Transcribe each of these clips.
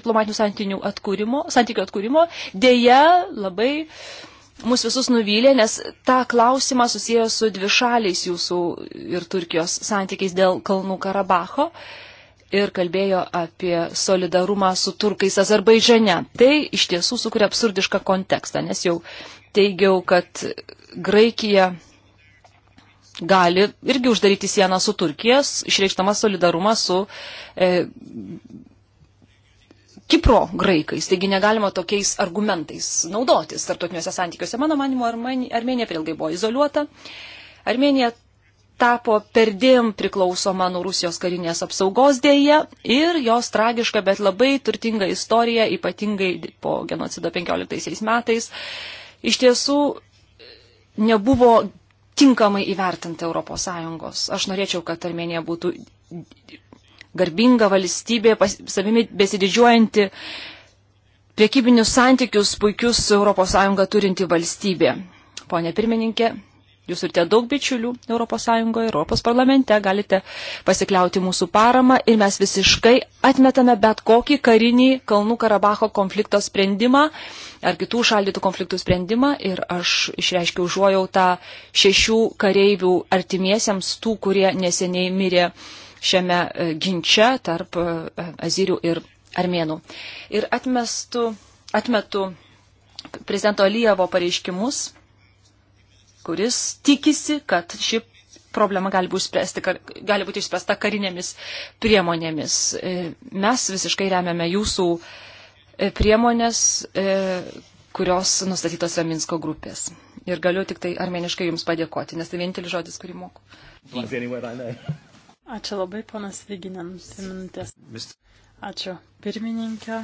diplomatinių santykių atkūrimo, santykių atkūrimo, dėja labai mus visus nuvylė, nes tą klausimą susijęs su dvišaliais jūsų ir Turkijos santykiais dėl Kalnų Karabacho ir kalbėjo apie solidarumą su turkais Azerbaidžane. Tai iš tiesų sukuria absurdišką kontekstą, nes jau teigiau, kad Graikija gali irgi uždaryti sieną su Turkijas, išreikštama solidarumą su e, Kipro graikais, taigi negalima tokiais argumentais naudotis tarptautiniuose santykiuose. Mano manimo, Armenija per ilgai buvo izoliuota. Armenija tapo perdėm priklausoma nuo Rusijos karinės apsaugos dėje ir jos tragiška, bet labai turtinga istorija, ypatingai po genocido 15 metais, iš tiesų nebuvo tinkamai įvertinta ES. Aš norėčiau, kad Armenija būtų garbinga valstybė, pas, savimi besididžiuojanti, priekybinius santykius puikius su ES turinti valstybė. Pone pirmininkė, jūs turite daug bičiulių ES, Europos parlamente, galite pasikliauti mūsų paramą ir mes visiškai atmetame bet kokį karinį Kalnų Karabacho konflikto sprendimą ar kitų šaldytų konfliktų sprendimą ir aš išreiškiau užuojautą šešių kareivių artimiesiems, tų, kurie neseniai mirė šiame e, ginče tarp e, azirių ir armėnų. Ir atmestu, atmetu prezidento Lyjevo pareiškimus, kuris tikisi, kad ši problema gali būti, spręsti, gali būti išspręsta karinėmis priemonėmis. E, mes visiškai remiame jūsų priemonės, kurios nustatytos yra Minsko grupės. Ir galiu tik tai armeniškai jums padėkoti, nes tai vienintelis žodis, kurį moku. Ačiū labai, ponas Vyginam, dvi minutės. Ačiū pirmininkė.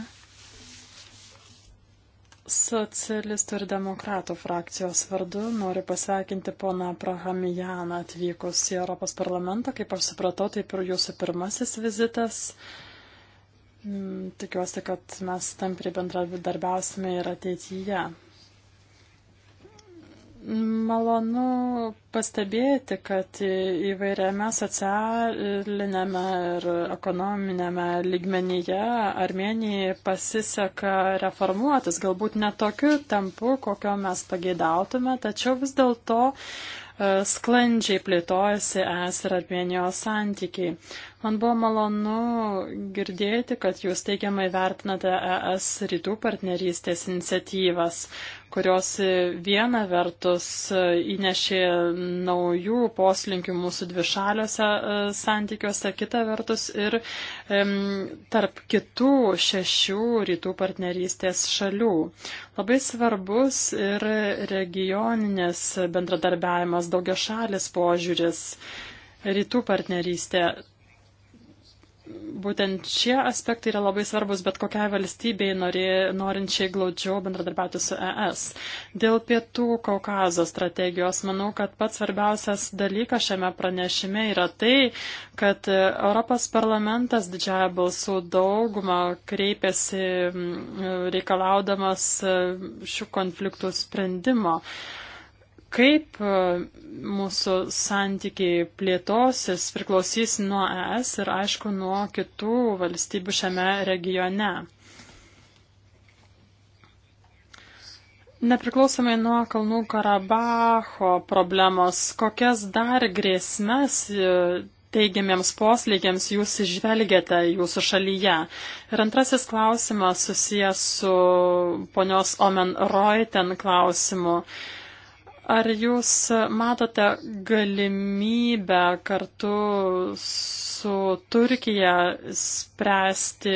Socialistų ir demokratų frakcijos vardu noriu pasveikinti poną Prahamijaną atvykus į Europos parlamentą. Kaip aš supratau, taip ir jūsų pirmasis vizitas. Mm, tikiuosi, kad mes tampriai bendradarbiausime ir ateityje. Malonu pastebėti, kad įvairiame socialinėme ir ekonominėme lygmenyje Armenijai pasiseka reformuotis, galbūt netokiu tempu, kokio mes pageidautume, tačiau vis dėlto e, sklandžiai plėtojasi es ir Armenijos santykiai. Man buvo malonu girdėti, kad jūs teigiamai vertinate ES rytų partnerystės iniciatyvas, kurios viena vertus įnešė naujų poslinkių mūsų dvišaliuose e, santykiuose, kita vertus ir um, tarp kitų šešių rytų partnerystės šalių. Labai svarbus ir regioninis bendradarbiavimas, daugia šalis požiūris. Rytų partnerystė būtent šie aspektai yra labai svarbus bet kokiai valstybei nori, norinčiai glaudžiau bendradarbiauti su ES. Dėl pietų Kaukazo strategijos manau, kad pats svarbiausias dalykas šiame pranešime yra tai, kad Europos parlamentas didžiąją balsų daugumą kreipėsi reikalaudamas šių konfliktų sprendimo. Uh, kaip e, mūsų santykiai plėtosis priklausys nuo ES ir aišku nuo kitų valstybių šiame regione. Nepriklausomai nuo Kalnų Karabacho problemos, kokias dar grėsmes e, teigiamiems poslygiams jūs išvelgiate jūsų šalyje? Ir antrasis klausimas susijęs su ponios Omen Reuten klausimu. Uh, Ar jūs matote galimybę kartu su Turkija spręsti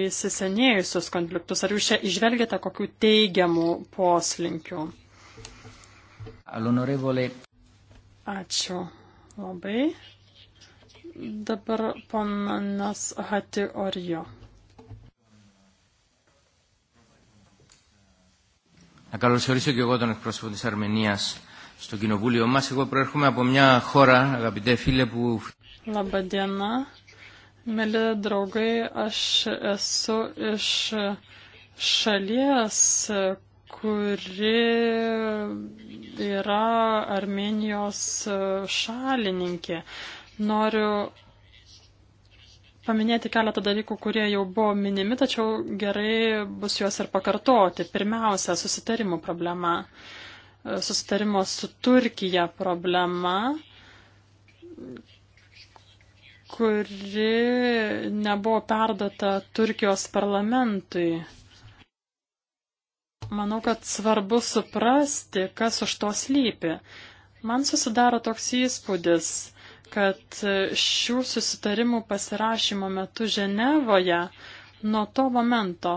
įsisenėjusius konfliktus? Ar jūs čia išvelgiate kokių teigiamų poslinkių? Ačiū labai. Dabar ponas Hati Orijo. Να καλωσορίσω και εγώ τον εκπρόσωπο της Αρμενίας στο κοινοβούλιο μας. Εγώ προέρχομαι από μια χώρα, αγαπητέ φίλε, που... Labadiena, mėly draugai, aš esu iš šalies, kuri yra Armenijos šalininkė. Noriu paminėti keletą dalykų, kurie jau buvo minimi, tačiau gerai bus juos ir pakartoti. Pirmiausia, susitarimų problema. E, susitarimo su Turkija problema, kuri nebuvo perdata Turkijos parlamentui. Manau, kad svarbu suprasti, kas už to slypi. Man susidaro toks įspūdis, kad šių susitarimų pasirašymo metu Ženevoje nuo to momento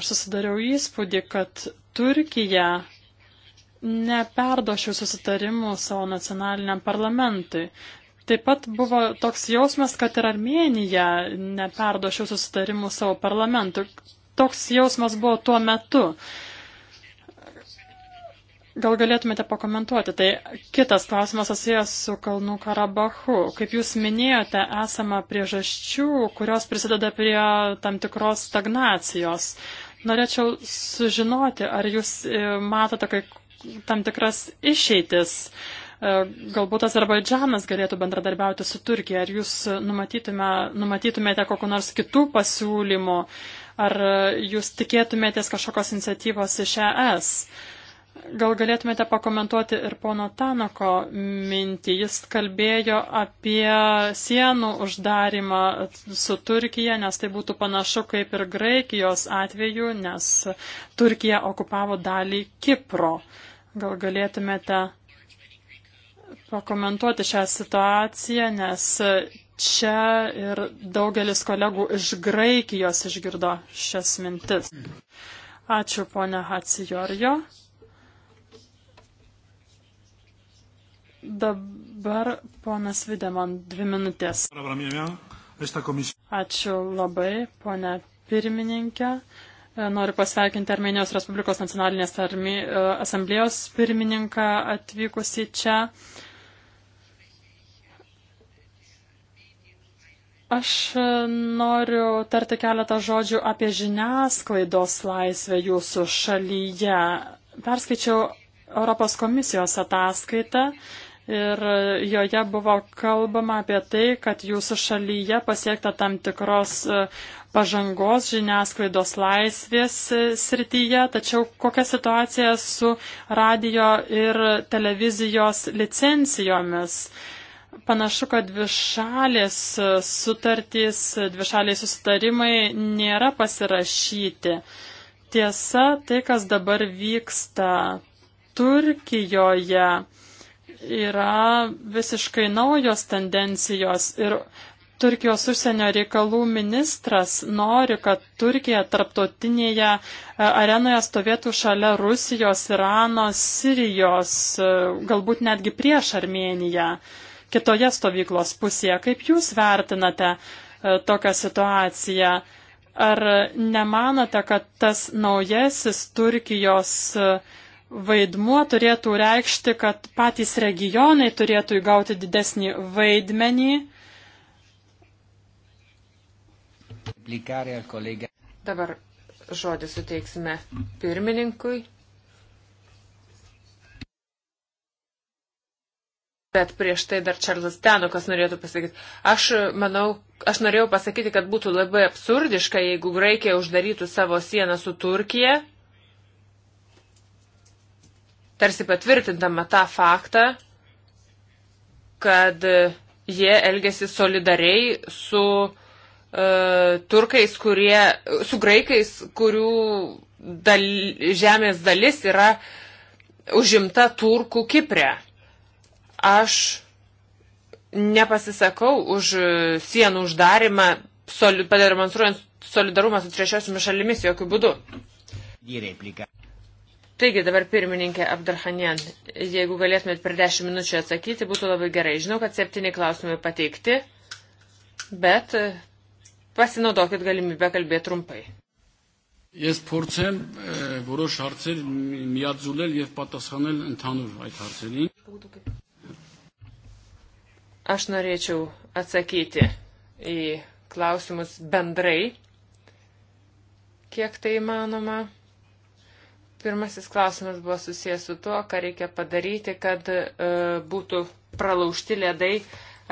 aš susidariau įspūdį, kad Turkija neperdo šių susitarimų savo nacionaliniam parlamentui. Taip pat buvo toks jausmas, kad ir Armenija neperdo šių susitarimų savo parlamentui. Toks jausmas buvo tuo metu. Uh, Gal galėtumėte pakomentuoti? Tai kitas klausimas susijęs su Kalnų Karabachu. Kaip jūs minėjote, esama priežasčių, kurios prisideda prie tam tikros stagnacijos. Norėčiau sužinoti, ar jūs e, matote kai, tam tikras išeitis. E, galbūt Azerbaidžanas galėtų bendradarbiauti su Turkija. Ar jūs numatytume, numatytumėte kokiu nors kitų pasiūlymų? Ar jūs tikėtumėtės kažkokios iniciatyvos iš ES? Uh, Gal galėtumėte pakomentuoti ir pono Tanako mintį. Jis kalbėjo apie sienų uždarimą su Turkija, nes tai būtų panašu kaip ir Graikijos atveju, nes Turkija okupavo dalį Kipro. Gal galėtumėte pakomentuoti šią situaciją, nes čia ir daugelis kolegų iš Graikijos išgirdo šias mintis. Ačiū, ponia Hatsijorjo. Dabar ponas Videman, dvi minutės. Ačiū labai, ponė pirmininkė. Noriu pasveikinti Armenijos Respublikos nacionalinės armi, e, asamblėjos pirmininką atvykusi čia. Aš e, noriu tarti keletą žodžių apie žiniasklaidos laisvę jūsų šalyje. Perskaičiau Europos komisijos ataskaitą Ir joje buvo kalbama apie tai, kad jūsų šalyje pasiekta tam tikros e, pažangos žiniasklaidos laisvės e, srityje, tačiau kokia situacija su radio ir televizijos licencijomis? Panašu, kad dvišalės e, sutartys, dvišaliai susitarimai nėra pasirašyti. Tiesa, tai, kas dabar vyksta Turkijoje, yra visiškai naujos tendencijos ir Turkijos užsienio reikalų ministras nori, kad Turkija tarptautinėje e, arenoje stovėtų šalia Rusijos, Irano, Sirijos, e, galbūt netgi prieš Armėniją, kitoje stovyklos pusėje. Kaip Jūs vertinate e, tokią situaciją? Ar nemanote, kad tas naujasis Turkijos uh, vaidmuo turėtų reikšti, kad patys regionai turėtų įgauti didesnį vaidmenį. Dabar žodį suteiksime pirmininkui. Bet prieš tai dar Čarlis Tenukas norėtų pasakyti. Aš manau, aš norėjau pasakyti, kad būtų labai absurdiška, jeigu Graikija uždarytų savo sieną su Turkija tarsi patvirtindama tą faktą, kad jie elgesi solidariai su uh, turkais, kurie, su graikais, kurių dal, žemės dalis yra užimta turkų Kiprė. Aš nepasisakau už sienų uždarimą, soli, pademonstruojant solidarumą su trečiosiomis šalimis jokių būdų. Taigi dabar pirmininkė Abdarhanien, jeigu galėtumėt per 10 minučių atsakyti, būtų labai gerai. Žinau, kad septyni klausimai pateikti, bet e, pasinaudokit galimybę kalbėti trumpai. Ես փորձեմ e, որոշ հարցեր միաձուլել եւ պատասխանել ընդհանուր այդ հարցերին։ Aš norėčiau atsakyti į klausimus bendrai, kiek tai įmanoma. Pirmasis klausimas buvo susijęs su tuo, ką reikia padaryti, kad e, būtų pralaužti ledai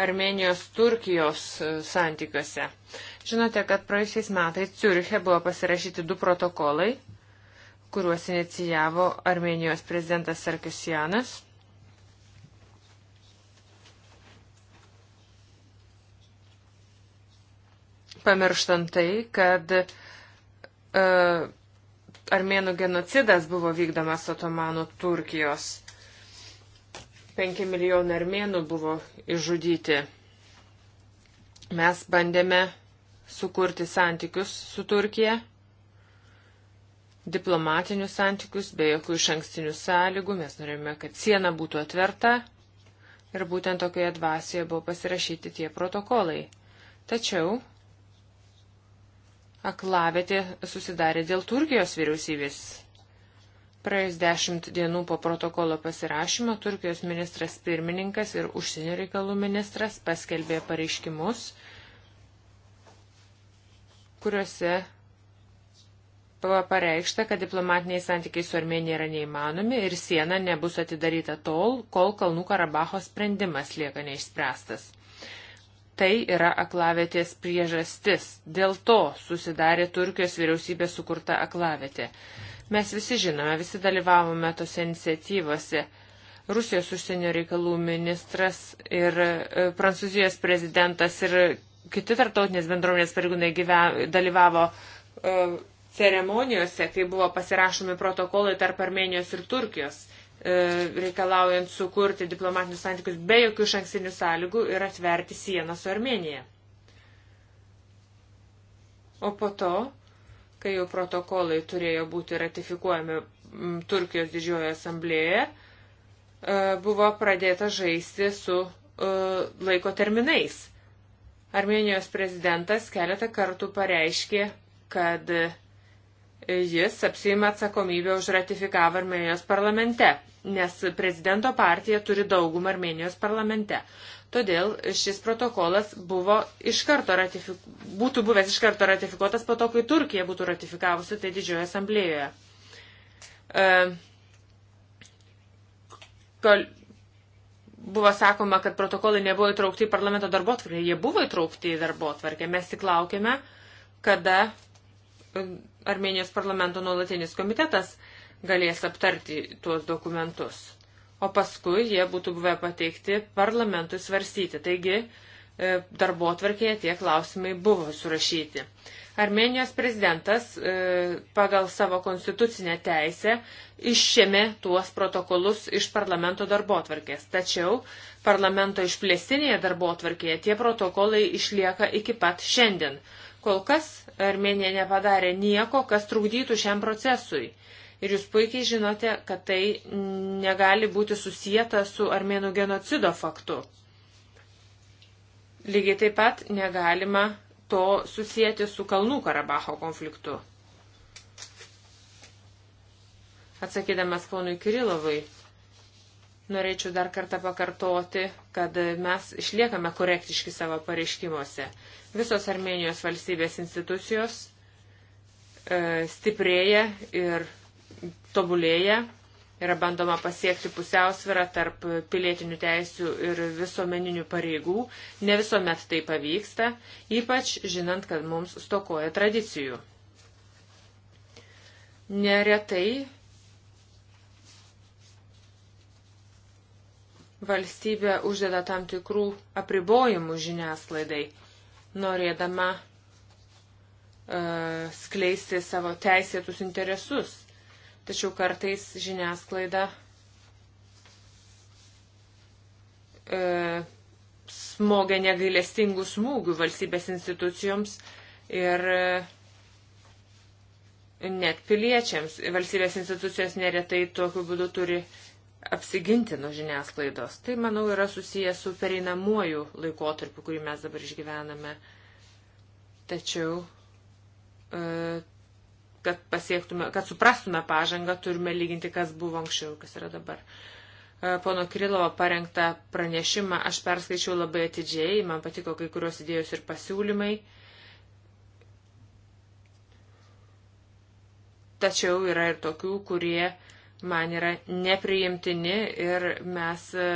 Armenijos-Turkijos e, santykiuose. Žinote, kad praėjusiais metais Ciuriche buvo pasirašyti du protokolai, kuriuos inicijavo Armenijos prezidentas Sarkisianas. Pamirštant tai, kad uh, e, armėnų genocidas buvo vykdomas Otomano Turkijos. 5 milijonai armėnų buvo išžudyti. Mes bandėme sukurti santykius su Turkija, diplomatinius santykius, be jokių iš ankstinių sąlygų. Mes norėjome, kad siena būtų atverta ir būtent tokioje dvasioje buvo pasirašyti tie protokolai. Tačiau aklavėtė susidarė dėl Turkijos vyriausybės. Praėjus dešimt dienų po protokolo pasirašymo Turkijos ministras pirmininkas ir užsienio reikalų ministras paskelbė pareiškimus, kuriuose buvo pareikšta, kad diplomatiniai santykiai su Armenija yra neįmanomi ir siena nebus atidaryta tol, kol Kalnų Karabaho sprendimas lieka neišspręstas. Tai yra aklavėtės priežastis. Dėl to susidarė Turkijos vyriausybės sukurta aklavėtė. Mes visi žinome, visi dalyvavome tose iniciatyvose. Rusijos užsienio reikalų ministras ir e, Prancūzijos prezidentas ir kiti tartautinės bendruomenės pareigūnai dalyvavo e, ceremonijose, kai buvo pasirašomi protokolai tarp Armenijos ir Turkijos. E, reikalaujant sukurti diplomatinius santykius be jokių šankstinių sąlygų ir atverti sieną su Armenija. O po to, kai jau protokolai turėjo būti ratifikuojami Turkijos didžiojoje asamblėje, e, buvo pradėta žaisti su e, laiko terminais. Armenijos prezidentas keletą kartų pareiškė, kad jis apsima atsakomybę už ratifikavą Armenijos parlamente nes prezidento partija turi daugumą Armenijos parlamente. Todėl šis protokolas buvo iš karto ratifik... būtų buvęs iš karto ratifikuotas po to, kai Turkija būtų ratifikavusi tai didžiojo asamblėjoje. E, kol buvo sakoma, kad protokolai nebuvo įtraukti į parlamento darbo tvarkę. Jie buvo įtraukti į darbo tvarkę. Mes tik laukime, kada Armenijos parlamento nuolatinis komitetas uh, galės aptarti tuos dokumentus. O paskui jie būtų buvę pateikti parlamentui svarstyti. Taigi e, darbo tvarkėje tie klausimai buvo surašyti. Armenijos prezidentas e, pagal savo konstitucinę teisę išėmė tuos protokolus iš parlamento darbo tvarkės. Tačiau parlamento išplėstinėje darbo tvarkėje tie protokolai išlieka iki pat šiandien. Kol kas Armenija nepadarė nieko, kas trukdytų šiam procesui. Ir jūs puikiai žinote, kad tai negali būti susijęta su armėnų genocido faktu. Lygiai taip pat negalima to susijęti su Kalnų Karabaho konfliktu. Atsakydamas ponui Kirilovui, norėčiau dar kartą pakartoti, kad mes išliekame korektiški savo pareiškimuose. Visos Armenijos valstybės institucijos e, stiprėja ir tobulėja, yra bandoma pasiekti pusiausvirą tarp pilietinių teisių ir visuomeninių pareigų, ne visuomet tai pavyksta, ypač žinant, kad mums stokoja tradicijų. Neretai valstybė uždeda tam tikrų apribojimų žiniasklaidai, norėdama uh, skleisti savo teisėtus interesus. Tačiau kartais žiniasklaida e, smogia negailestingų smūgių valstybės institucijoms ir e, net piliečiams. Valstybės institucijos neretai tokiu būdu turi apsiginti nuo žiniasklaidos. Tai, manau, yra susijęs su pereinamuoju laikotarpiu, kurį mes dabar išgyvename. Tačiau e, kad, pasiektume, kad suprastume pažangą, turime lyginti, kas buvo anksčiau ir kas yra dabar. E, pono Kirilovo parengtą pranešimą aš perskaičiau labai atidžiai, man patiko kai kurios idėjos ir pasiūlymai. Tačiau yra ir tokių, kurie man yra nepriimtini ir mes e,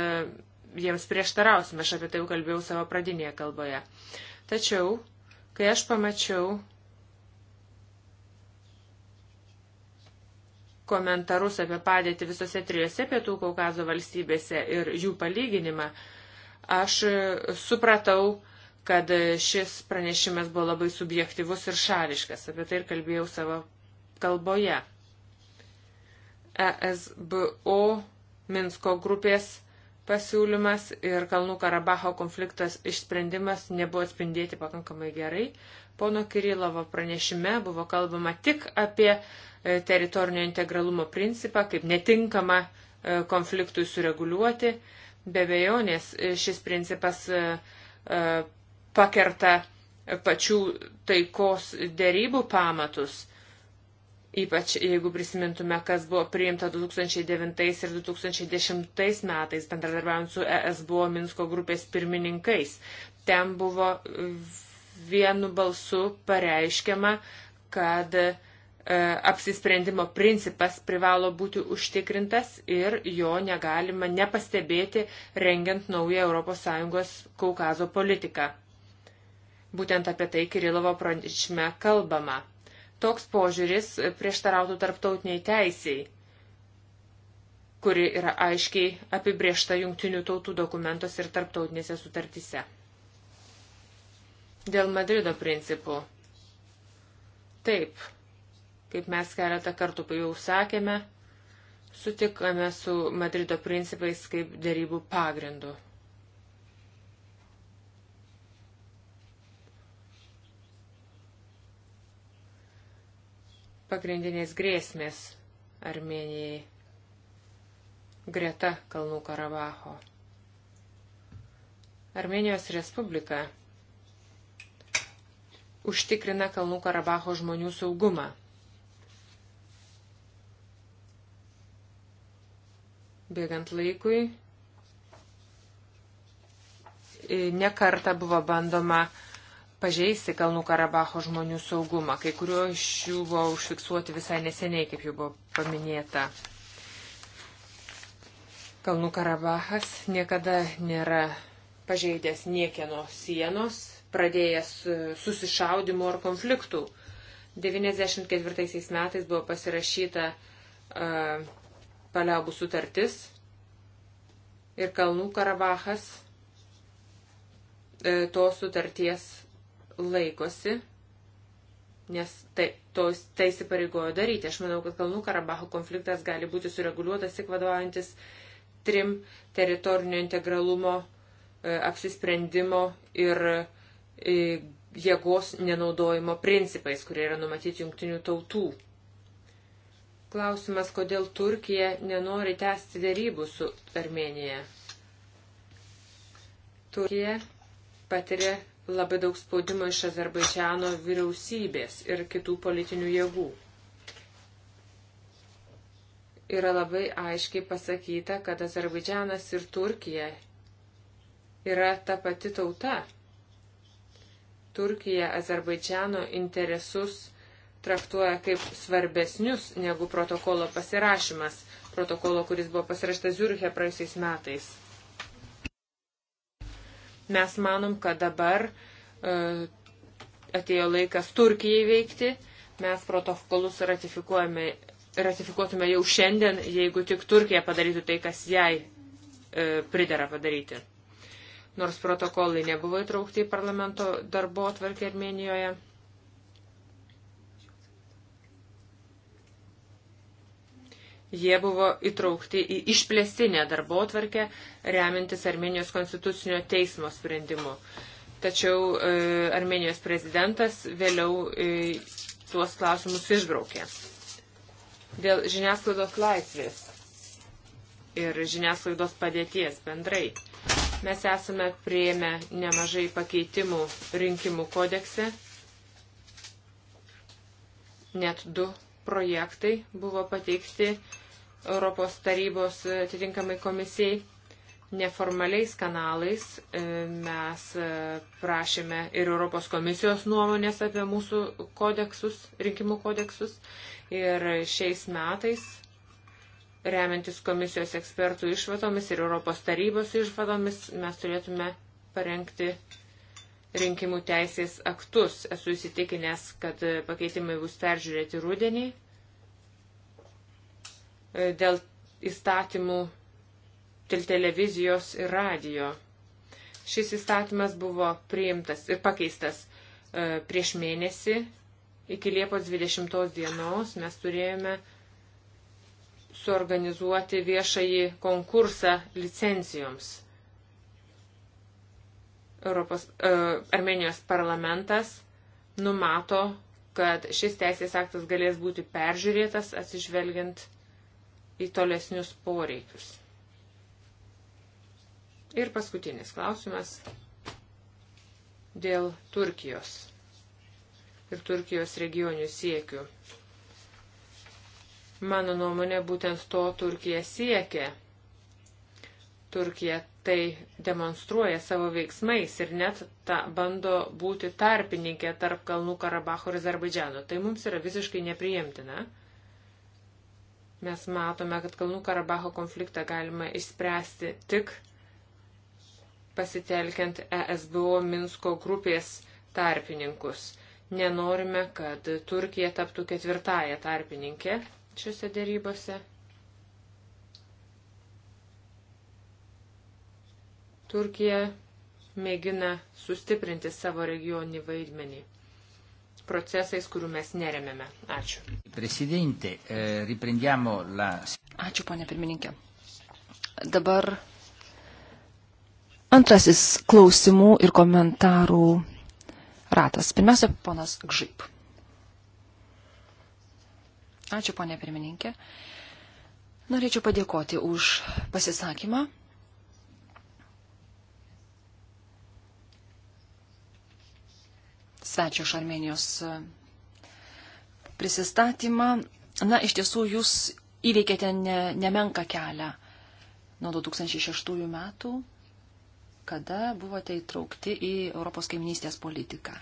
jiems prieštarausime. Aš apie tai jau kalbėjau savo pradinėje kalboje. Tačiau, kai aš pamačiau komentarus apie padėtį visose trijose pietų Kaukazo valstybėse ir jų palyginimą, aš supratau, kad šis pranešimas buvo labai subjektivus ir šališkas. Apie tai ir kalbėjau savo kalboje. ESBO Minsko grupės pasiūlymas ir Kalnų Karabaho konfliktas išsprendimas nebuvo atspindėti pakankamai gerai. Pono Kirilovo pranešime buvo kalbama tik apie e, teritorinio integralumo principą, kaip netinkama e, konfliktui sureguliuoti. Be bejonės e, šis principas pakerta pačių taikos dėrybų pamatus Ypač jeigu prisimintume, kas buvo priimta 2009 ir 2010 metais, bendradarbiaujant su ESBO Minsko grupės pirmininkais. Ten buvo vienu balsu pareiškiama, kad e, apsisprendimo principas privalo būti užtikrintas ir jo negalima nepastebėti rengiant naują ES Kaukazo politiką. Būtent apie tai Kirilovo pranešime kalbama Toks požiūris prieštarautų tarptautiniai teisiai, kuri yra aiškiai apibriešta jungtinių tautų dokumentos ir tarptautinėse sutartyse. Dėl Madrido principų. Taip, kaip mes keletą kartų jau sakėme, sutikame su Madrido principais kaip dėrybų pagrindu. pagrindinės grėsmės Armenijai greta Kalnų Karabaho. Armenijos Respublika užtikrina Kalnų Karabaho žmonių saugumą. Bėgant laikui, e, nekarta buvo bandoma uh, pažeisti Kalnų Karabaho žmonių saugumą. Kai kurio iš jų buvo užfiksuoti visai neseniai, kaip jau buvo paminėta. Kalnų Karabahas niekada nėra pažeidęs niekieno sienos, pradėjęs susišaudimų ar konfliktų. 1994 metais buvo pasirašyta uh, paliaubų sutartis ir Kalnų Karabahas uh, e, to sutarties laikosi, nes tai, to, tai įsipareigojo daryti. Aš manau, kad Kalnų Karabaho konfliktas gali būti sureguliuotas tik vadovaujantis trim teritorinio integralumo, e, apsisprendimo ir e, jėgos nenaudojimo principais, kurie yra numatyti jungtinių tautų. Klausimas, kodėl Turkija nenori tęsti dėrybų su Armenija. Turkija patiria labai daug spaudimo iš Azerbaidžiano vyriausybės ir kitų politinių jėgų. Yra labai aiškiai pasakyta, kad Azerbaidžianas ir Turkija yra ta pati tauta. Turkija Azerbaidžiano interesus traktuoja kaip svarbesnius negu protokolo pasirašymas, protokolo, kuris buvo pasirašytas Zürche praėjusiais metais. Mes manom, kad dabar e, atėjo laikas Turkijai veikti. Mes protokolus ratifikuotume jau šiandien, jeigu tik Turkija padarytų tai, kas jai e, pridera padaryti. Nors protokolai nebuvo įtraukti į parlamento darbo atvarkę Armenijoje Jie buvo įtraukti į išplėstinę darbo tvarkę, remintis Armenijos konstitucinio teismo sprendimu. Tačiau e, Armenijos prezidentas vėliau e, tuos klausimus išbraukė. Dėl žiniasklaidos laisvės ir žiniasklaidos padėties bendrai. Mes esame prieėmę nemažai pakeitimų rinkimų kodekse. Net du projektai buvo pateikti Europos tarybos e, atitinkamai komisijai. Neformaliais kanalais e, mes e, prašėme ir Europos komisijos nuomonės apie mūsų kodeksus, rinkimų kodeksus. Ir šiais metais, remiantis komisijos ekspertų išvadomis ir Europos tarybos išvadomis, mes turėtume parengti rinkimų teisės aktus. Esu įsitikinęs, kad pakeitimai bus peržiūrėti rudenį E, dėl įstatymų dėl televizijos ir radio. Šis įstatymas buvo priimtas ir pakeistas e, prieš mėnesį. Iki Liepos 20 dienos mes turėjome suorganizuoti viešąjį konkursą licencijoms. Europos, e, Armenijos parlamentas numato, kad šis teisės aktas galės būti peržiūrėtas atsižvelgiant į tolesnius poreikius. Ir paskutinis klausimas dėl Turkijos ir Turkijos regionių siekių. Mano nuomonė, būtent to Turkija siekia. Turkija tai demonstruoja savo veiksmais ir net ta, bando būti tarpininkė tarp Kalnų Karabacho ir Azerbaidžiano. Tai mums yra visiškai nepriimtina. Ne? Mes matome, kad Kalnų Karabaho konfliktą galima išspręsti tik pasitelkiant ESBO Minsko grupės tarpininkus. Nenorime, kad Turkija taptų ketvirtąją tarpininkę šiuose dėrybose. Turkija mėgina sustiprinti savo regioninį vaidmenį procesais, kurių mes neremėme. Ačiū. Presidente, eh, riprendiamo la. Ačiū, ponė pirmininkė. Dabar antrasis klausimų ir komentarų ratas. Pirmiausia, ponas Gžyp. Ačiū, ponė pirmininkė. Norėčiau padėkoti už pasisakymą. svečio iš Armenijos e, prisistatymą. Na, iš tiesų, jūs įveikėte ne, nemenką kelią nuo 2006 metų, kada buvote įtraukti į Europos kaiminystės politiką.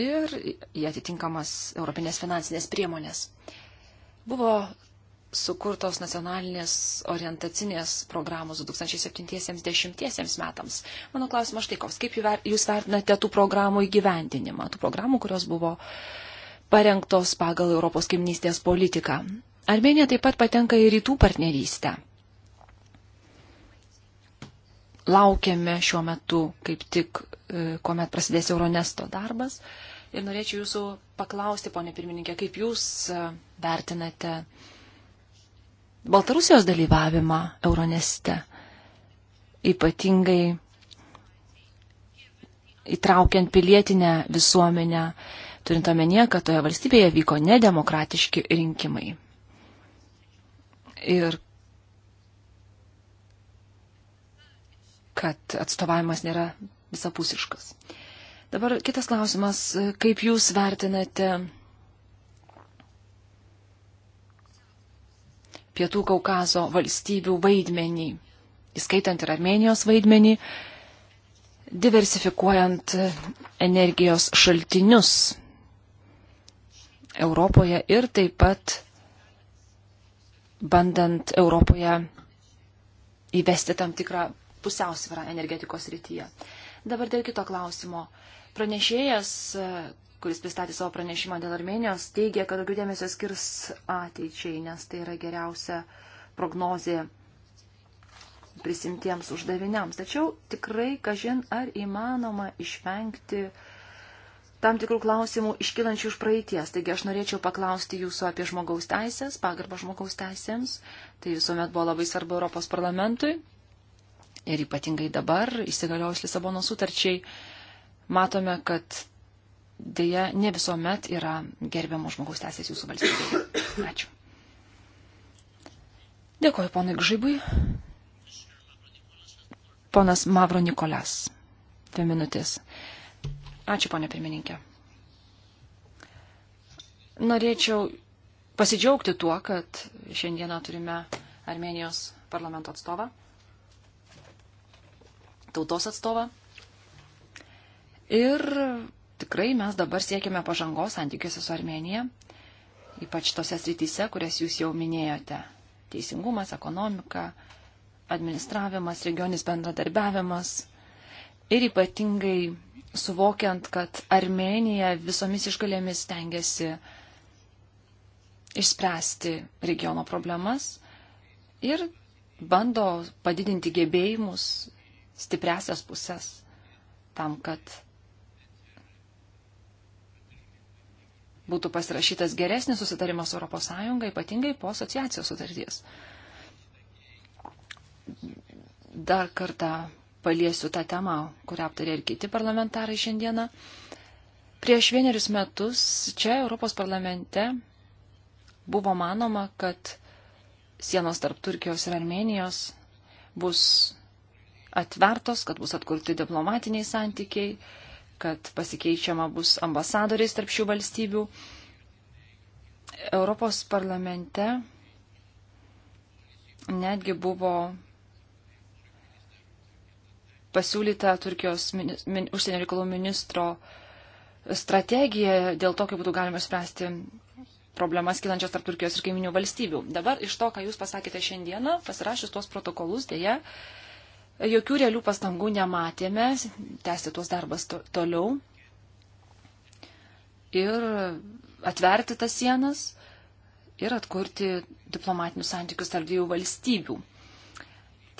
Ir į atitinkamas europinės finansinės priemonės. Buvo sukurtos nacionalinės orientacinės programos 2070 metams. Mano klausimas štai koks, kaip jūs vertinate tų programų įgyvendinimą, tų programų, kurios buvo parengtos pagal Europos kaimynystės politiką. Armenija taip pat patenka į rytų partnerystę. Laukiame šiuo metu kaip tik, e, kuomet prasidės Euronesto darbas. Ir norėčiau jūsų paklausti, ponė pirmininkė, kaip jūs e, vertinate uh, Baltarusijos dalyvavimą Euroneste, ypatingai įtraukiant pilietinę visuomenę, turint omenyje, kad toje valstybėje vyko nedemokratiški rinkimai. Ir kad atstovavimas nėra visapusiškas. Dabar kitas klausimas, kaip jūs vertinate Pietų Kaukazo valstybių vaidmenį, įskaitant ir Armenijos vaidmenį, diversifikuojant energijos šaltinius Europoje ir taip pat bandant Europoje įvesti tam tikrą pusiausvyrą energetikos rytyje. Dabar dėl kito klausimo. Pranešėjas kuris pristatė savo pranešimą dėl Armenijos, teigia, kad daugiau dėmesio skirs ateičiai, nes tai yra geriausia prognozė prisimtiems uždaviniams. Tačiau tikrai, kažin, ar įmanoma išvengti tam tikrų klausimų iškilančių iš praeities. Taigi aš norėčiau paklausti jūsų apie žmogaus teisės, pagarbą žmogaus teisėms. Tai visuomet buvo labai svarbu Europos parlamentui. Ir ypatingai dabar, įsigaliojus Lisabono sutarčiai, matome, kad dėja ne visuomet yra gerbiamo žmogaus teisės jūsų valstybėje. Ačiū. Dėkoju ponui Gžybui. Ponas Mavro Nikolas. Dvi minutės. Ačiū, ponė pirmininkė. Norėčiau pasidžiaugti tuo, kad šiandieną turime Armenijos parlamento atstovą, tautos atstovą. Ir tikrai mes dabar siekiame pažangos santykiuose su Armenija, ypač tose srityse, kurias jūs jau minėjote - teisingumas, ekonomika, administravimas, regionis bendradarbiavimas ir ypatingai suvokiant, kad Armenija visomis išgalėmis tengiasi išspręsti regiono problemas ir bando padidinti gebėjimus stipresias pusės tam, kad būtų pasirašytas geresnis susitarimas ES, ypatingai po asociacijos sutarties. Dar kartą paliesiu tą temą, kurią aptarė ir kiti parlamentarai šiandieną. Prieš vienerius metus čia Europos parlamente buvo manoma, kad sienos tarp Turkijos ir Armenijos bus atvertos, kad bus atkurti diplomatiniai santykiai kad pasikeičiama bus ambasadoriais tarp šių valstybių. Europos parlamente netgi buvo pasiūlyta Turkijos min, užsienio reikalų ministro strategija dėl to, kaip būtų galima spręsti problemas kilančias tarp Turkijos ir kaiminių valstybių. Dabar iš to, ką jūs pasakėte šiandieną, pasirašius tuos protokolus, dėja, uh, jokių realių pastangų nematėme tęsti tuos darbas to, toliau ir atverti tas sienas ir atkurti diplomatinius santykius tarp dviejų valstybių.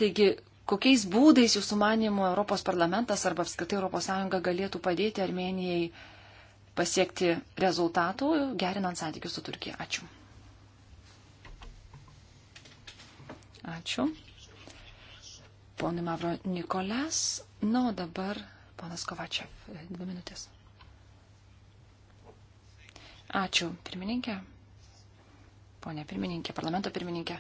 Taigi, kokiais būdais jūsų manimo Europos parlamentas arba apskritai ES galėtų padėti Armenijai pasiekti rezultatų, gerinant santykius su Turkija? Ačiū. Ačiū ponui Mavro Nikolas. Na, o dabar ponas Kovačiav, dvi minutės. Ačiū, pirmininkė. Pone pirmininkė, parlamento pirmininkė.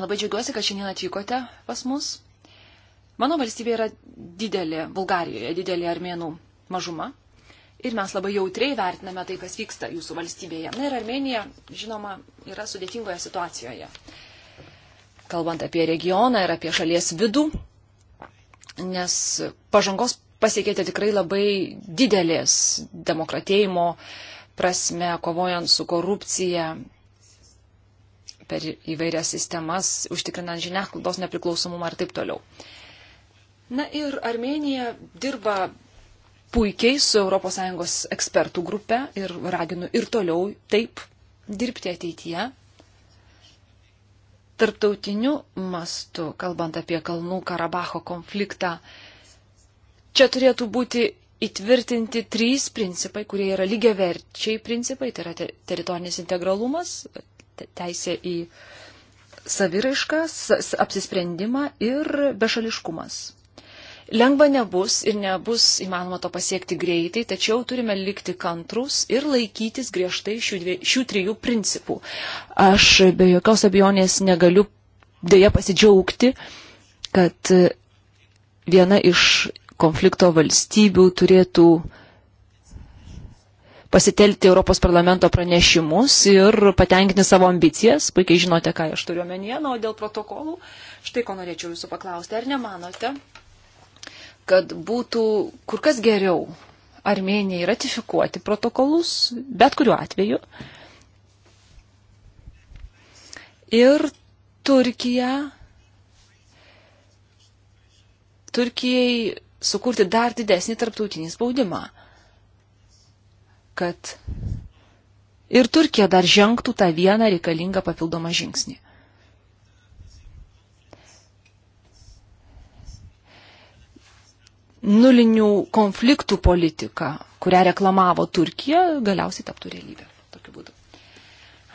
Labai džiaugiuosi, kad šiandien atvykote pas mus. Mano valstybė yra didelė, Bulgarijoje didelė armėnų mažuma. Ir mes labai jautriai vertiname tai, kas vyksta jūsų valstybėje. Na ir Armenija, žinoma, yra sudėtingoje situacijoje kalbant apie regioną ir apie šalies vidų, nes pažangos pasiekėte tikrai labai didelės demokratėjimo prasme, kovojant su korupcija per įvairias sistemas, užtikrinant žiniasklaidos nepriklausomumą ir taip toliau. Na ir Armenija dirba puikiai su ES ekspertų grupe ir raginu ir toliau taip dirbti ateityje tarptautiniu mastu, kalbant apie Kalnų Karabacho konfliktą, čia turėtų būti įtvirtinti trys principai, kurie yra lygiaverčiai principai, tai yra teritorinis integralumas, teisė į saviraišką, apsisprendimą ir bešališkumas. Lengva nebus ir nebus įmanoma to pasiekti greitai, tačiau turime likti kantrus ir laikytis griežtai šių, dvie, šių trijų principų. Aš be jokios abejonės negaliu dėja pasidžiaugti, kad viena iš konflikto valstybių turėtų pasitelkti Europos parlamento pranešimus ir patenkinti savo ambicijas. Puikiai žinote, ką aš turiu omenyje, na, o dėl protokolų, štai ko norėčiau jūsų paklausti. Ar nemanote, kad būtų kur kas geriau Armenijai ratifikuoti protokolus, bet kuriuo atveju. Ir Turkija, Turkijai sukurti dar didesnį tarptautinį spaudimą, kad ir Turkija dar žengtų tą vieną reikalingą papildomą žingsnį. nulinių konfliktų politika, kurią reklamavo Turkija, galiausiai taptų realybė. Tokiu būdu.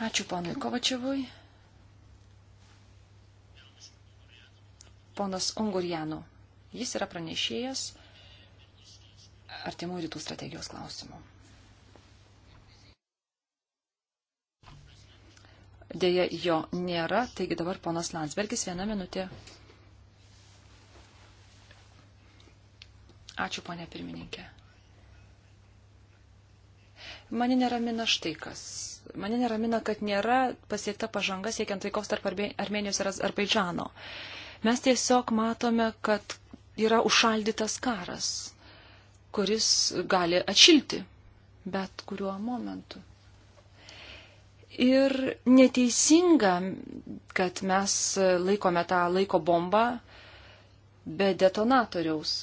Ačiū panui Kovačiavui. Ponas Ungurjanu. Jis yra pranešėjas artimų rytų strategijos klausimų. Deja, jo nėra, taigi dabar ponas Landsbergis vieną minutę Ačiū, ponė pirmininkė. Mane neramina štai kas. Mane neramina, kad nėra pasiekta pažanga siekiant taikos tarp Armenijos ir Azerbaidžano. Mes tiesiog matome, kad yra užšaldytas karas, kuris gali atšilti, bet kuriuo momentu. Ir neteisinga, kad mes laikome tą laiko bombą be detonatoriaus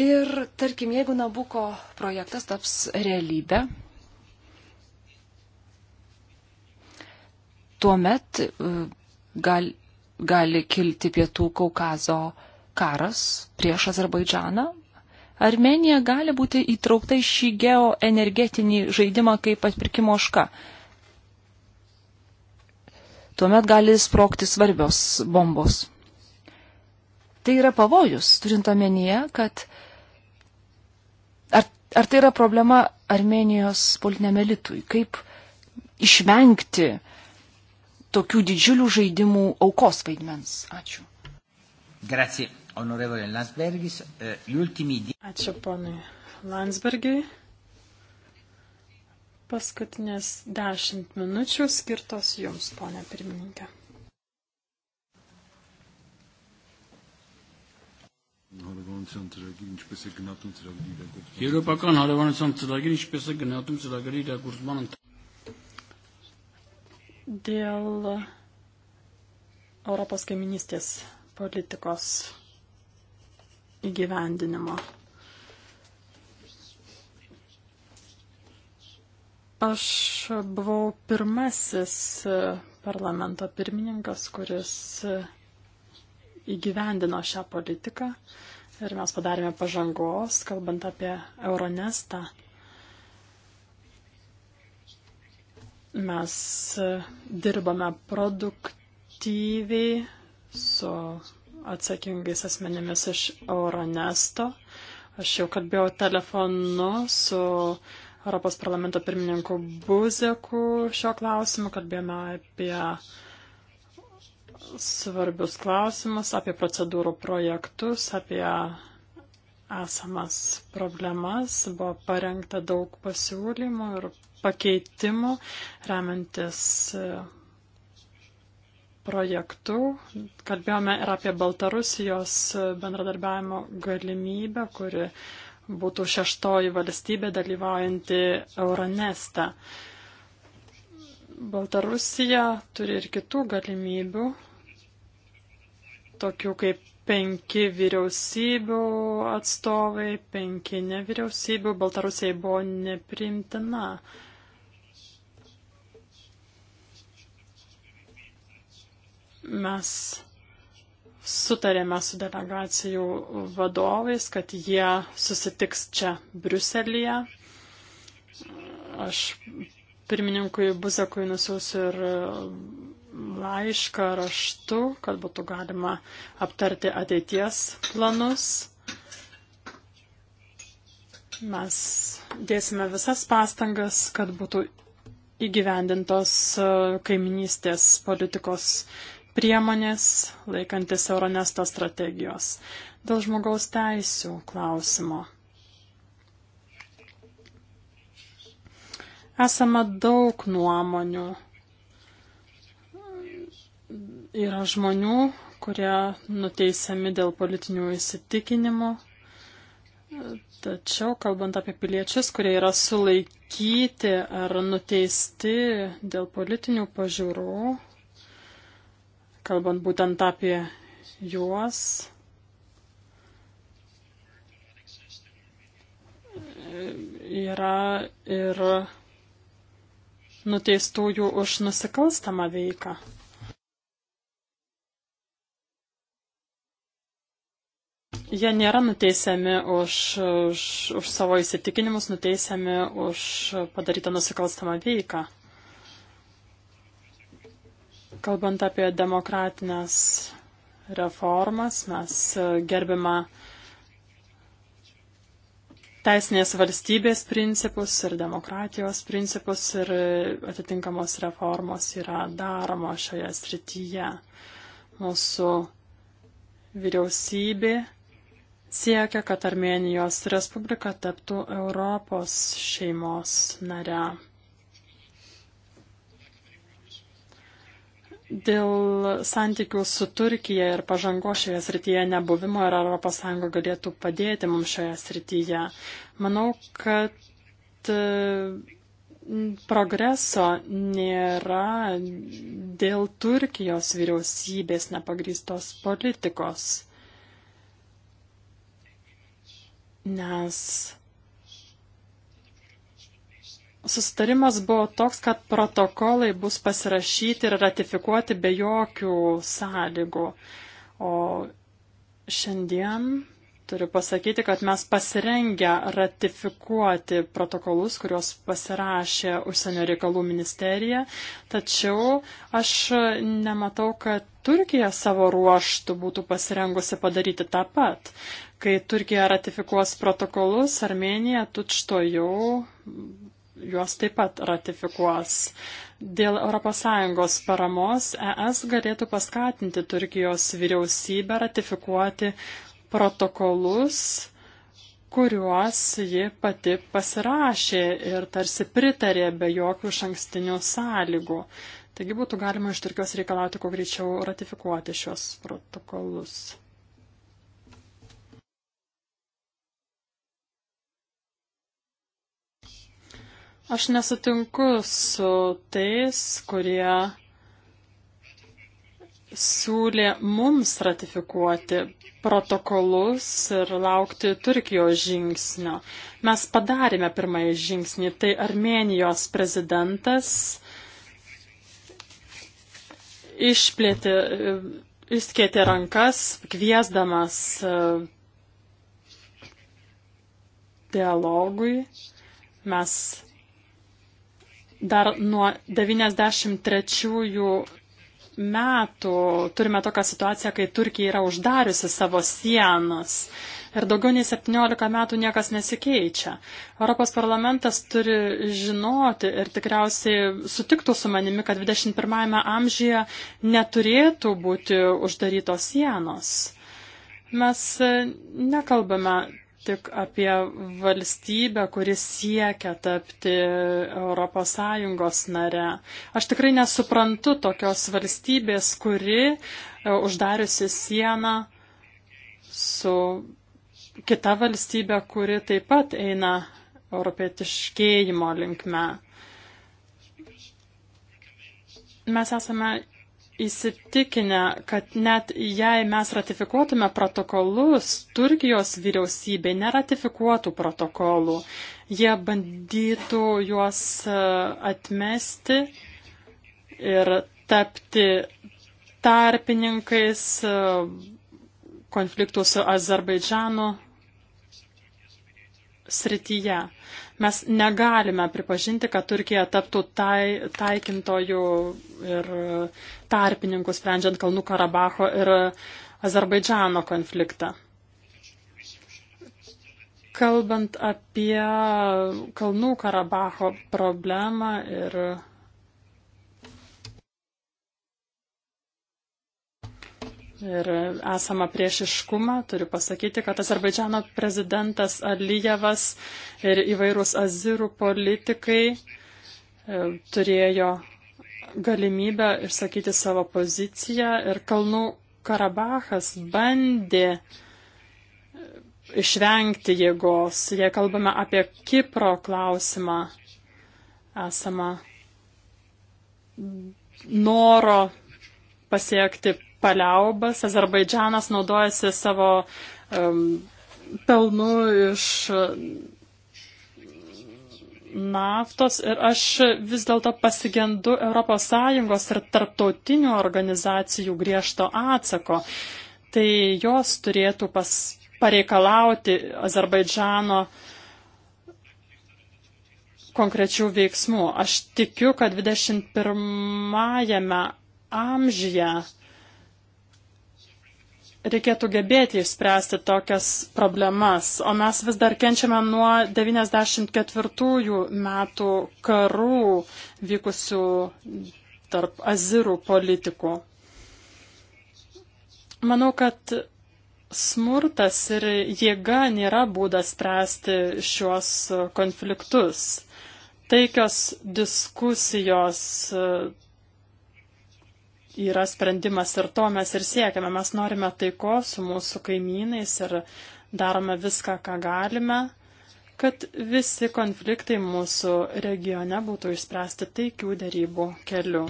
Ir tarkim, jeigu Nabuko projektas taps realybę, tuomet e, gal, gali kilti pietų Kaukazo karas prieš Azerbaidžaną. Armenija gali būti įtraukta į šį geoenergetinį žaidimą kaip atpirkimo oška. Tuomet gali sprokti svarbios bombos tai yra pavojus, turint omenyje, kad ar, ar tai yra problema Armenijos politiniam elitui, kaip išvengti tokių didžiulių žaidimų aukos vaidmens. Ačiū. Grazie, onorevole Landsbergis. Eh, gli ultimi di... Ačiū ponui Landsbergiai. Paskutinės dešimt minučių skirtos jums, ponė pirmininkė. հարևանության ծրագիր ինչպես է գնահատում ծրագրի իրագործման։ Եվրոպական հարևանության ծրագիրը ինչպես է գնահատում ծրագրի իրագործման Dėl Europos kaiminystės politikos įgyvendinimo. Aš buvau pirmasis e, parlamento pirmininkas, kuris e, įgyvendino šią politiką ir mes padarėme pažangos, kalbant apie Euronestą. Mes e, dirbame produktyviai su atsakingais asmenėmis iš Euronesto. Aš jau kalbėjau telefonu su Europos parlamento pirmininku Buzeku šio klausimu, kalbėjome apie svarbius klausimus, apie procedūrų projektus, apie esamas problemas. Buvo parengta daug pasiūlymų ir pakeitimų, remiantis e, projektų. Kalbėjome ir apie Baltarusijos e, bendradarbiavimo galimybę, kuri būtų šeštoji valstybė dalyvaujanti Euroneste. Baltarusija turi ir kitų galimybių tokių kaip penki vyriausybių atstovai, penki nevyriausybių, Baltarusijai buvo neprimtina. Mes sutarėme su delegacijų vadovais, kad jie susitiks čia Briuselėje. Aš pirmininkui Buzekui nusiausiu ir laišką raštu, kad būtų galima aptarti ateities planus. Mes dėsime visas pastangas, kad būtų įgyvendintos e, kaiminystės politikos priemonės, laikantis Euronesto strategijos. Dėl žmogaus teisų klausimo. Esama daug nuomonių Yra žmonių, kurie nuteisiami dėl politinių įsitikinimų. Tačiau, kalbant apie piliečius, kurie yra sulaikyti ar nuteisti dėl politinių pažiūrų, kalbant būtent apie juos, yra ir nuteistųjų už nusikalstamą veiką. Jie nėra nuteisiami už, už, už savo įsitikinimus, nuteisiami už padarytą nusikalstamą veiką. Kalbant apie demokratinės reformas, mes gerbimą teisinės valstybės principus ir demokratijos principus ir atitinkamos reformos yra daromos šioje srityje. Mūsų vyriausybė siekia, kad Armenijos Respublika taptų Europos šeimos nare. Dėl santykių su Turkija ir pažango šioje srityje nebuvimo ir ES galėtų padėti mums šioje srityje. Manau, kad e, progreso nėra dėl Turkijos vyriausybės nepagrįstos politikos. nes susitarimas buvo toks, kad protokolai bus pasirašyti ir ratifikuoti be jokių sąlygų. O šiandien Turiu pasakyti, kad mes pasirengę ratifikuoti protokolus, kuriuos pasirašė užsienio reikalų ministerija, tačiau aš nematau, kad Turkija savo ruoštų būtų pasirengusi padaryti tą pat. Kai Turkija ratifikuos protokolus, Armenija tučto jau juos taip pat ratifikuos. Dėl ES paramos ES galėtų paskatinti Turkijos vyriausybę ratifikuoti protokolus, kuriuos ji pati pasirašė ir tarsi pritarė be jokių šankstinių sąlygų. Taigi būtų galima iš Turkijos reikalauti kuo greičiau ratifikuoti šios protokolus. Aš nesutinku su tais, kurie siūlė mums ratifikuoti protokolus ir laukti Turkijos žingsnio. Mes padarėme pirmąjį žingsnį, tai Armenijos prezidentas išplėtė, išskėtė rankas, kviesdamas e, dialogui. Mes dar nuo 93 metų turime tokią situaciją, kai Turkija yra uždariusi savo sienas ir daugiau nei 17 metų niekas nesikeičia. Europos parlamentas turi žinoti ir tikriausiai sutiktų su manimi, kad 21 amžyje neturėtų būti uždarytos sienos. Mes nekalbame tik apie valstybę, kuris siekia tapti ES nare. Aš tikrai nesuprantu tokios valstybės, kuri e, uždariusi sieną su kita valstybė, kuri taip pat eina europietiškėjimo linkme. Mes esame įsitikinę, kad net jei mes ratifikuotume protokolus, Turkijos vyriausybė neratifikuotų protokolų. Jie bandytų juos e, atmesti ir tapti tarpininkais e, konfliktų su Azerbaidžanu srityje. Mes negalime pripažinti, kad Turkija taptų tai, taikintojų ir tarpininkų sprendžiant Kalnų Karabacho ir Azerbaidžiano konfliktą. Kalbant apie Kalnų Karabacho problemą ir ir esama priešiškumą. Turiu pasakyti, kad Azerbaidžiano prezidentas Alyjevas ir įvairūs azirų politikai e, turėjo galimybę išsakyti savo poziciją ir Kalnų Karabachas bandė išvengti jėgos. Jei kalbame apie Kipro klausimą, esama noro pasiekti paliaubas, Azerbaidžianas naudojasi savo um, pelnu iš naftos ir aš vis dėlto pasigendu ES ir tarptautinių organizacijų griežto atsako. Tai jos turėtų pas, pareikalauti Azerbaidžano konkrečių veiksmų. Aš tikiu, kad 21-ame amžyje reikėtų gebėti išspręsti tokias problemas, o mes vis dar kenčiame nuo 94 metų karų vykusių tarp azirų politikų. Manau, kad smurtas ir jėga nėra būdas spręsti šiuos konfliktus. Taikios diskusijos yra sprendimas ir to mes ir siekiame. Mes norime taikos su mūsų kaimynais ir darome viską, ką galime, kad visi konfliktai mūsų regione būtų išspręsti taikių dėrybų keliu.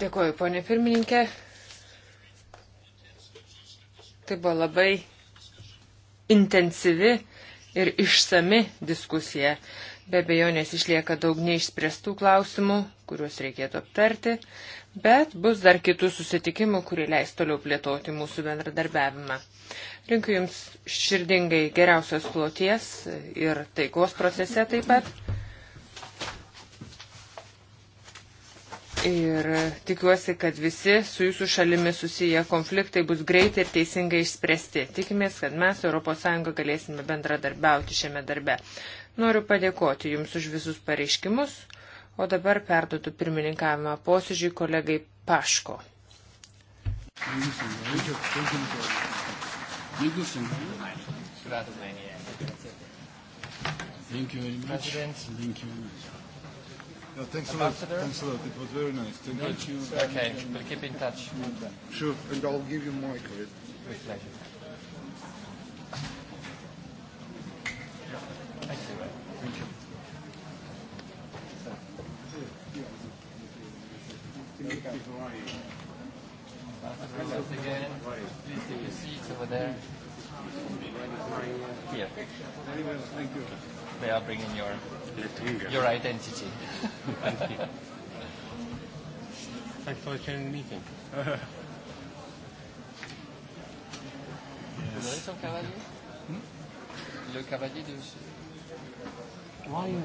Dėkuoju, ponė pirmininkė. Tai buvo labai intensyvi ir išsami diskusija. Be bejonės išlieka daug neišspręstų klausimų, kuriuos reikėtų aptarti, bet bus dar kitų susitikimų, kurie leis toliau plėtoti mūsų bendradarbiavimą. Linkiu Jums širdingai geriausios kloties ir taikos procese taip pat. Ir tikiuosi, kad visi su jūsų šalimi susiję konfliktai bus greitai ir teisingai išspręsti. Tikimės, kad mes ES galėsime bendradarbiauti šiame darbe. Noriu padėkoti Jums už visus pareiškimus, o dabar perduodu pirmininkavimą posėdžiui kolegai Paško. Thank you very much. Thank you very much. No, thanks Ambassador. a lot. Thanks a lot. It was very nice. Thank, Thank you. you. Okay, we'll keep in touch. Sure, and I'll give you my credit. With pleasure. there. Here. Very well, thank you. They are bringing your, your identity. thank you. Thanks for attending the meeting. yes. Vous cavalier hmm? Le cavalier de... Why you?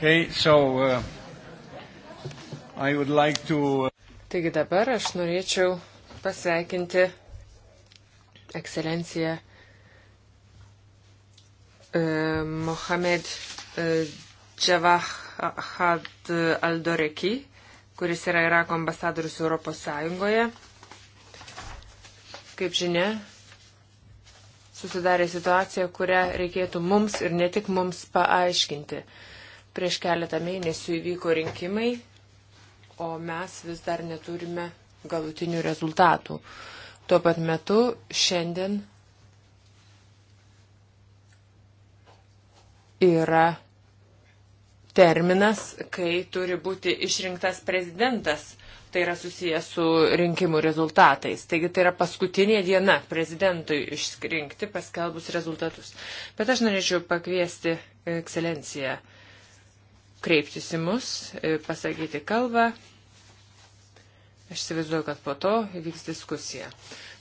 Okay, so, uh, I would like to... Uh, Taigi dabar aš norėčiau pasveikinti ekscelenciją uh, Mohamed uh, e, Džavahad Aldoreki, kuris yra Irako ambasadorius Europos Sąjungoje. Kaip žinia, susidarė situacija, kurią reikėtų mums ir ne tik mums paaiškinti. Uh, Prieš keletą mėnesių įvyko rinkimai, o mes vis dar neturime galutinių rezultatų. Tuo pat metu šiandien yra terminas, kai turi būti išrinktas prezidentas. Tai yra susijęs su rinkimų rezultatais. Taigi tai yra paskutinė diena prezidentui išrinkti paskelbus rezultatus. Bet aš norėčiau pakviesti ekscelenciją kreiptis į mus, e, pasakyti kalbą. Aš įsivaizduoju, kad po to vyks diskusija.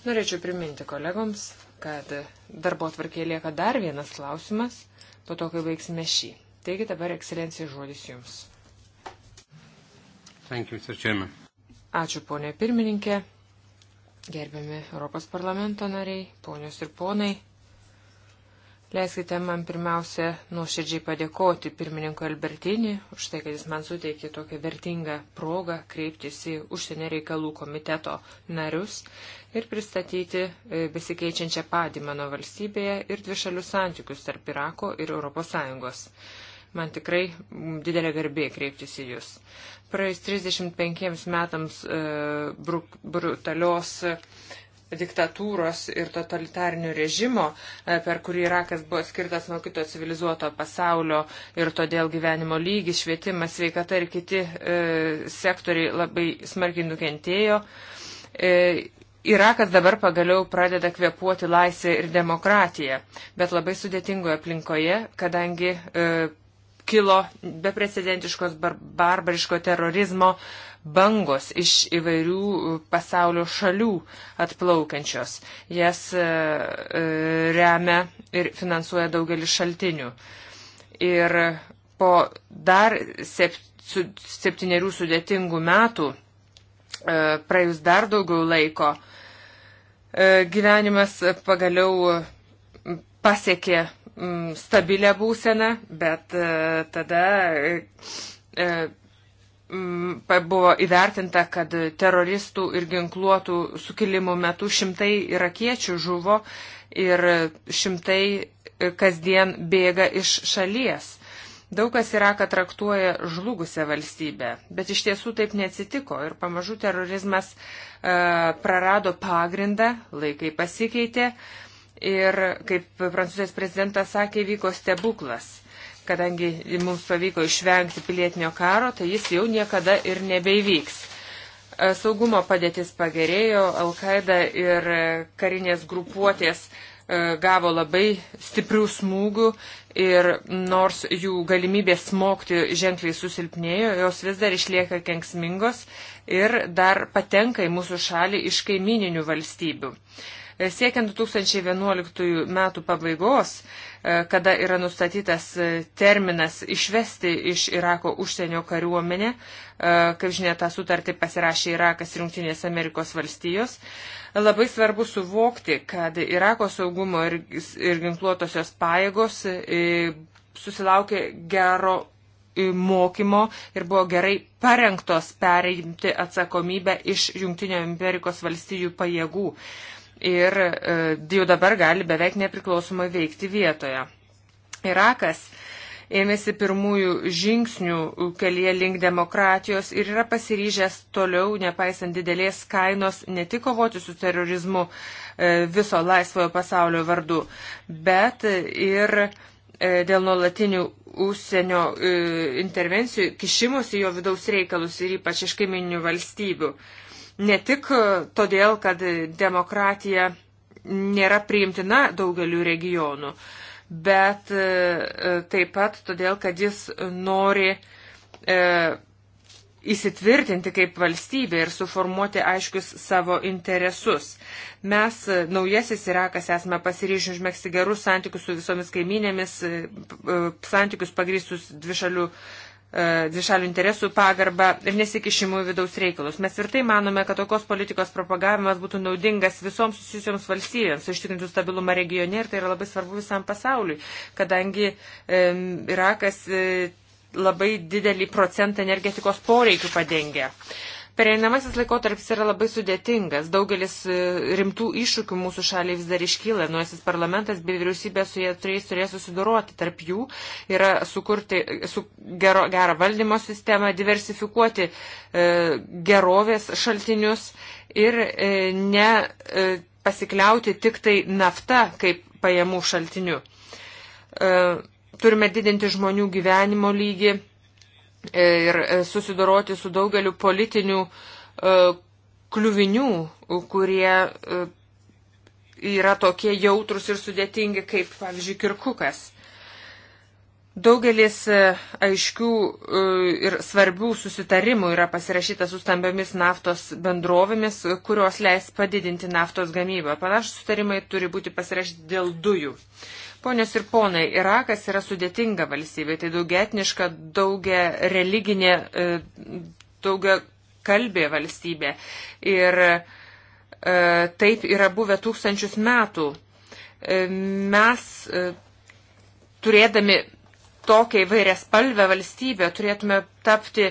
Norėčiau priminti kolegoms, kad darbo tvarkėje lieka dar vienas klausimas, po to, kai baigsime šį. Taigi dabar, ekscelencija, žodis jums. Thank you, Mr. Chairman. Ačiū, ponė pirmininkė, gerbiami Europos parlamento nariai, ponios ir ponai. Leiskite man pirmiausia nuoširdžiai padėkoti pirmininkui Albertinį už tai, kad jis man suteikė tokią vertingą progą kreiptis į užsienio reikalų komiteto narius ir pristatyti e, besikeičiančią padį mano valstybėje ir dvišalius santykius tarp Irako ir ES. Man tikrai didelė garbė kreiptis į Jūs. Praėjus 35 metams e, brutalios. E, diktatūros ir totalitarnių režimo, e, per kurį Irakas buvo skirtas nuo kito civilizuoto pasaulio ir todėl gyvenimo lygis, švietimas, sveikata ir kiti e, sektoriai labai smarkiai nukentėjo. E, Irakas dabar pagaliau pradeda kvepuoti laisvę ir demokratiją, bet labai sudėtingoje aplinkoje, kadangi e, kilo beprecedentiškos bar barbariško terorizmo e, bangos iš įvairių e, pasaulio šalių atplaukiančios. Jas e, e, remia ir finansuoja daugelis šaltinių. Ir po dar septyniarių sudėtingų metų, praėjus dar daugiau laiko, gyvenimas pagaliau pasiekė stabilę būseną, bet tada buvo įvertinta, kad teroristų ir ginkluotų sukilimų metu šimtai irakiečių žuvo ir šimtai e, kasdien bėga iš šalies. Daug kas Iraką traktuoja žlugusią valstybę, bet iš tiesų taip neatsitiko ir pamažu terorizmas e, prarado pagrindą, laikai pasikeitė ir, kaip prancūzijos prezidentas sakė, vyko stebuklas kadangi mums pavyko išvengti pilietinio karo, tai jis jau niekada ir nebeivyks. E, saugumo padėtis pagerėjo, Al-Qaeda ir karinės grupuotės e, gavo labai stiprių smūgių ir nors jų galimybės smogti ženkliai susilpnėjo, jos vis dar išlieka kenksmingos ir dar patenka į mūsų šalį iš kaimininių valstybių. E, siekiant 2011 metų pabaigos, E, kada yra nustatytas e, terminas išvesti iš Irako užsienio kariuomenę. E, kaip žinia, tą sutartį pasirašė Irakas ir Junktinės Amerikos valstijos. Labai svarbu suvokti, kad Irako saugumo ir, ir ginkluotosios pajėgos susilaukė gero mokymo ir buvo gerai parengtos pereimti atsakomybę iš Junktinio Amerikos valstijų pajėgų. Uh, ir e, jau dabar gali beveik nepriklausomai veikti vietoje. Irakas ėmėsi pirmųjų žingsnių kelyje link demokratijos ir yra pasiryžęs toliau, nepaisant didelės kainos, ne tik kovoti su terorizmu e, viso laisvojo pasaulio vardu, bet ir e, dėl nuolatinių užsienio intervencijų kišimus į jo vidaus reikalus ir ypač iš kaiminių valstybių. Ne tik e, todėl, kad demokratija nėra priimtina daugeliu regionų, bet e, e, taip pat todėl, kad jis nori įsitvirtinti kaip valstybė ir suformuoti aiškius savo interesus. Mes, naujasis Irakas, esame pasiryžę užmėgsti gerus santykius su visomis kaiminėmis, santykius pagristus dvišalių E, dvišalių interesų pagarbą ir nesikišimų į vidaus reikalus. Mes tvirtai manome, kad tokios politikos propagavimas būtų naudingas visoms susijusioms valstybėms, užtikrintų stabilumą regione ir tai yra labai svarbu visam pasauliui, kadangi e, Irakas e, labai didelį procentą energetikos poreikių padengia. E, Pereinamasis laikotarpis yra labai sudėtingas. Daugelis e, rimtų iššūkių mūsų šaliai vis dar iškyla. Nuosis parlamentas bei vyriausybė su jie turės, turės susidoroti. Tarp jų yra sukurti su gero, gerą valdymo sistemą, diversifikuoti e, gerovės šaltinius ir e, ne e, pasikliauti tik tai nafta kaip pajamų šaltiniu. E, turime didinti žmonių gyvenimo lygį ir e, susidoroti su daugeliu politinių e, kliuvinių, kurie e, yra tokie jautrus ir sudėtingi, kaip, pavyzdžiui, kirkukas. Daugelis aiškių ir svarbių susitarimų yra pasirašyta su stambiomis naftos bendrovėmis, kurios leis padidinti naftos gamybą. Panašus susitarimai turi būti pasirašyti dėl dujų. Ponios ir ponai, Irakas yra sudėtinga valstybė, tai daugia etniška, daugia religinė, e, daugia kalbė valstybė. Ir e, taip yra buvę tūkstančius metų. E, mes turėdami tokią įvairią spalvę valstybę turėtume tapti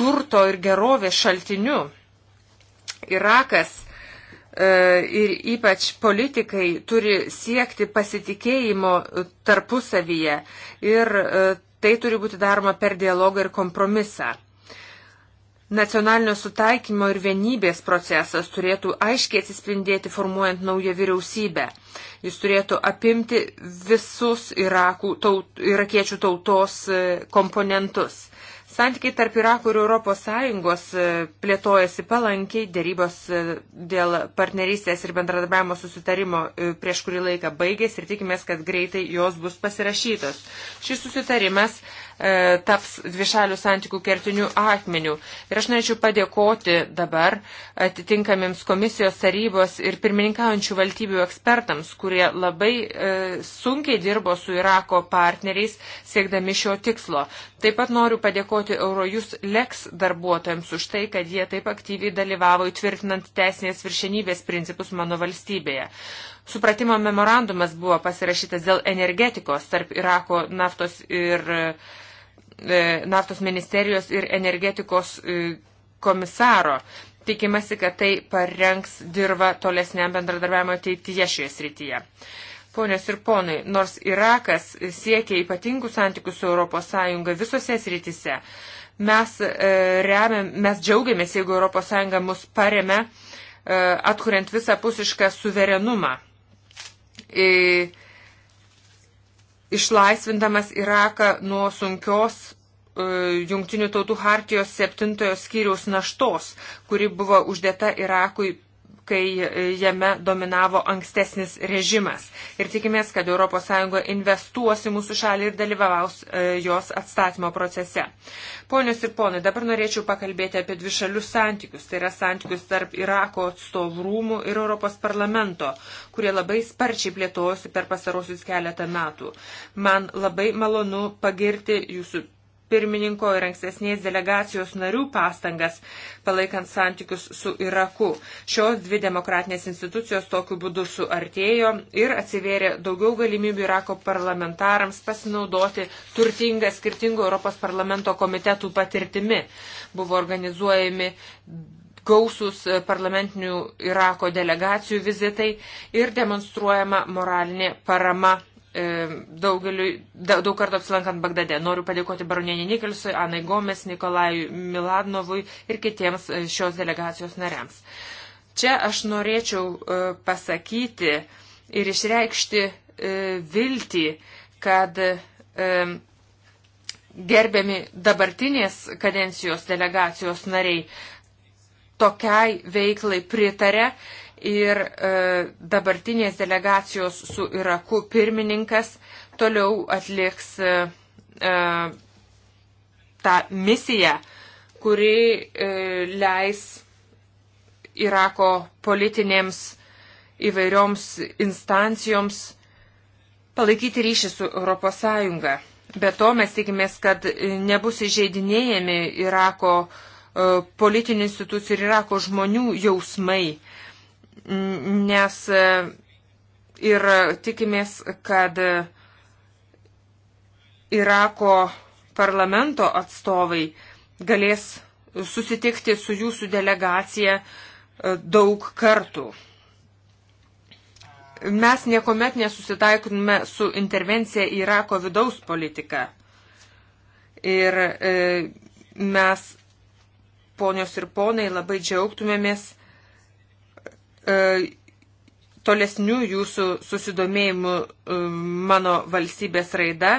turto ir gerovės šaltiniu. Irakas E, ir ypač politikai turi siekti pasitikėjimo tarpusavyje ir e, tai turi būti daroma per dialogą ir kompromisą. Nacionalinio sutaikymo ir vienybės procesas turėtų aiškiai atsispindėti formuojant naują vyriausybę. Jis turėtų apimti visus irakų, taut, irakiečių tautos e, komponentus. Santykiai tarp Irako ir Europos Sąjungos e, plėtojasi palankiai, dėrybos e, dėl partnerystės ir bendradarbiavimo susitarimo e, prieš kurį laiką baigėsi ir tikimės, kad greitai jos bus pasirašytos. Šis susitarimas E, taps dvišalių santykių kertinių akmenių. Ir aš norėčiau padėkoti dabar atitinkamiems komisijos tarybos ir pirmininkaujančių valstybių ekspertams, kurie labai e, sunkiai dirbo su Irako partneriais siekdami šio tikslo. Taip pat noriu padėkoti Eurojus Lex darbuotojams už tai, kad jie taip aktyviai dalyvavo įtvirtinant teisinės viršenybės principus mano valstybėje. Supratimo memorandumas buvo pasirašytas dėl energetikos tarp Irako naftos ir uh, E, naftos ministerijos ir energetikos e, komisaro. Tikimasi, kad tai parengs dirba tolesniam bendradarbiavimo ateityje šioje srityje. Ponios ir ponai, nors Irakas siekia ypatingų santykių su ES visose srityse, mes, e, remiam, mes džiaugiamės, jeigu ES mus paremia, atkuriant visapusišką suverenumą. Ir išlaisvindamas Iraką nuo sunkios e, Junktinių tautų hartijos septintojo skyriaus naštos, kuri buvo uždėta Irakui kai jame dominavo ankstesnis režimas. Ir tikimės, kad ES investuos į mūsų šalį ir dalyvaus e, jos atstatymo procese. Ponios ir ponai, dabar norėčiau pakalbėti apie dvišalius santykius. Tai yra santykius tarp Irako atstovų rūmų ir Europos parlamento, kurie labai sparčiai plėtojosi per pasarosius keletą metų. Man labai malonu pagirti jūsų pirmininko ir ankstesnės delegacijos narių pastangas palaikant santykius su Iraku. Šios dvi demokratinės institucijos tokiu būdu suartėjo ir atsivėrė daugiau galimybių Irako parlamentarams pasinaudoti turtingą skirtingų Europos parlamento komitetų patirtimi. Buvo organizuojami gausus parlamentinių Irako delegacijų vizitai ir demonstruojama moralinė parama E, daugeliu, daug kartų apsilankant Bagdade. Noriu padėkoti baronienį Nikelsui, Anai Gomes, Nikolajui Miladnovui ir kitiems e, šios delegacijos nariams. Čia aš norėčiau e, pasakyti ir išreikšti viltį, kad gerbiami dabartinės kadencijos delegacijos nariai tokiai veiklai pritarė ir e, dabartinės delegacijos su Iraku pirmininkas toliau atliks e, e, tą misiją, kuri e, leis Irako politinėms įvairioms instancijoms palaikyti ryšį su ES. Be to mes tikimės, kad nebus įžeidinėjami Irako e, politinių institucijų ir Irako žmonių jausmai nes e, ir tikimės, kad Irako parlamento atstovai galės susitikti su jūsų delegacija e, daug kartų. Mes niekuomet nesusitaikome su intervencija į Irako vidaus politiką. Ir e, mes, ponios ir ponai, labai džiaugtumėmės, E, tolesnių jūsų susidomėjimų e, mano valstybės raida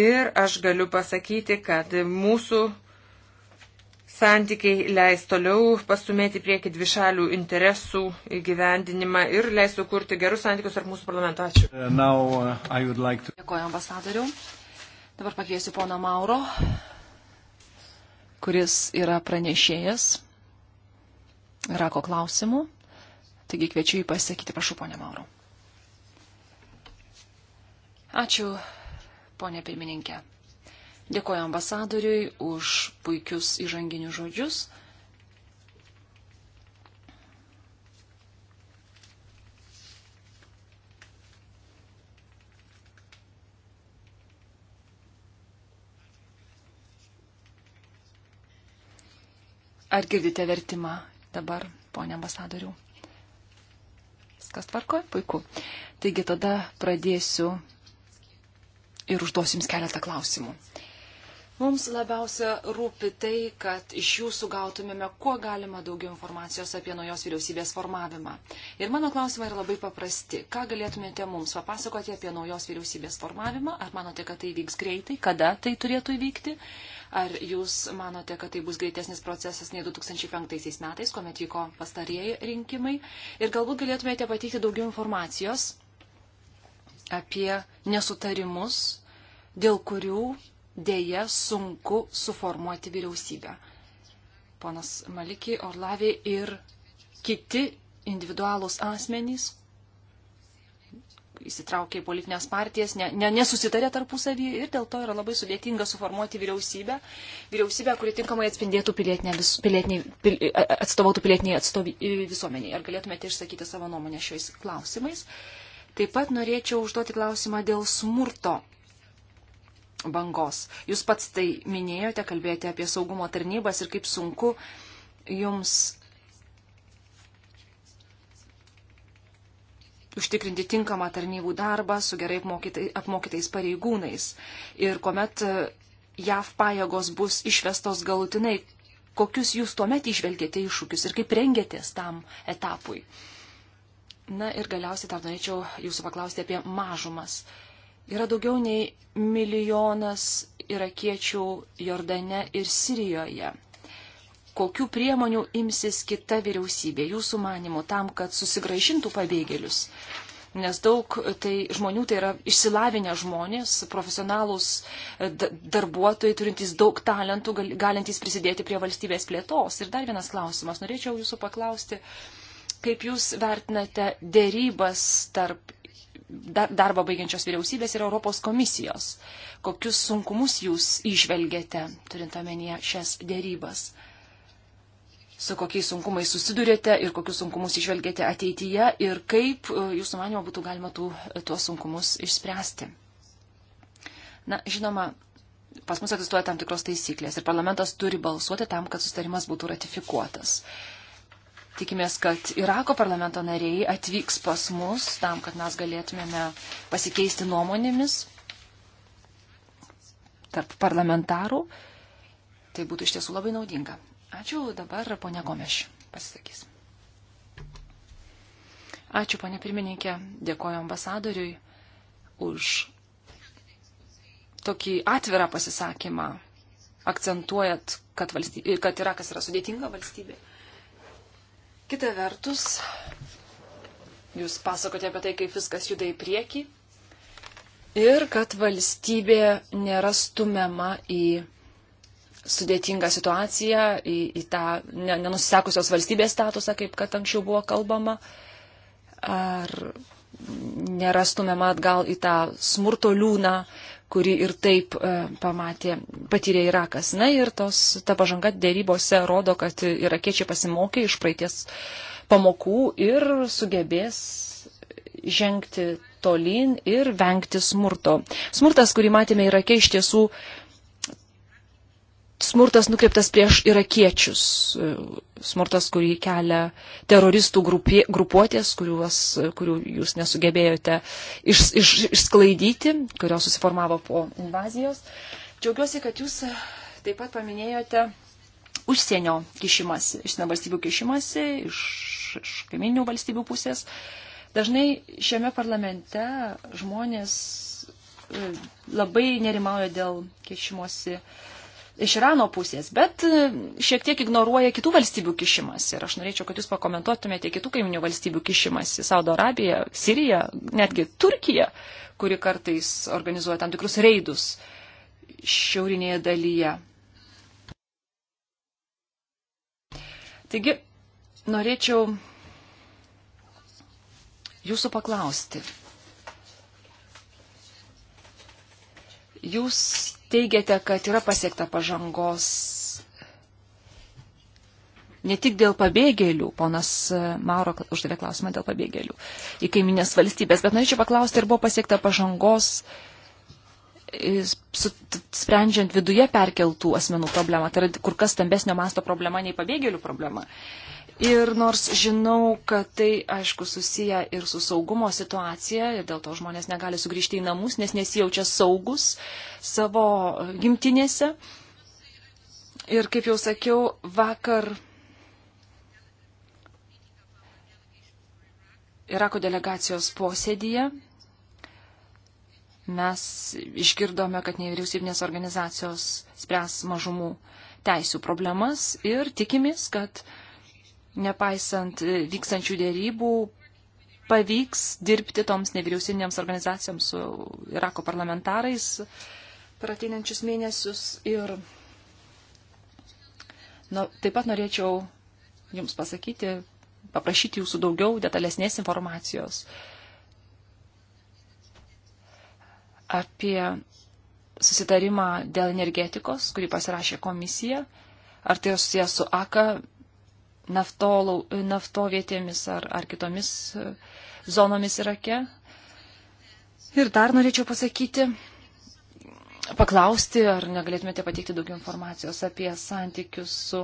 ir aš galiu pasakyti, kad mūsų santykiai leis toliau pastumėti prieki dvišalių interesų įgyvendinimą ir leis sukurti gerus santykius tarp mūsų parlamento. Ačiū. Uh, now, uh, like to... Dėkuoju ambasadoriu. Dabar pakviesiu pono Mauro, kuris yra pranešėjas Irako klausimų. Taigi kviečiu jį pasakyti, prašau, ponė Mauro. Ačiū, ponė pirmininkė. Dėkoju ambasadoriui už puikius įžanginius žodžius. Ar girdite vertimą dabar, ponė ambasadoriu? Viskas tvarko? Puiku. Taigi tada pradėsiu ir užduosiu Jums keletą klausimų. Mums labiausia rūpi tai, kad iš jūsų gautumėme kuo galima daugiau informacijos apie naujos vyriausybės formavimą. Ir mano klausimai yra labai paprasti. Ką galėtumėte mums papasakoti apie naujos vyriausybės formavimą? Ar manote, kad tai vyks greitai? Kada tai turėtų įvykti? Ar jūs manote, kad tai bus greitesnis procesas nei 2005 metais, kuomet vyko pastarieji rinkimai? Ir galbūt galėtumėte pateikti daugiau informacijos apie nesutarimus, dėl kurių dėje sunku suformuoti vyriausybę. Ponas Malikiai, Orlaviai ir kiti individualūs asmenys įsitraukė į politinės partijas, ne, ne, nesusitarė tarpusavį ir dėl to yra labai sudėtinga suformuoti vyriausybę, vyriausybę, kuri tinkamai atspindėtų pilietinę, vis, pilietinį, pil, atstovautų pilietiniai atstovy, e, visuomeniai. Ar galėtumėte išsakyti savo nuomonę šiais klausimais? Taip pat norėčiau užduoti klausimą dėl smurto bangos. Jūs pats tai minėjote, kalbėjote apie saugumo tarnybas ir kaip sunku jums užtikrinti tinkamą tarnybų darbą su gerai apmokytais pareigūnais. Ir kuomet e, JAV pajėgos bus išvestos galutinai, kokius jūs tuomet išvelgėte iššūkius ir kaip rengėtės tam etapui. Na ir galiausiai dar norėčiau jūsų paklausti apie mažumas. Yra daugiau nei milijonas irakiečių Jordane ir Sirijoje. Kokių priemonių imsis kita vyriausybė, jūsų manimu, tam, kad susigražintų pabėgėlius? Nes daug tai žmonių tai yra išsilavinę žmonės, profesionalūs e, darbuotojai, turintys daug talentų, galintys prisidėti prie valstybės plėtos. Ir dar vienas klausimas. Norėčiau jūsų paklausti, kaip jūs vertinate dėrybas tarp darbą baigiančios vyriausybės ir Europos komisijos. Kokius sunkumus jūs išvelgėte, turint omenyje šias dėrybas? Su kokiais sunkumais susidurėte ir kokius sunkumus išvelgėte ateityje ir kaip e, jūsų manimo būtų galima tų, e, tuos sunkumus išspręsti? Na, žinoma, pas mus egzistuoja tam tikros taisyklės ir parlamentas turi balsuoti tam, kad sustarimas būtų ratifikuotas. Uh, Tikimės, kad Irako parlamento nariai atvyks pas mus tam, kad mes galėtumėme pasikeisti nuomonėmis tarp parlamentarų. Tai būtų iš tiesų labai naudinga. Ačiū dabar ponia Gomeš pasisakys. Ačiū ponia pirmininkė, dėkoju ambasadoriui už tokį atvirą pasisakymą. Akcentuojat, kad, valstybė, kad Irakas yra sudėtinga valstybė Kita vertus, jūs pasakote apie tai, kaip viskas juda į priekį ir kad valstybė nėra stumiama į sudėtingą situaciją, į, į tą nenusisekusios valstybės statusą, kaip kad anksčiau buvo kalbama, ar nėra stumiama atgal į tą smurto liūną, kurį ir taip e, pamatė, patyrė Irakas. Na ir tos, ta pažanga dėrybose rodo, kad irakiečiai pasimokė iš praeities pamokų ir sugebės žengti tolyn ir vengti smurto. Smurtas, kurį matėme Irake, iš tiesų smurtas nukreiptas prieš irakiečius, smurtas, kurį kelia teroristų grupė, grupuotės, kuriuos, kurių jūs nesugebėjote iš, iš, išsklaidyti, kurios susiformavo po invazijos. Džiaugiuosi, kad jūs taip pat paminėjote užsienio kišimasi, užsienio valstybių kišimasi iš, iš kaiminių valstybių pusės. Dažnai šiame parlamente žmonės e, labai nerimauja dėl kišimosi uh, iš Irano pusės, bet e, šiek tiek ignoruoja kitų valstybių kišimas. Ir aš norėčiau, kad jūs pakomentuotumėte kitų kaiminių valstybių kišimas į Saudo Arabiją, Siriją, netgi Turkiją, kuri kartais organizuoja tam tikrus reidus šiaurinėje dalyje. Taigi, norėčiau jūsų paklausti. Jūs teigiate, kad yra pasiekta pažangos ne tik dėl pabėgėlių, ponas Mauro uždavė klausimą dėl pabėgėlių į kaiminės valstybės, bet norėčiau paklausti, ar buvo pasiekta pažangos e, sprendžiant viduje perkeltų asmenų problemą, tai yra kur kas stambesnio masto problema nei pabėgėlių problema. Uh, Ir nors žinau, kad tai, aišku, susiję ir su saugumo situacija, ir dėl to žmonės negali sugrįžti į namus, nes nesijaučia saugus savo gimtinėse. Ir kaip jau sakiau, vakar Irako delegacijos posėdyje mes išgirdome, kad nevyriausybinės organizacijos spręs mažumų teisų problemas ir tikimės, kad nepaisant e, vykstančių dėrybų, pavyks dirbti toms nevyriausybinėms organizacijoms su Irako parlamentarais per ateinančius mėnesius. Ir nu, taip pat norėčiau Jums pasakyti, paprašyti Jūsų daugiau detalesnės informacijos apie susitarimą dėl energetikos, kurį pasirašė komisija. Ar tai susijęs su AKA naftolau, naftovietėmis ar, ar kitomis e, zonomis Irake. Ir dar norėčiau pasakyti, paklausti, ar negalėtumėte pateikti daugiau informacijos apie santykius su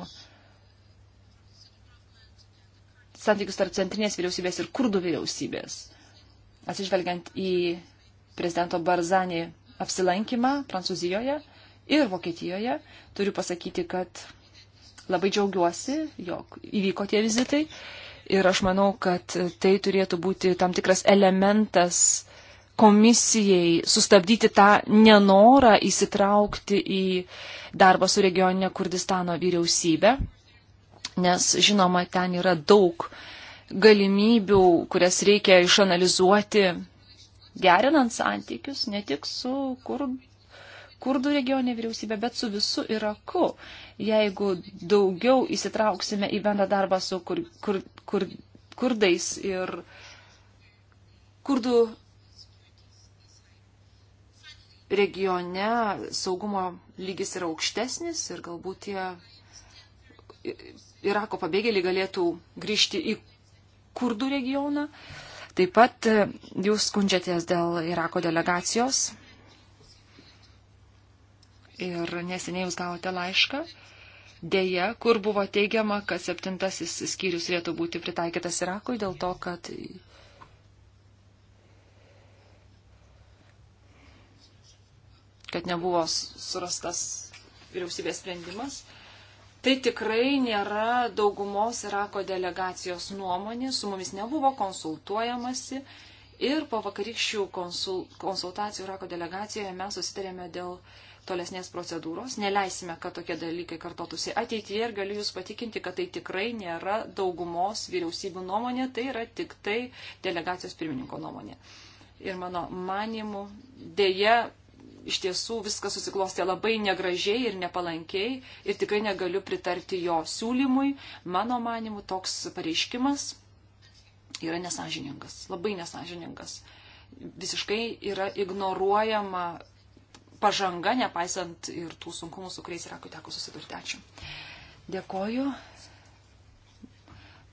santykius tarp centrinės vyriausybės ir kurdų vyriausybės. Atsižvelgiant į prezidento Barzanį apsilankymą Prancūzijoje ir Vokietijoje, turiu pasakyti, kad Labai džiaugiuosi, jog įvyko tie vizitai ir aš manau, kad tai turėtų būti tam tikras elementas komisijai sustabdyti tą nenorą įsitraukti į darbą su regioninė Kurdistano vyriausybė, nes žinoma, ten yra daug galimybių, kurias reikia išanalizuoti, gerinant santykius ne tik su kurdų kurdų regioninė vyriausybė, bet su visu Iraku. Jeigu daugiau įsitrauksime į bendrą darbą su kur, kur, kur, kurdais ir kurdų regione saugumo lygis yra aukštesnis ir galbūt tie Irako pabėgėliai galėtų grįžti į kurdų regioną. Taip pat jūs skundžiatės dėl Irako delegacijos ir neseniai jūs gavote laišką. Deja, kur buvo teigiama, kad septintasis skyrius turėtų būti pritaikytas Irakui dėl to, kad kad nebuvo surastas vyriausybės sprendimas. Tai tikrai nėra daugumos Irako delegacijos nuomonė, su mumis nebuvo konsultuojamasi ir po vakarykščių konsul, konsultacijų Irako delegacijoje mes susitarėme dėl uh, tolesnės procedūros, neleisime, kad tokie dalykai kartotųsi ateityje ir galiu Jūs patikinti, kad tai tikrai nėra daugumos vyriausybių nuomonė, tai yra tik tai delegacijos pirmininko nuomonė. Ir mano manimu, dėje iš tiesų viskas susiklostė labai negražiai ir nepalankiai ir tikrai negaliu pritarti jo siūlymui. Mano manimu, toks pareiškimas yra nesažiningas, labai nesažiningas. Visiškai yra ignoruojama pažanga, nepaisant ir tų sunkumų, su kuriais Irakui teko susidurti. Ačiū. Dėkoju.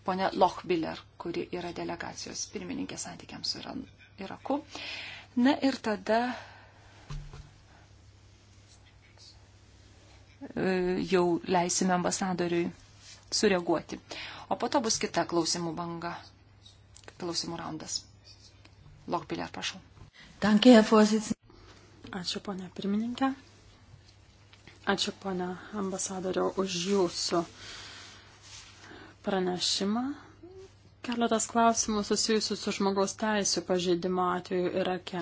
Pone Lochbiller, kuri yra delegacijos pirmininkė santykiams su Iraku. Na ir tada e, jau leisime ambasadoriui sureaguoti. O po to bus kita klausimų banga, klausimų raundas. Lochbiller, prašau. Danke, Herr Vorsitzender. Ačiū, ponė pirmininkė. Ačiū, ponė ambasadorio, už jūsų pranešimą. Keletas klausimų susijusių su žmogaus teisų pažeidimo atveju Irake.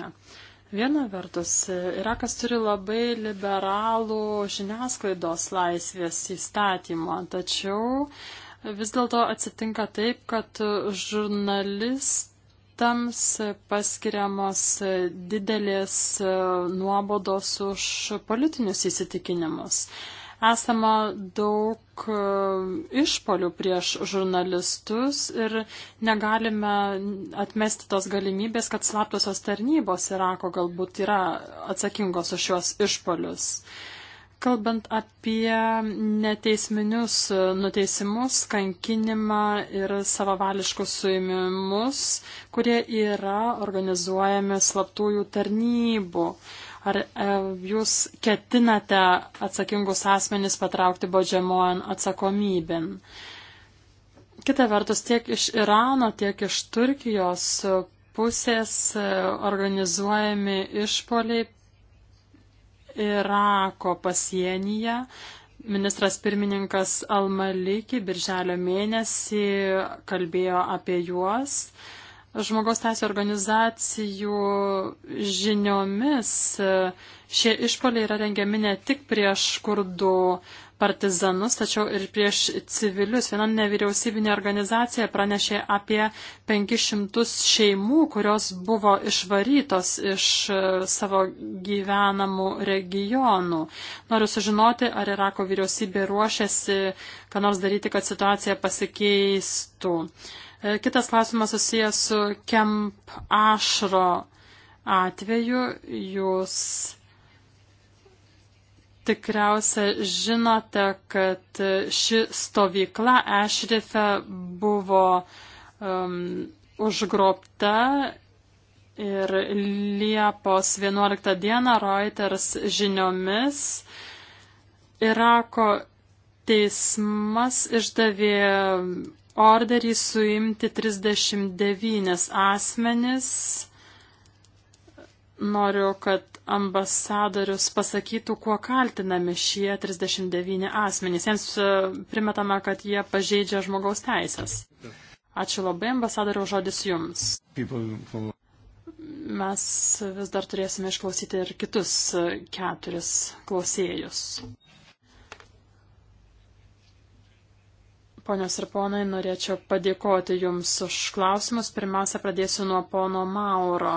Viena vertus, Irakas turi labai liberalų žiniasklaidos laisvės įstatymą, tačiau vis dėlto atsitinka taip, kad žurnalistai Piratams paskiriamos didelės e, nuobodos už politinius įsitikinimus. Esama daug e, išpolių prieš žurnalistus ir negalime atmesti tos galimybės, kad slaptosios tarnybos Irako galbūt yra atsakingos už šios išpolius. Uh, Kalbant apie neteisminius nuteisimus, kankinimą ir savavališkus suimimus, kurie yra organizuojami slaptųjų tarnybų, ar e, jūs ketinate atsakingus asmenys patraukti baudžiamojan atsakomybin? Kita vertus, tiek iš Irano, tiek iš Turkijos pusės e, organizuojami išpoliai Irako pasienyje. Ministras pirmininkas Almaliki birželio mėnesį kalbėjo apie juos. Žmogaus teisų organizacijų žiniomis šie išpoliai yra rengiami ne tik prieš kurdų partizanus, tačiau ir prieš civilius. Viena nevyriausybinė organizacija pranešė apie 500 šeimų, kurios buvo išvarytos iš e, savo gyvenamų regionų. Noriu sužinoti, ar Irako vyriausybė ruošiasi, ką nors daryti, kad situacija pasikeistų. E, kitas klausimas susijęs su Kemp Ašro atveju. Jūs Tikriausia žinote, kad ši stovykla Ešrife buvo um, užgrobta ir Liepos 11 dieną Reuters žiniomis Irako teismas išdavė orderį suimti 39 asmenis. Noriu, kad ambasadorius pasakytų, kuo kaltinami šie 39 asmenys. Jiems e, primetama, kad jie pažeidžia žmogaus teisės. Ačiū labai, ambasadoriau, žodis jums. Mes vis dar turėsime išklausyti ir kitus e, keturis klausėjus. Ponios ir ponai, norėčiau padėkoti Jums už klausimus. Pirmiausia, pradėsiu nuo pono Mauro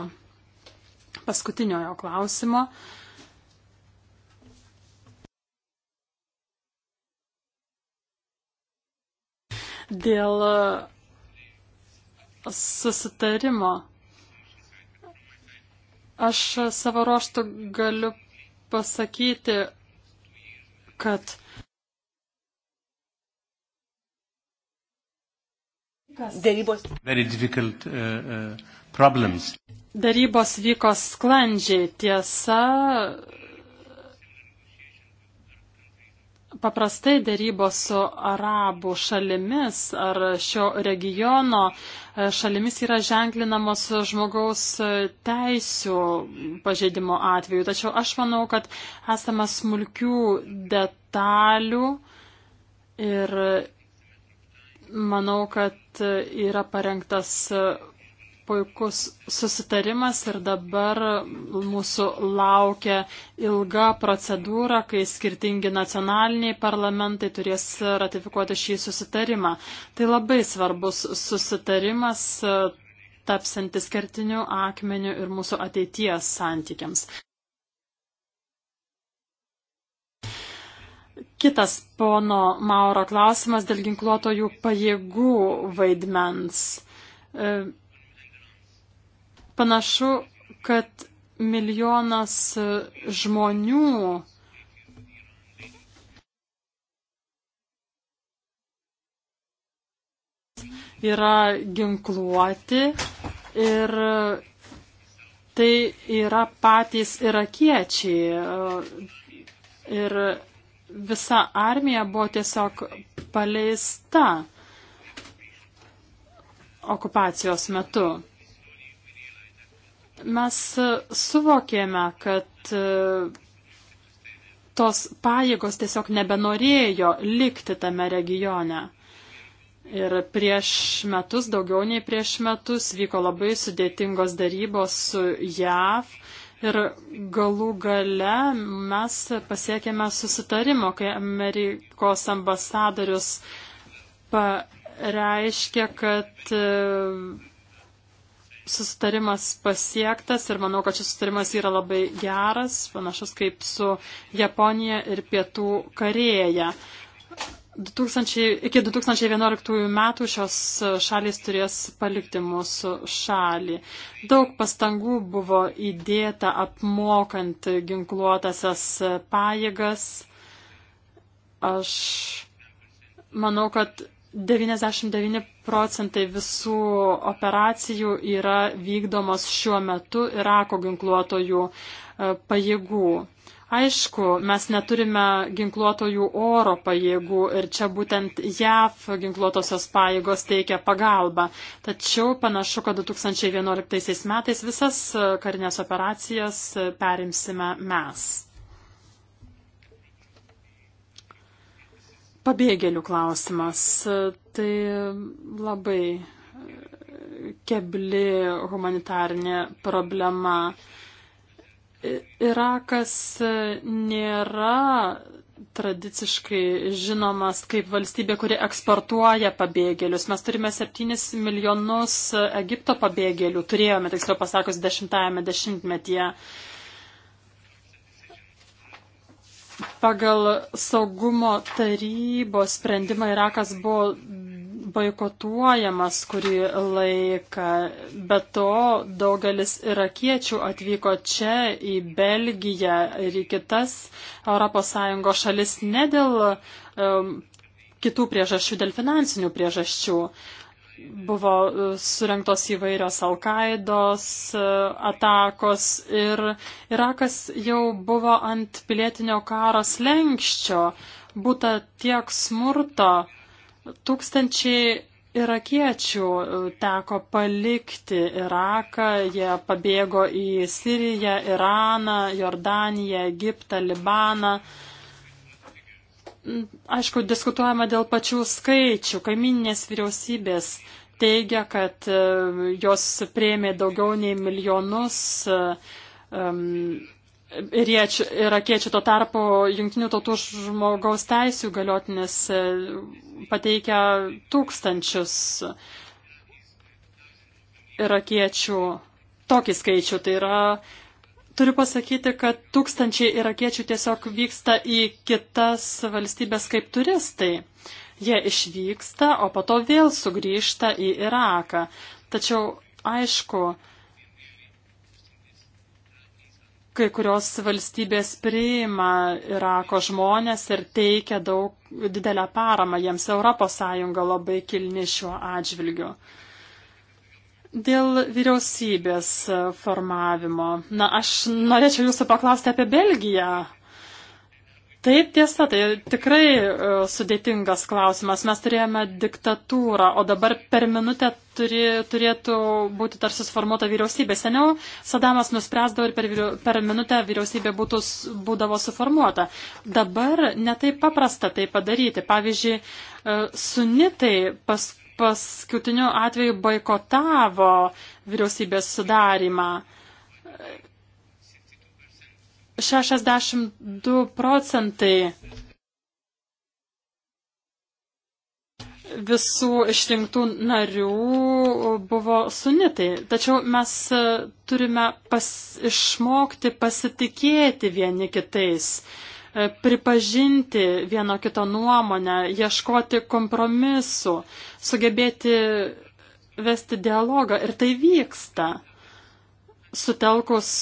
paskutiniojo klausimo. Dėl uh, susitarimo. Aš savo ruoštų galiu pasakyti, kad Dėrybos. Difficult, uh, uh, Dėrybos vyko sklandžiai, tiesa. Paprastai dėrybos su arabų šalimis ar šio regiono e, šalimis yra ženklinamos žmogaus teisų pažeidimo atveju. Tačiau aš manau, kad esame smulkių detalių ir manau, kad kad yra parengtas puikus susitarimas ir dabar mūsų laukia ilga procedūra, kai skirtingi nacionaliniai parlamentai turės ratifikuoti šį susitarimą. Tai labai svarbus susitarimas, tapsantis kertiniu akmeniu ir mūsų ateities santykiams. Kitas pono Mauro klausimas dėl ginkluotojų pajėgų vaidmens. E, panašu, kad milijonas žmonių yra ginkluoti ir tai yra patys irakiečiai. E, ir visa armija buvo tiesiog paleista okupacijos metu. Mes suvokėme, kad e, tos pajėgos tiesiog nebenorėjo likti tame regione. Ir prieš metus, daugiau nei prieš metus, vyko labai sudėtingos darybos su JAV Ir galų gale mes pasiekėme susitarimo, kai Amerikos ambasadorius pareiškė, kad e, susitarimas pasiektas ir manau, kad šis susitarimas yra labai geras, panašus kaip su Japonija ir Pietų Koreja. 2000, iki 2011 metų šios šalys turės palikti mūsų šalį. Daug pastangų buvo įdėta apmokant ginkluotasias pajėgas. Aš manau, kad 99 procentai visų operacijų yra vykdomos šiuo metu Irako ginkluotojų e, pajėgų. Aišku, mes neturime ginkluotojų oro pajėgų ir čia būtent JAV ginkluotosios pajėgos teikia pagalbą. Tačiau panašu, kad 2011 metais visas e, karinės operacijas e, perimsime mes. Pabėgėlių klausimas. E, tai labai kebli humanitarinė problema. Irakas nėra tradiciškai žinomas kaip valstybė, kuri eksportuoja pabėgėlius. Mes turime 7 milijonus Egipto pabėgėlių, turėjome, tiksliau pasakus, dešimtajame dešimtmetyje. Pagal saugumo tarybos sprendimą Irakas buvo boikotuojamas kurį laiką, bet to daugelis irakiečių atvyko čia į Belgiją ir į kitas ES šalis ne dėl um, kitų priežasčių, dėl finansinių priežasčių. Buvo e, surinktos įvairios Alkaidos e, atakos ir Irakas jau buvo ant pilietinio karo slengščio, būta tiek smurto, Tūkstančiai irakiečių e, teko palikti Iraką, jie pabėgo į Siriją, Iraną, Jordaniją, Egiptą, Libaną. Aišku, diskutuojama dėl pačių skaičių. Kaiminės vyriausybės teigia, kad e, jos prieimė daugiau nei milijonus um, iriečių, irakiečių. Tuo tarpu jungtinių tautų žmogaus teisų galiotinės e, pateikia tūkstančius irakiečių. Tokį skaičių tai yra. Turiu pasakyti, kad tūkstančiai irakiečių tiesiog vyksta į kitas valstybės kaip turistai. Jie išvyksta, o po to vėl sugrįžta į Iraką. Tačiau, aišku, kai kurios valstybės priima Irako žmonės ir teikia daug didelę paramą jiems. ES labai kilni šiuo atžvilgiu. Dėl vyriausybės formavimo. Na, aš norėčiau jūsų paklausti apie Belgiją. Taip tiesa, tai tikrai e, sudėtingas klausimas. Mes turėjome diktatūrą, o dabar per minutę turi, turėtų būti tarsi sformuota vyriausybė. Seniau Sadamas nuspręsdavo ir per, per minutę vyriausybė būtų, būdavo suformuota. Dabar netai paprasta tai padaryti. Pavyzdžiui, e, sunitai pas, paskutiniu atveju boikotavo vyriausybės sudarimą. 62 procentai visų išrinktų narių buvo sunitai. Tačiau mes turime pas, išmokti pasitikėti vieni kitais, pripažinti vieno kito nuomonę, ieškoti kompromisų, sugebėti vesti dialogą. Ir tai vyksta sutelkus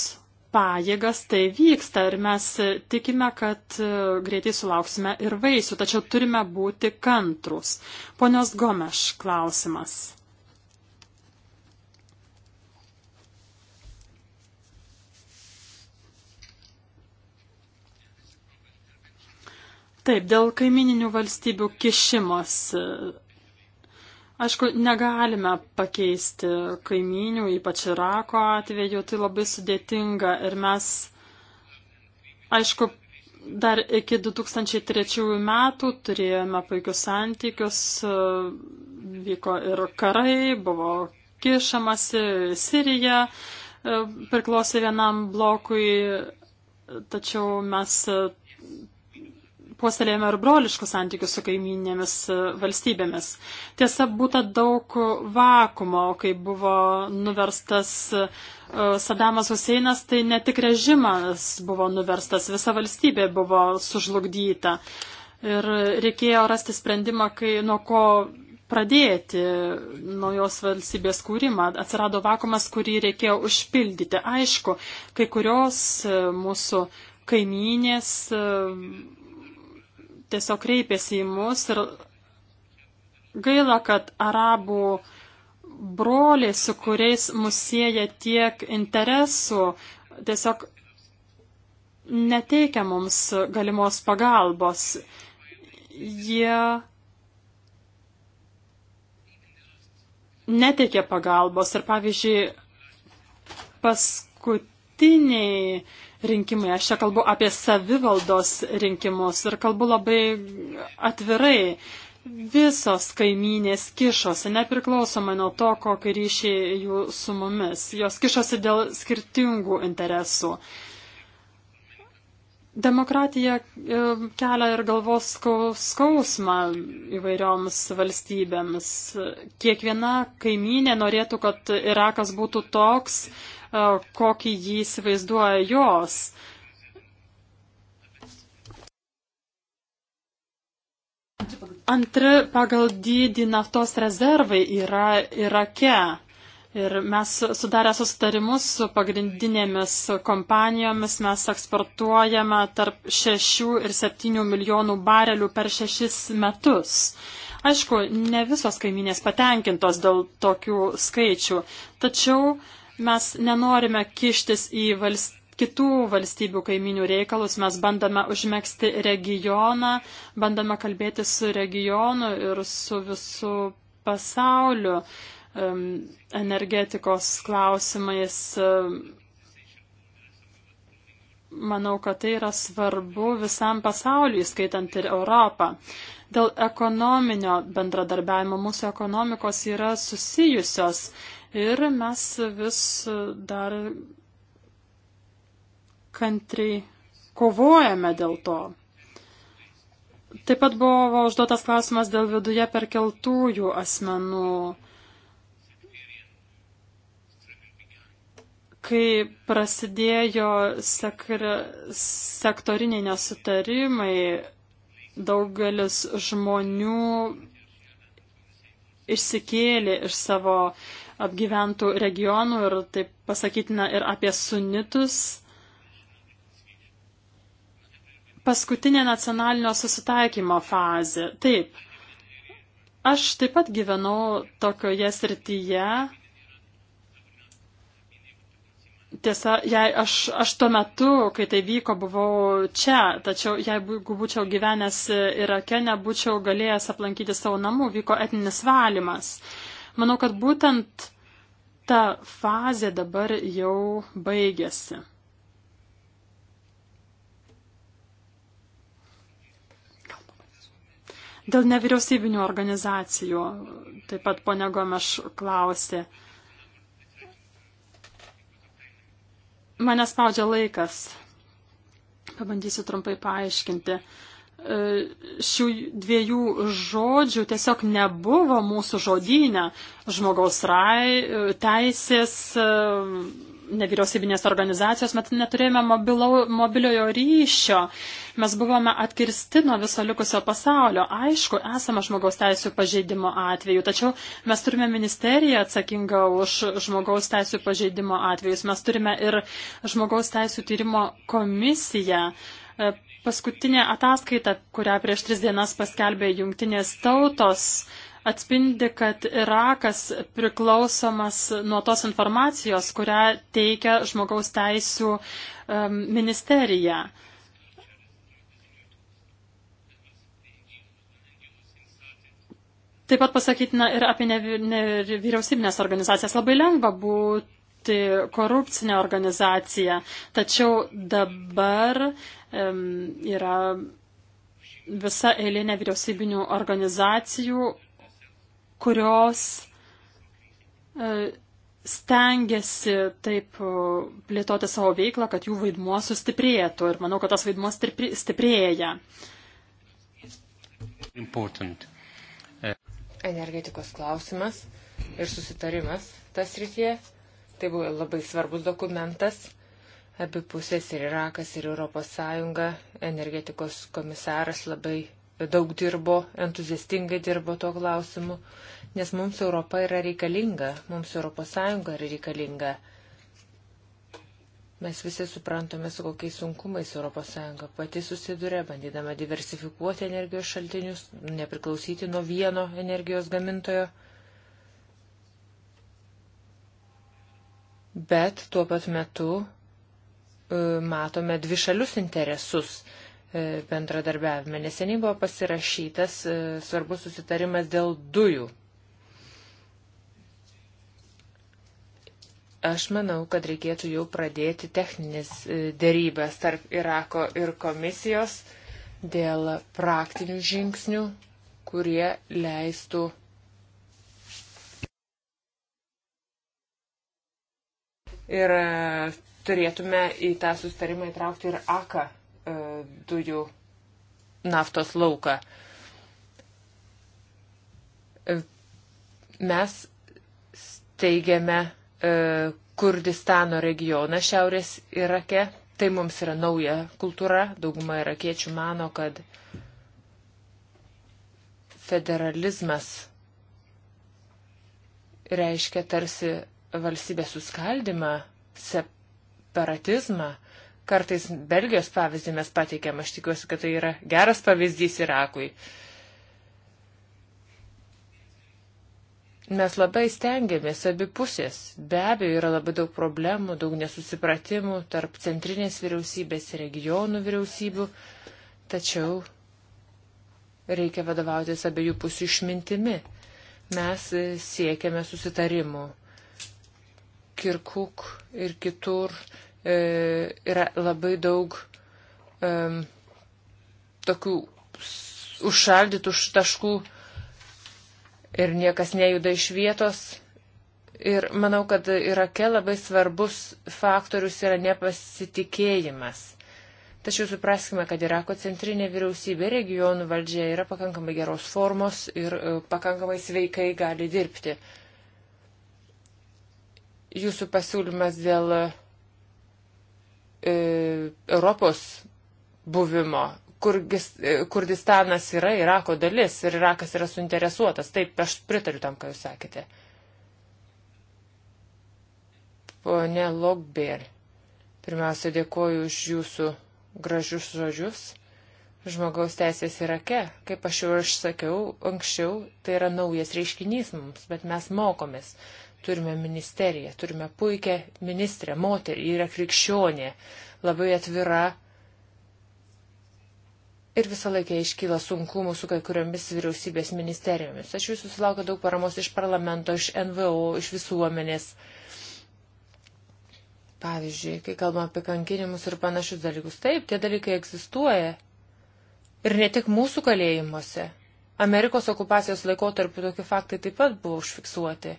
pajėgas, tai vyksta ir mes tikime, kad e, greitai sulauksime ir vaisių, tačiau turime būti kantrus. Ponios Gomeš klausimas. Taip, dėl kaimininių valstybių kišimos Aišku, negalime pakeisti kaimynių, ypač Irako atveju, tai labai sudėtinga ir mes, aišku, dar iki 2003 metų turėjome puikius santykius, vyko ir karai, buvo kišamasi, Sirija e, priklausė vienam blokui, tačiau mes puoselėjame ir broliškus santykius su kaiminėmis e, valstybėmis. Tiesa, būta daug vakumo, kai buvo nuverstas e, Sadamas Huseinas, tai ne tik režimas buvo nuverstas, visa valstybė buvo sužlugdyta. Ir reikėjo rasti sprendimą, kai, nuo ko pradėti naujos valstybės kūrimą. Atsirado vakumas, kurį reikėjo užpildyti. Aišku, kai kurios e, mūsų kaimynės tiesiog kreipėsi į mus ir gaila, kad arabų broliai, su kuriais mus sieja tiek interesų, tiesiog neteikia mums galimos pagalbos. Jie neteikia pagalbos ir pavyzdžiui paskutiniai rinkimai. Aš čia kalbu apie savivaldos rinkimus ir kalbu labai atvirai. Visos kaimynės kišosi, nepriklausomai nuo to, kokį ryšį jų su mumis. Jos kišosi dėl skirtingų interesų. Demokratija e, kelia ir galvos skausmą įvairioms valstybėms. Kiekviena kaimynė norėtų, kad Irakas būtų toks, E, kokį jį įsivaizduoja jos. Antri pagal dydį naftos rezervai yra Irake. Ir mes sudarę susitarimus su pagrindinėmis kompanijomis mes eksportuojame tarp 6 ir 7 milijonų barelių per 6 metus. Aišku, ne visos kaiminės patenkintos dėl tokių skaičių, tačiau uh, Mes nenorime kištis į valst... kitų valstybių kaiminių reikalus, mes bandome užmėgsti regioną, bandome kalbėti su regionu ir su visu pasauliu um, energetikos klausimais. Um, manau, kad tai yra svarbu visam pasauliu, skaitant ir Europą. Dėl ekonominio bendradarbiavimo mūsų ekonomikos yra susijusios. Ir mes vis dar kantriai kovojame dėl to. Taip pat buvo užduotas klausimas dėl viduje perkeltųjų asmenų. Kai prasidėjo sekre, sektoriniai nesutarimai, daugelis žmonių išsikėlė iš savo uh, apgyventų regionų ir taip pasakytina ir apie sunitus. Paskutinė nacionalinio susitaikymo fazė. Taip, aš taip pat gyvenau tokioje srityje. Tiesa, jei aš, aš tuo metu, kai tai vyko, buvau čia, tačiau jeigu būčiau gyvenęs Irake, nebūčiau galėjęs aplankyti savo namų, vyko etninis valymas. Uh, Manau, kad būtent ta fazė dabar jau baigėsi. Dėl nevyriausybinių organizacijų, taip pat ponia Gomeš klausė. Mane spaudžia laikas. Pabandysiu trumpai paaiškinti. Uh, E, šių dviejų žodžių tiesiog nebuvo mūsų žodyne žmogaus rai, e, teisės, e, nevyriausybinės organizacijos, bet neturėjome mobilo, mobiliojo ryšio. Mes buvome atkirsti nuo viso likusio pasaulio. Aišku, esame žmogaus teisų pažeidimo atveju, tačiau mes turime ministeriją atsakingą už žmogaus teisų pažeidimo atvejus. Mes turime ir žmogaus teisų tyrimo komisiją Paskutinė ataskaita, kurią prieš tris dienas paskelbė jungtinės tautos, atspindi, kad Irakas priklausomas nuo tos informacijos, kurią teikia žmogaus teisų um, ministerija. Taip pat pasakytina ir apie nevyriausybinės organizacijas. Labai lengva būtų korupcinė organizacija. Tačiau dabar um, yra visa eilė nevyriausybinių organizacijų, kurios uh, stengiasi taip e, plėtoti savo veiklą, kad jų vaidmuo sustiprėtų. Ir manau, kad tas vaidmuo stiprėja. Important. Energetikos klausimas ir susitarimas tas rytie Tai buvo labai svarbus dokumentas. Abi pusės ir Irakas, ir ES energetikos komisaras labai daug dirbo, entuziastingai dirbo tuo klausimu, nes mums Europa yra reikalinga, mums ES yra reikalinga. Mes visi suprantame, su kokiais sunkumais ES pati susiduria, bandydama diversifikuoti energijos šaltinius, nepriklausyti nuo vieno energijos gamintojo. bet tuo pat metu e, matome dvi šalius interesus e, bendradarbiavime. Neseniai buvo pasirašytas e, svarbus susitarimas dėl dujų. Aš manau, kad reikėtų jau pradėti techninės dėrybės tarp Irako ir komisijos dėl praktinių žingsnių, kurie leistų Ir e, turėtume į tą sustarimą įtraukti ir AKA e, dujų naftos lauką. E, mes steigiame Kurdistano regioną šiaurės Irake. Tai mums yra nauja kultūra. Dauguma irakiečių mano, kad federalizmas reiškia tarsi valstybės suskaldimą, separatizmą. Kartais Belgijos pavyzdį mes pateikėm, aš tikiuosi, kad tai yra geras pavyzdys Irakui. Mes labai stengiamės abi pusės. Be abejo, yra labai daug problemų, daug nesusipratimų tarp centrinės vyriausybės ir regionų vyriausybių, tačiau reikia vadovautis abiejų pusių išmintimi. Mes siekiame susitarimų Kirkuk ir kitur e, yra labai daug e, tokių užšaldytų taškų ir niekas nejuda iš vietos. Ir manau, kad Irake labai svarbus faktorius yra nepasitikėjimas. Tačiau supraskime, kad Irako centrinė vyriausybė regionų valdžia yra pakankamai geros formos ir e, pakankamai sveikai gali dirbti. Jūsų pasiūlymas dėl e, Europos buvimo, Kurgis, e, Kurdistanas yra Irako dalis ir Irakas yra suinteresuotas. Taip, aš pritariu tam, ką jūs sakėte. Pone Logbėr, pirmiausia, dėkoju už jūsų gražius žodžius. Žmogaus teisės Irake, kaip aš jau išsakiau anksčiau, tai yra naujas reiškinys mums, bet mes mokomės. Turime ministeriją, turime puikią ministrę, moterį, yra krikščionė, labai atvira. Ir visą laiką iškyla sunkumų su kai kuriomis vyriausybės ministerijomis. Aš jūsų sulaukiu daug paramos iš parlamento, iš NVO, iš visuomenės. Pavyzdžiui, kai kalbam apie kankinimus ir panašius dalykus, taip, tie dalykai egzistuoja. Ir ne tik mūsų kalėjimuose. Amerikos okupacijos laikotarpiu tokie faktai taip pat buvo užfiksuoti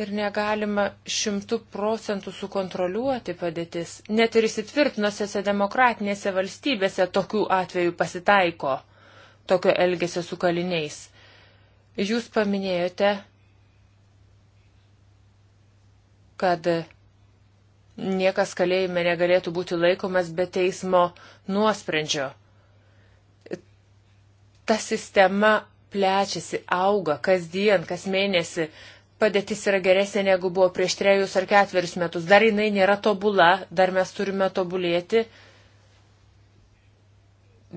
ir negalima šimtų procentų sukontroliuoti padėtis. Net ir įsitvirtinusiose demokratinėse valstybėse tokių atvejų pasitaiko tokio elgesio su kaliniais. Jūs paminėjote, kad niekas kalėjime negalėtų būti laikomas be teismo nuosprendžio. Ta sistema plečiasi, auga kasdien, kas mėnesį padėtis yra geresnė negu buvo prieš trejus ar ketverius metus. Dar jinai nėra tobula, dar mes turime tobulėti.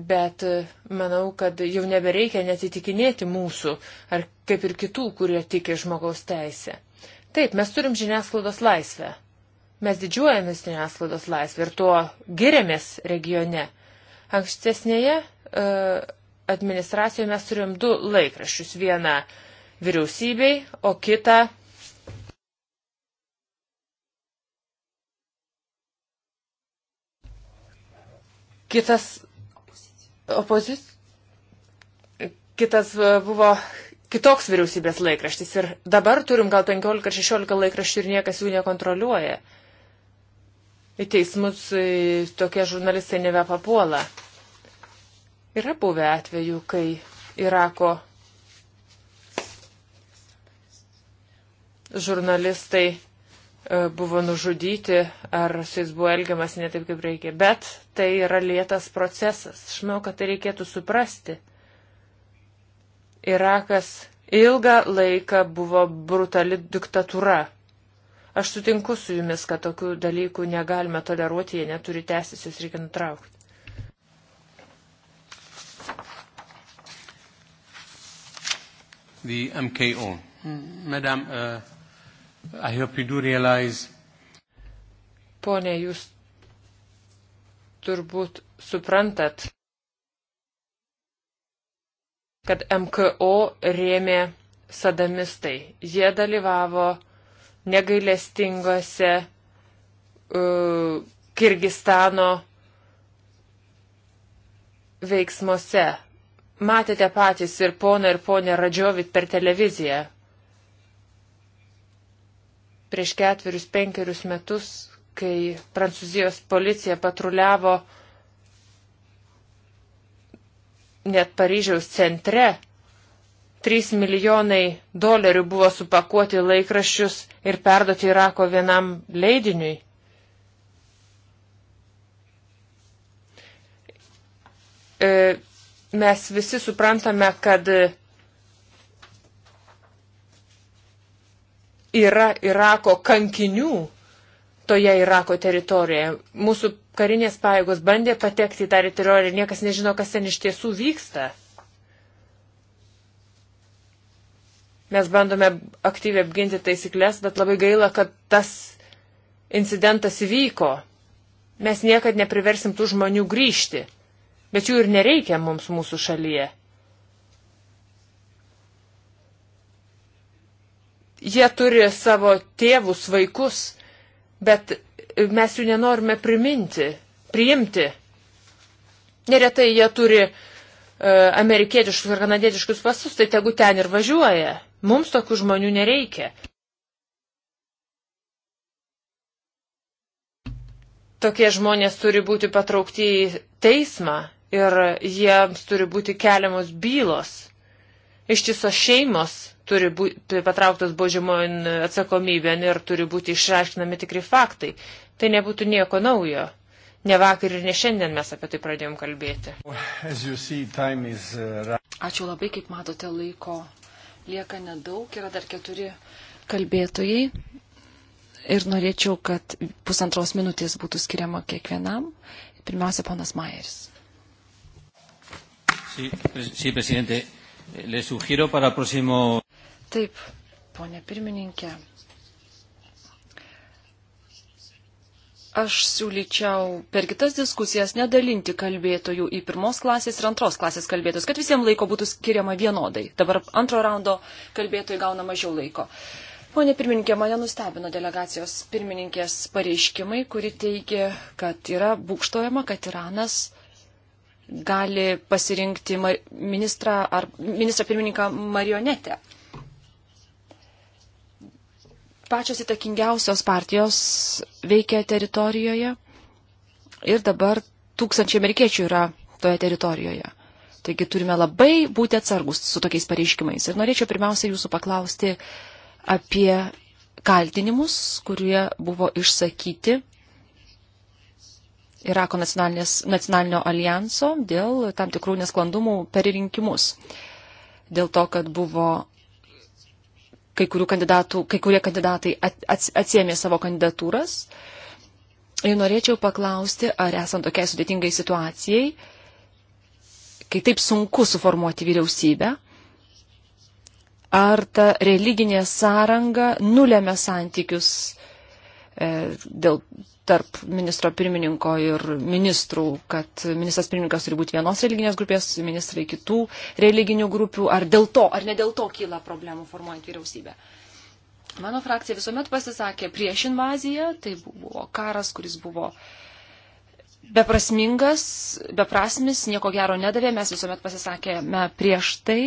Bet e, manau, kad jau nebereikia netitikinėti mūsų, ar kaip ir kitų, kurie tiki žmogaus teisę. Taip, mes turim žiniasklaidos laisvę. Mes didžiuojamės žiniasklaidos laisvę ir tuo giriamės regione. Ankstesnėje uh, administracijoje mes turim du laikraščius. Vieną uh, vyriausybei, o kitą kitas opozic... kitas e, buvo kitoks vyriausybės laikraštis ir dabar turim gal 15 ar 16 laikraščių ir niekas jų nekontroliuoja. Į teismus tokie žurnalistai nebepapuola. Yra buvę atveju, kai Irako žurnalistai e, buvo nužudyti ar su jais buvo elgiamas ne taip, kaip reikia. Bet tai yra lėtas procesas. Aš manau, kad tai reikėtų suprasti. Irakas ilgą laiką buvo brutali diktatūra. Aš sutinku su jumis, kad tokių dalykų negalime toleruoti, jie neturi tęsis, jūs reikia nutraukti. The MKO. Mm, madam, uh, Realize... Pone, jūs turbūt suprantat, kad MKO rėmė sadamistai. Jie dalyvavo negailestingose uh, Kirgistano veiksmuose. Matėte patys ir poną ir ponę Radžiovit per televiziją prieš ketverius, penkerius metus, kai Prancūzijos policija patruliavo net Paryžiaus centre, 3 milijonai dolerių buvo supakuoti laikraščius ir perduoti Irako vienam leidiniui. E, mes visi suprantame, kad yra Irako kankinių toje Irako teritorijoje. Mūsų karinės pajėgos bandė patekti į tą teritoriją ir niekas nežino, kas ten iš tiesų vyksta. Mes bandome aktyviai apginti taisyklės, bet labai gaila, kad tas incidentas įvyko. Mes niekad nepriversim tų žmonių grįžti, bet jų ir nereikia mums mūsų šalyje. Jie turi savo tėvus, vaikus, bet mes jų nenorime priminti, priimti. Neretai jie turi e, amerikietiškus ar kanadietiškus pasus, tai tegu ten ir važiuoja. Mums tokių žmonių nereikia. Tokie žmonės turi būti patraukti į teismą ir jiems turi būti keliamos bylos. Ištisos šeimos turi būti patrauktas baudžiamon atsakomybėn ir turi būti išaiškinami tikri faktai. Tai nebūtų nieko naujo. Ne vakar ir ne šiandien mes apie tai pradėjom kalbėti. Uh, Ačiū labai, kaip matote, laiko lieka nedaug, yra dar keturi kalbėtojai. Ir norėčiau, kad pusantros minutės būtų skiriama kiekvienam. Pirmiausia, ponas Majeris. Sí, sí, presidente. Le sugiero para el próximo. Taip, ponė pirmininkė. Aš siūlyčiau per kitas diskusijas nedalinti kalbėtojų į pirmos klasės ir antros klasės kalbėtojus, kad visiems laiko būtų skiriama vienodai. Dabar antro raundo kalbėtojai gauna mažiau laiko. Pone pirmininkė, mane nustebino delegacijos pirmininkės pareiškimai, kuri teigia, kad yra būkštojama, kad Iranas gali pasirinkti ministrą, ar, ministrą pirmininką marionetę pačios įtakingiausios partijos veikia teritorijoje ir dabar tūkstančiai amerikiečių yra toje teritorijoje. Taigi turime labai būti atsargus su tokiais pareiškimais. Ir norėčiau pirmiausia jūsų paklausti apie kaltinimus, kurie buvo išsakyti Irako nacionalinio alijanso dėl tam tikrų nesklandumų per rinkimus. Dėl to, kad buvo kai, kai kurie kandidatai atsiemė savo kandidatūras. Ir norėčiau paklausti, ar esant tokiai sudėtingai situacijai, kai taip sunku suformuoti vyriausybę, ar ta religinė sąranga nulėmė santykius e, dėl tarp ministro pirmininko ir ministrų, kad ministras pirmininkas turi būti vienos religinės grupės, ministrai kitų religinių grupių, ar dėl to, ar ne dėl to kyla problemų formuojant vyriausybę. Mano frakcija visuomet pasisakė prieš invaziją, tai buvo karas, kuris buvo beprasmingas, beprasmis, nieko gero nedavė, mes visuomet pasisakėme prieš tai.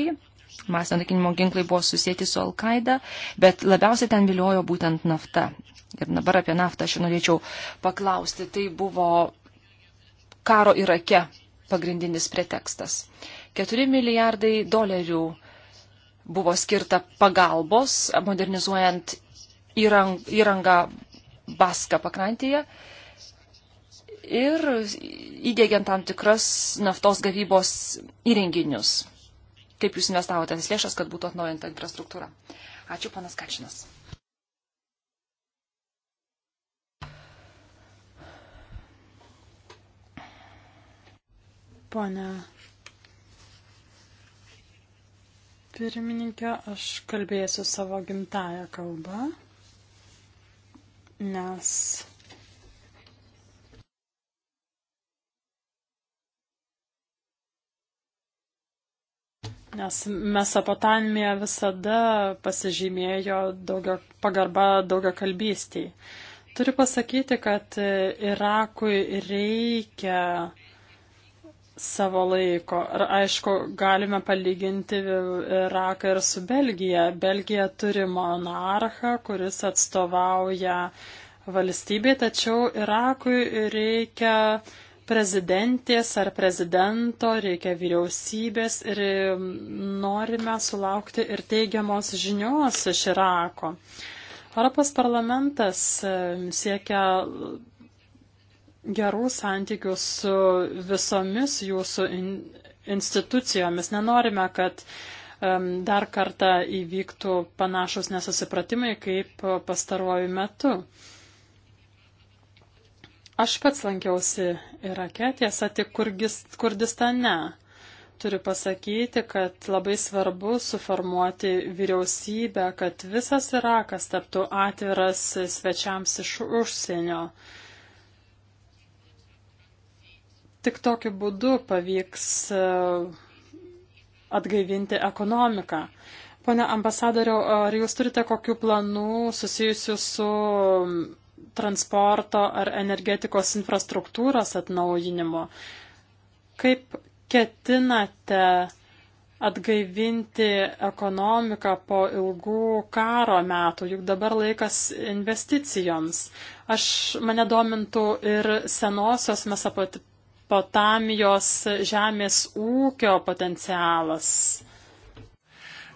Masinio naikinimo ginklai buvo susijęti su Al-Qaeda, bet labiausiai ten viliojo būtent nafta Ir dabar apie naftą aš norėčiau paklausti. Tai buvo karo Irake pagrindinis pretekstas. 4 milijardai dolerių buvo skirta pagalbos, modernizuojant įrangą Baską pakrantėje ir įdėgiant tam tikras naftos gavybos įrenginius. Kaip jūs investavote tas lėšas, kad būtų atnaujinta infrastruktūra? Ačiū, panas Kačinas. Pone pirmininkė, aš kalbėsiu savo gimtają kalbą, nes Nes Mesopotamija visada pasižymėjo daugio, pagarba daugia kalbystiai. Turiu pasakyti, kad Irakui reikia uh, savo laiko. Ir aišku, galime palyginti Iraką ir su Belgija. Belgija turi monarchą, kuris atstovauja valstybei, tačiau Irakui reikia prezidentės ar prezidento, reikia vyriausybės ir norime sulaukti ir teigiamos žinios iš Irako. Europos parlamentas siekia gerų santykių su visomis jūsų in, institucijomis. Nenorime, kad um, dar kartą įvyktų panašus nesusipratimai kaip pastaruoju metu. Aš pats lankiausi Irake, tiesa, tik Kurgis, Kurdistane. Turiu pasakyti, kad labai svarbu suformuoti vyriausybę, kad visas Irakas taptų atviras svečiams iš užsienio. Uh, Tik tokiu būdu pavyks e, atgaivinti ekonomiką. Pone ambasadoriau, ar jūs turite kokių planų susijusių su transporto ar energetikos infrastruktūros atnaujinimu? Kaip ketinate atgaivinti ekonomiką po ilgų karo metų, juk dabar laikas investicijoms. Aš mane domintų ir senosios Mesopot Mesopotamijos žemės ūkio potencialas.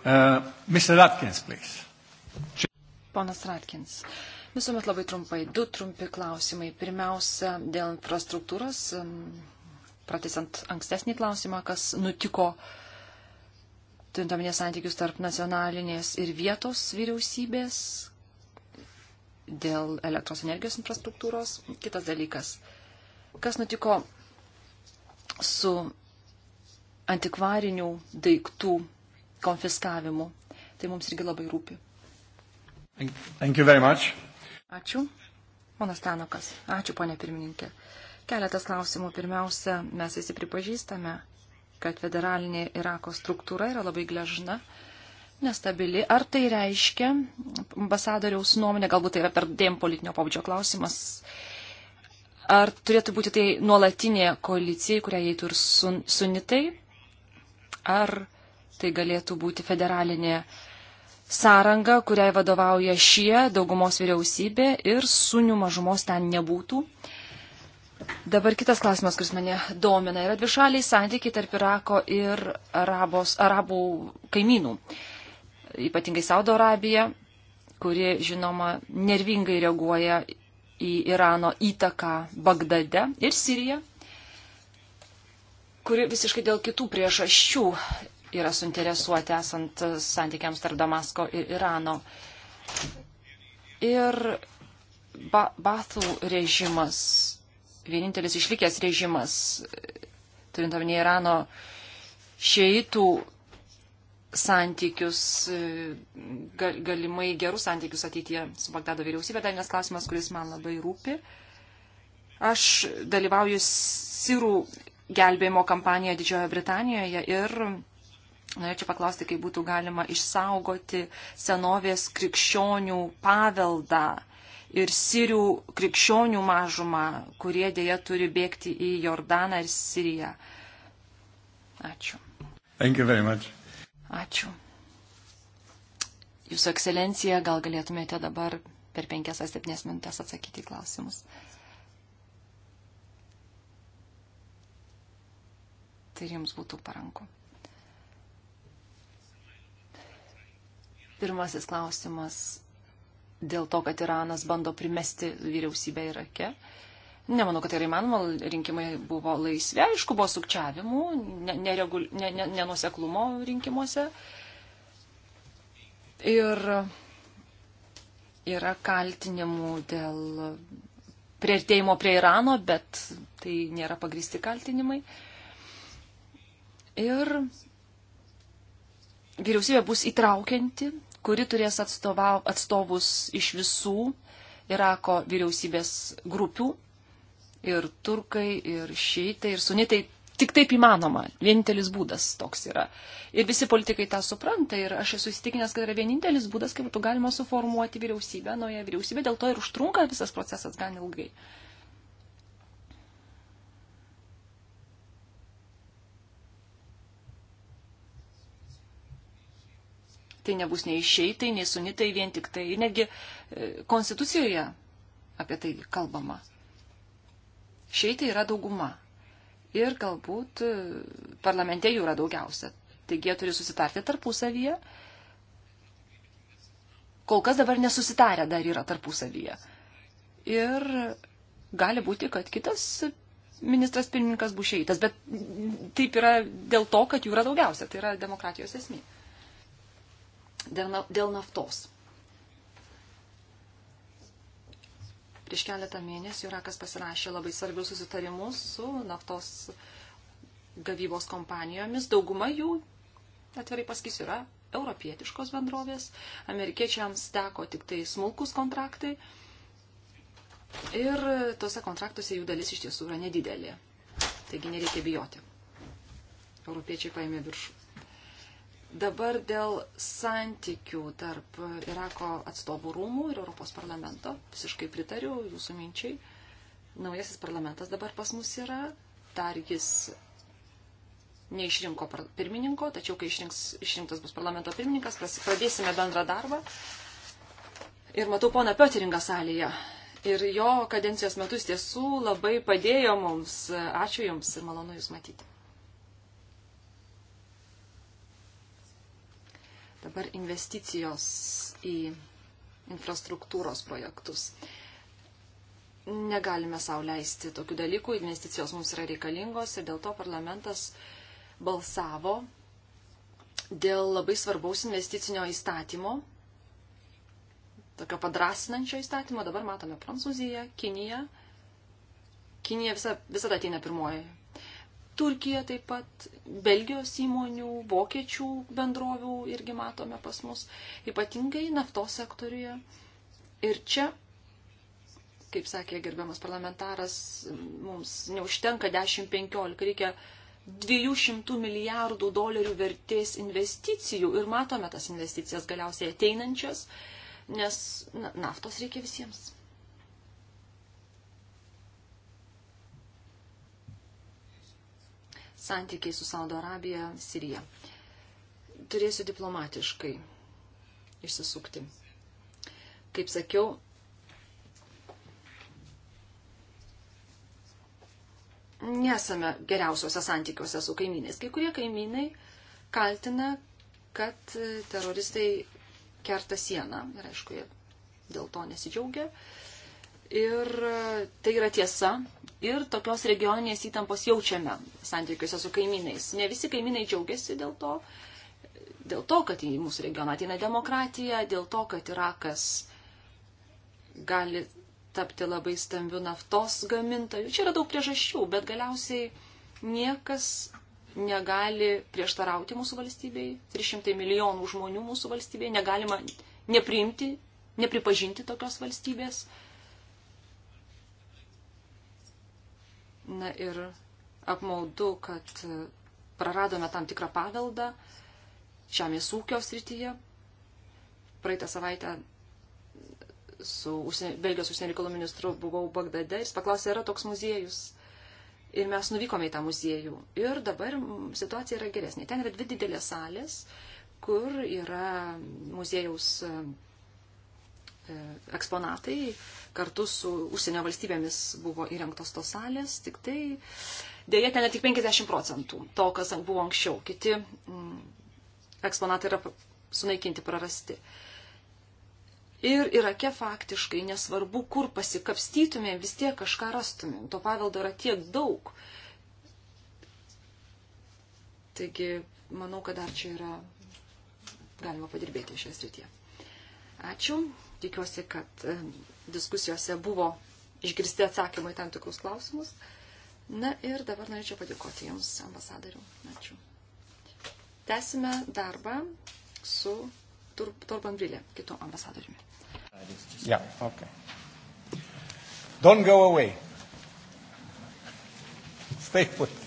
Uh, Mr. Atkins, please. Ponas Ratkins. Visuomet labai trumpai. Du trumpi klausimai. Pirmiausia, dėl infrastruktūros, um, pratysant ankstesnį klausimą, kas nutiko turintominės santykius tarp nacionalinės ir vietos vyriausybės dėl elektros energijos infrastruktūros. Kitas dalykas. Kas nutiko su antikvarinių daiktų konfiskavimu. Tai mums irgi labai rūpi. Thank you very much. Ačiū. Ponas Tanokas. Ačiū, ponė pirmininkė. Keletas klausimų. Pirmiausia, mes visi pripažįstame, kad federalinė Irako struktūra yra labai gležna, nestabili. Ar tai reiškia, ambasadoriaus nuomonė, galbūt tai yra per dėm politinio pabudžio klausimas, Ar turėtų būti tai nuolatinė koalicija, kurią eitų ir sun, sunitai, ar tai galėtų būti federalinė sąranga, kuriai vadovauja šie daugumos vyriausybė ir sunių mažumos ten nebūtų. Dabar kitas klausimas, kuris mane domina, yra dvišaliai santykiai tarp Irako ir Arabos, Arabų kaimynų. Ypatingai Saudo Arabija, kuri, žinoma, nervingai reaguoja į Irano įtaką Bagdade ir Siriją, kuri visiškai dėl kitų priežasčių yra suinteresuoti esant santykiams tarp Damasko ir Irano. Ir ba Bathų režimas, vienintelis išlikęs režimas, turint omenyje Irano šeitų santykius, e, galimai gerus santykius ateityje su Bagdado vyriausybė. Dar vienas klausimas, kuris man labai rūpi. Aš dalyvauju sirų gelbėjimo kampanijoje Didžiojoje Britanijoje ir norėčiau paklausti, kaip būtų galima išsaugoti senovės krikščionių paveldą ir sirių krikščionių mažumą, kurie dėja turi bėgti į Jordaną ir Siriją. Ačiū. Thank you very much. Ačiū. Jūsų ekscelencija, gal galėtumėte dabar per penkias ar septynes minutės atsakyti į klausimus. Tai jums būtų paranku. Pirmasis klausimas dėl to, kad Iranas bando primesti vyriausybę Irake. Ir Nemanau, kad tai yra įmanoma, rinkimai buvo laisvi, aišku, buvo sukčiavimų, neregul... ne, ne, nenuseklumo rinkimuose. Ir yra kaltinimų dėl prieartėjimo prie Irano, bet tai nėra pagristi kaltinimai. Ir vyriausybė bus įtraukianti, kuri turės atstovau, atstovus iš visų Irako vyriausybės grupių ir turkai, ir šeitai, ir sunitai. Tik taip įmanoma. Vienintelis būdas toks yra. Ir visi politikai tą supranta. Ir aš esu įsitikinęs, kad yra vienintelis būdas, kaip būtų galima suformuoti vyriausybę, naują vyriausybę. Dėl to ir užtrunka visas procesas gan ilgai. Tai nebus nei šeitai, nei sunitai, vien tik tai. Netgi e, konstitucijoje apie tai kalbama šeitai yra dauguma. Ir galbūt e, parlamente jų yra daugiausia. Taigi jie turi susitarti tarpusavyje. Kol kas dabar nesusitarę dar yra tarpusavyje. Ir gali būti, kad kitas ministras pirmininkas bus šeitas. Bet taip yra dėl to, kad jų yra daugiausia. Tai yra demokratijos esmė. Dėl, dėl naftos. Prieš keletą mėnesių Irakas pasirašė labai svarbius susitarimus su naftos gavybos kompanijomis. Dauguma jų, atvirai pasakysiu, yra europietiškos bendrovės. Amerikiečiams teko tik tai smulkus kontraktai. Ir tose kontraktuose jų dalis iš tiesų yra nedidelė. Taigi nereikia bijoti. Europiečiai paėmė viršų. Dabar dėl santykių tarp Irako atstovų rūmų ir Europos parlamento. Visiškai pritariu jūsų minčiai. Naujasis parlamentas dabar pas mus yra. Dar jis neišrinko pirmininko, tačiau kai išrinks, išrinktas bus parlamento pirmininkas, pradėsime bendrą darbą. Ir matau poną Piotiringą salėje. Ir jo kadencijos metu iš tiesų labai padėjo mums. Ačiū Jums ir malonu Jūs matyti. Dabar investicijos į infrastruktūros projektus. Negalime sauliaisti tokių dalykų, investicijos mums yra reikalingos ir dėl to parlamentas balsavo dėl labai svarbaus investicinio įstatymo, tokio padrasinančio įstatymo. Dabar matome Prancūziją, Kiniją. Kinija visada, visada ateina pirmoji Turkija taip pat, Belgijos įmonių, vokiečių bendrovių irgi matome pas mus, ypatingai naftos sektoriuje. Ir čia, kaip sakė gerbiamas parlamentaras, mums neužtenka 10-15, reikia 200 milijardų dolerių vertės investicijų ir matome tas investicijas galiausiai ateinančias, nes naftos reikia visiems. santykiai su Saudo Arabija, Sirija. Turėsiu diplomatiškai išsisukti. Kaip sakiau, nesame geriausiuose santykiuose su kaimynais. Kai kurie kaimynai kaltina, kad teroristai kerta sieną ir aišku, jie dėl to nesidžiaugia. Uh, Ir tai yra tiesa. Ir tokios regioninės įtampos jaučiame santykiuose su kaimynais. Ne visi kaimynai džiaugiasi dėl to, dėl to, kad į mūsų regioną ateina demokratija, dėl to, kad Irakas gali tapti labai stambių naftos gamintojų. Čia yra daug priežasčių, bet galiausiai niekas negali prieštarauti mūsų valstybei. 300 milijonų žmonių mūsų valstybei negalima nepriimti, nepripažinti tokios valstybės. Na ir apmaudu, kad praradome tam tikrą paveldą žemės ūkio srityje. Praeitą savaitę su užsienio, Belgijos užsienio reikalų ministru buvau Bagdade ir jis paklausė, yra toks muziejus. Ir mes nuvykome į tą muziejų. Ir dabar situacija yra geresnė. Ten yra dvi didelės salės, kur yra muziejaus E, eksponatai. Kartu su užsienio valstybėmis buvo įrengtos tos salės, tik tai dėja ten tik 50 procentų to, kas buvo anksčiau. Kiti mm, eksponatai yra sunaikinti, prarasti. Ir Irake faktiškai nesvarbu, kur pasikapstytumėm, vis tiek kažką rastumėm. To paveldo yra tiek daug. Taigi, manau, kad dar čia yra galima padirbėti šioje srityje. Ačiū tikiuosi, kad e, diskusijose buvo išgirsti atsakymai tam tikrus klausimus. Na ir dabar norėčiau padėkoti Jums, ambasadoriu. Ačiū. Tęsime darbą su Torban Brilė, kitu ambasadoriumi. Yeah, okay. Don't go away. Stay put.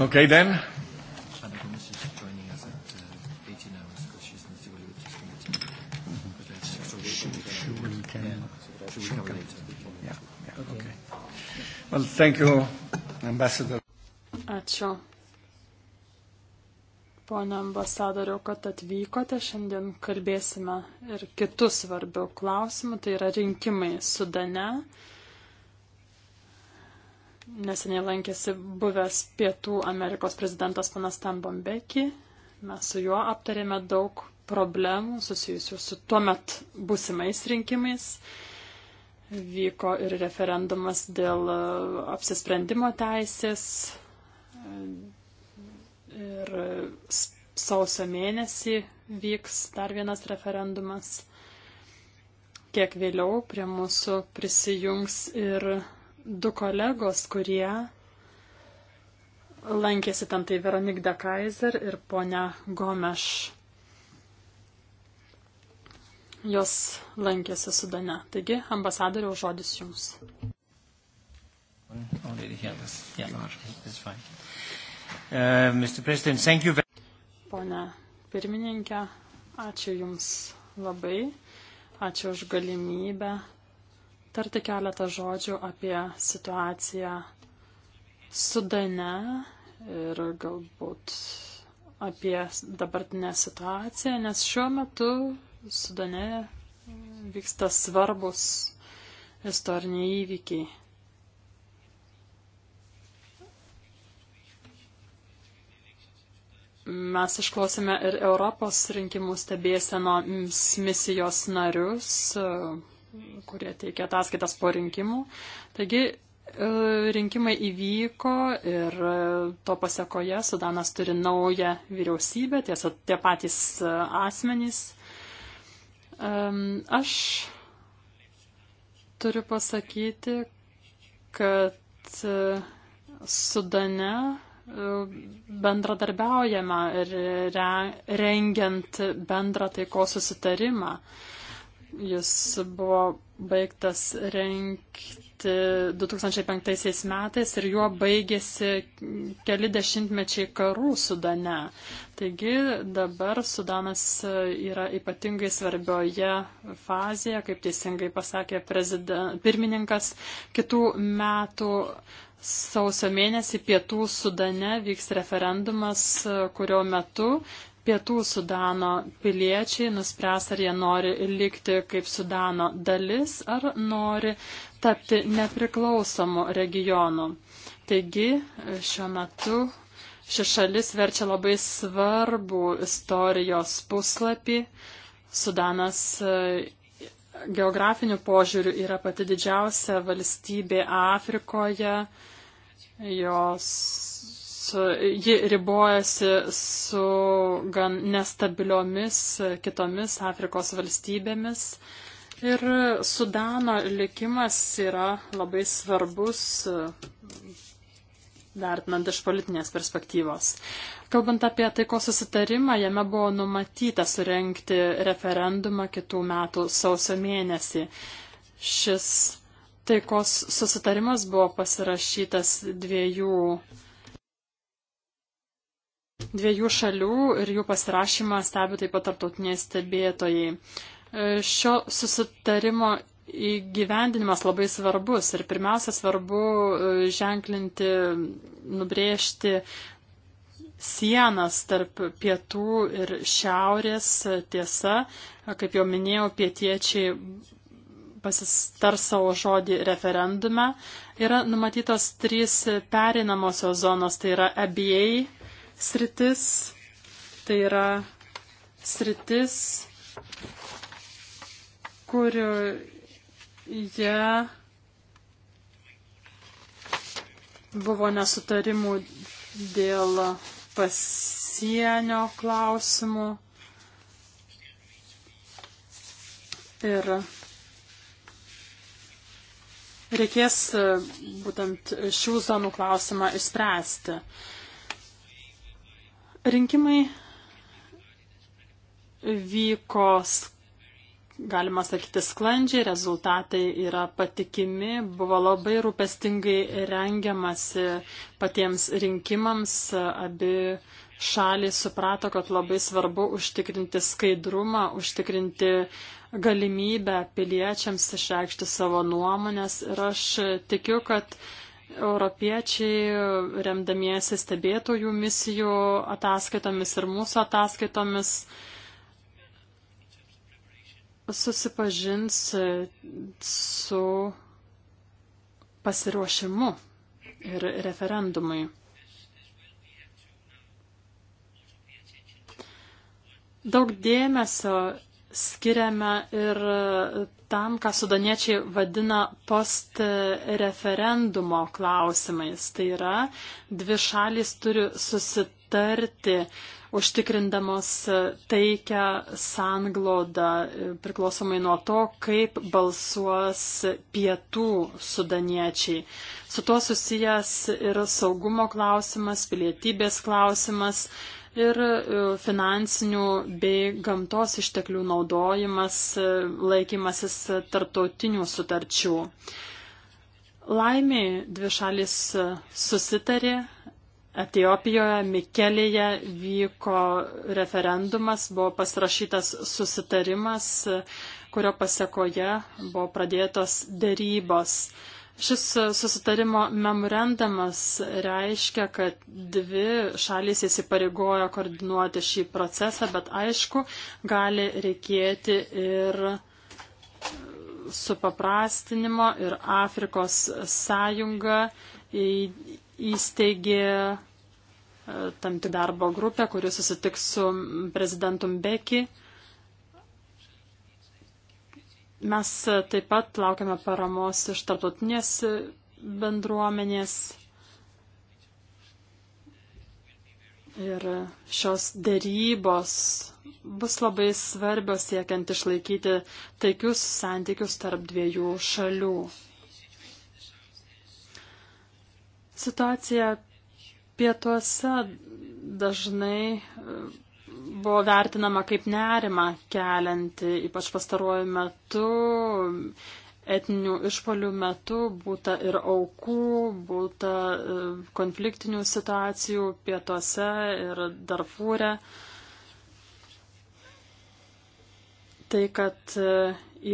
Okay then. Well, thank you, Ambassador. Ačiū. Pone ambasadoriu, kad atvykote, šiandien kalbėsime ir kitų svarbių klausimų, tai yra rinkimai Sudane. Neseniai lankėsi buvęs Pietų Amerikos prezidentas panas Tambombeki. Mes su juo aptarėme daug problemų susijusių su tuomet būsimais rinkimais. Vyko ir referendumas dėl e, apsisprendimo teisės. Ir sausio mėnesį vyks dar vienas referendumas. Kiek vėliau prie mūsų prisijungs ir du kolegos, kurie lankėsi ten tai Veronik de Kaiser ir ponia Gomeš. Jos lankėsi Sudane. Taigi, ambasadoriaus žodis jums. Pone pirmininkė, ačiū Jums labai. Ačiū už galimybę tarti keletą žodžių apie situaciją Sudane ir galbūt apie dabartinę situaciją, nes šiuo metu Sudane vyksta svarbus istoriniai įvykiai. Mes išklausėme ir Europos rinkimų stebėsenos misijos narius, kurie teikia ataskaitas po rinkimų. Taigi e, rinkimai įvyko ir e, to pasiekoje Sudanas turi naują vyriausybę, tiesa, tie patys e, asmenys. Aš turiu pasakyti, kad Sudane bendradarbiaujama ir rengiant bendrą taiko susitarimą. Uh, Jis buvo baigtas renkti 2005 metais ir juo baigėsi keli dešimtmečiai karų Sudane. Taigi dabar Sudanas yra ypatingai svarbioje fazėje, kaip teisingai pasakė pirmininkas, kitų metų Sausio mėnesį pietų Sudane vyks referendumas, kurio metu Pietų Sudano piliečiai nuspręs, ar jie nori likti kaip Sudano dalis, ar nori tapti nepriklausomu regionu. Taigi šiuo metu ši šalis verčia labai svarbų istorijos puslapį. Sudanas e, geografiniu požiūriu yra pati didžiausia valstybė Afrikoje. Jos ji ribojasi su gan nestabiliomis kitomis Afrikos valstybėmis. Ir Sudano likimas yra labai svarbus, vertinant iš politinės perspektyvos. Kalbant apie taikos susitarimą, jame buvo numatyta surenkti referendumą kitų metų sausio mėnesį. Šis taikos susitarimas buvo pasirašytas dviejų Dviejų šalių ir jų pasirašymą stebi taip pat tarptautiniai stebėtojai. E, šio susitarimo įgyvendinimas labai svarbus ir pirmiausia svarbu e, ženklinti, nubrėžti sienas tarp pietų ir šiaurės. E, tiesa, kaip jau minėjau, pietiečiai pasistars savo žodį referendume. Yra numatytos trys pereinamosios zonos, tai yra abieji sritis, tai yra sritis, kurioje buvo nesutarimų dėl pasienio klausimų ir reikės būtent šių zonų klausimą išspręsti. Rinkimai vyko, galima sakyti, sklandžiai, rezultatai yra patikimi, buvo labai rūpestingai rengiamasi patiems rinkimams, abi šalis suprato, kad labai svarbu užtikrinti skaidrumą, užtikrinti galimybę piliečiams išreikšti savo nuomonės ir aš tikiu, kad uh, europiečiai remdamiesi stebėtojų misijų ataskaitomis ir mūsų ataskaitomis susipažins su pasiruošimu ir referendumui. Daug dėmesio skiriame ir tam, ką sudaniečiai vadina post referendumo klausimais. Tai yra, dvi šalys turi susitarti, užtikrindamos taikę sanglodą, priklausomai nuo to, kaip balsuos pietų sudaniečiai. Su tuo susijęs ir saugumo klausimas, pilietybės klausimas ir e, finansinių bei gamtos išteklių naudojimas, e, laikymasis tarptautinių sutarčių. Laimiai dvi šalis e, susitarė Etijopijoje, Mikelėje vyko referendumas, buvo pasirašytas susitarimas, kurio pasiekoje buvo pradėtos dėrybos. Šis susitarimo memorandumas reiškia, kad dvi šalys įsipareigojo koordinuoti šį procesą, bet aišku, gali reikėti ir supaprastinimo ir Afrikos sąjunga įsteigė e, tam tik darbo grupę, kuri susitiks su prezidentum Beki. Mes taip pat laukiame paramos iš tarptautinės bendruomenės. Ir šios dėrybos bus labai svarbios siekiant išlaikyti taikius santykius tarp dviejų šalių. Situacija pietuose dažnai buvo vertinama kaip nerima kelianti, ypač pastaruoju metu, etinių išpolių metu būta ir aukų, būta e, konfliktinių situacijų pietuose ir Darfūre. Tai, kad e,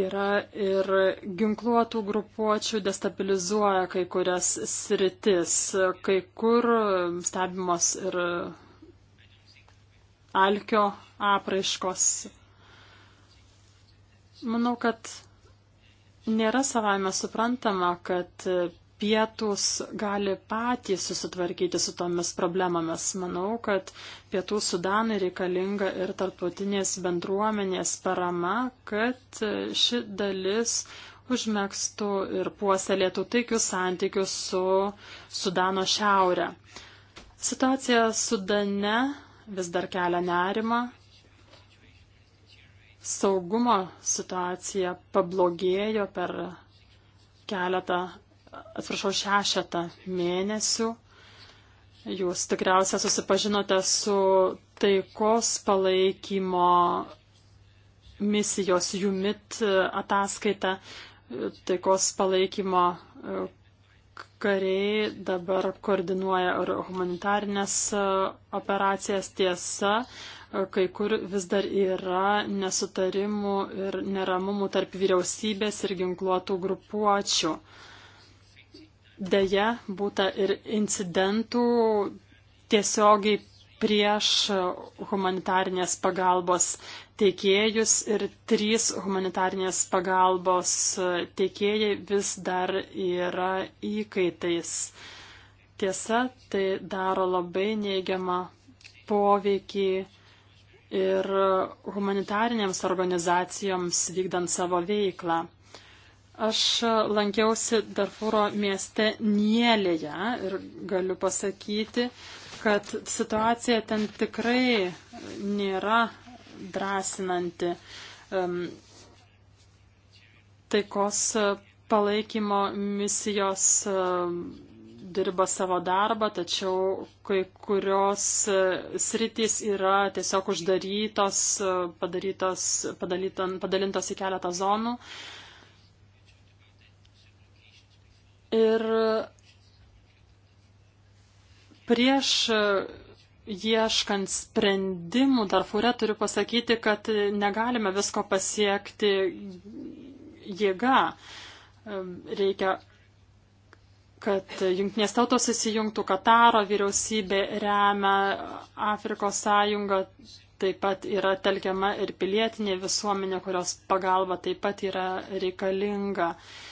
yra ir ginkluotų grupuočių destabilizuoja kai kurias sritis, kai kur stebimos ir alkio apraiškos. Manau, kad nėra savame suprantama, kad pietus gali patys susitvarkyti su tomis problemomis. Manau, kad pietų sudanai reikalinga ir tarptautinės bendruomenės parama, kad ši dalis užmėgstų ir puoselėtų taikius santykius su Sudano šiaurė. Situacija Sudane vis dar kelia nerimą. Saugumo situacija pablogėjo per keletą, atsiprašau, šešetą mėnesių. Jūs tikriausia susipažinote su taikos palaikymo misijos JUMIT ataskaita, taikos palaikymo kariai dabar koordinuoja ir humanitarinės e, operacijas tiesa, e, kai kur vis dar yra nesutarimų ir neramumų tarp vyriausybės ir ginkluotų grupuočių. Deja, būta ir incidentų tiesiogiai prieš humanitarinės pagalbos teikėjus ir trys humanitarnės pagalbos e, teikėjai vis dar yra įkaitais. Tiesa, tai daro labai neigiamą poveikį ir humanitarinėms organizacijoms vykdant savo veiklą. Aš lankiausi Darfūro mieste Nielėje ir galiu pasakyti, kad situacija ten tikrai nėra drąsinanti. Taikos e, palaikymo misijos e, dirba savo darbą, tačiau kai kurios e, sritys yra tiesiog uždarytos, padarytos, padalintos į keletą zonų. Ir prieš ieškant sprendimų Darfūre turiu pasakyti, kad negalime visko pasiekti jėga. Reikia, kad jungtinės tautos įsijungtų, Kataro vyriausybė remia Afrikos sąjungą, taip pat yra telkiama ir pilietinė visuomenė, kurios pagalba taip pat yra reikalinga. Uh,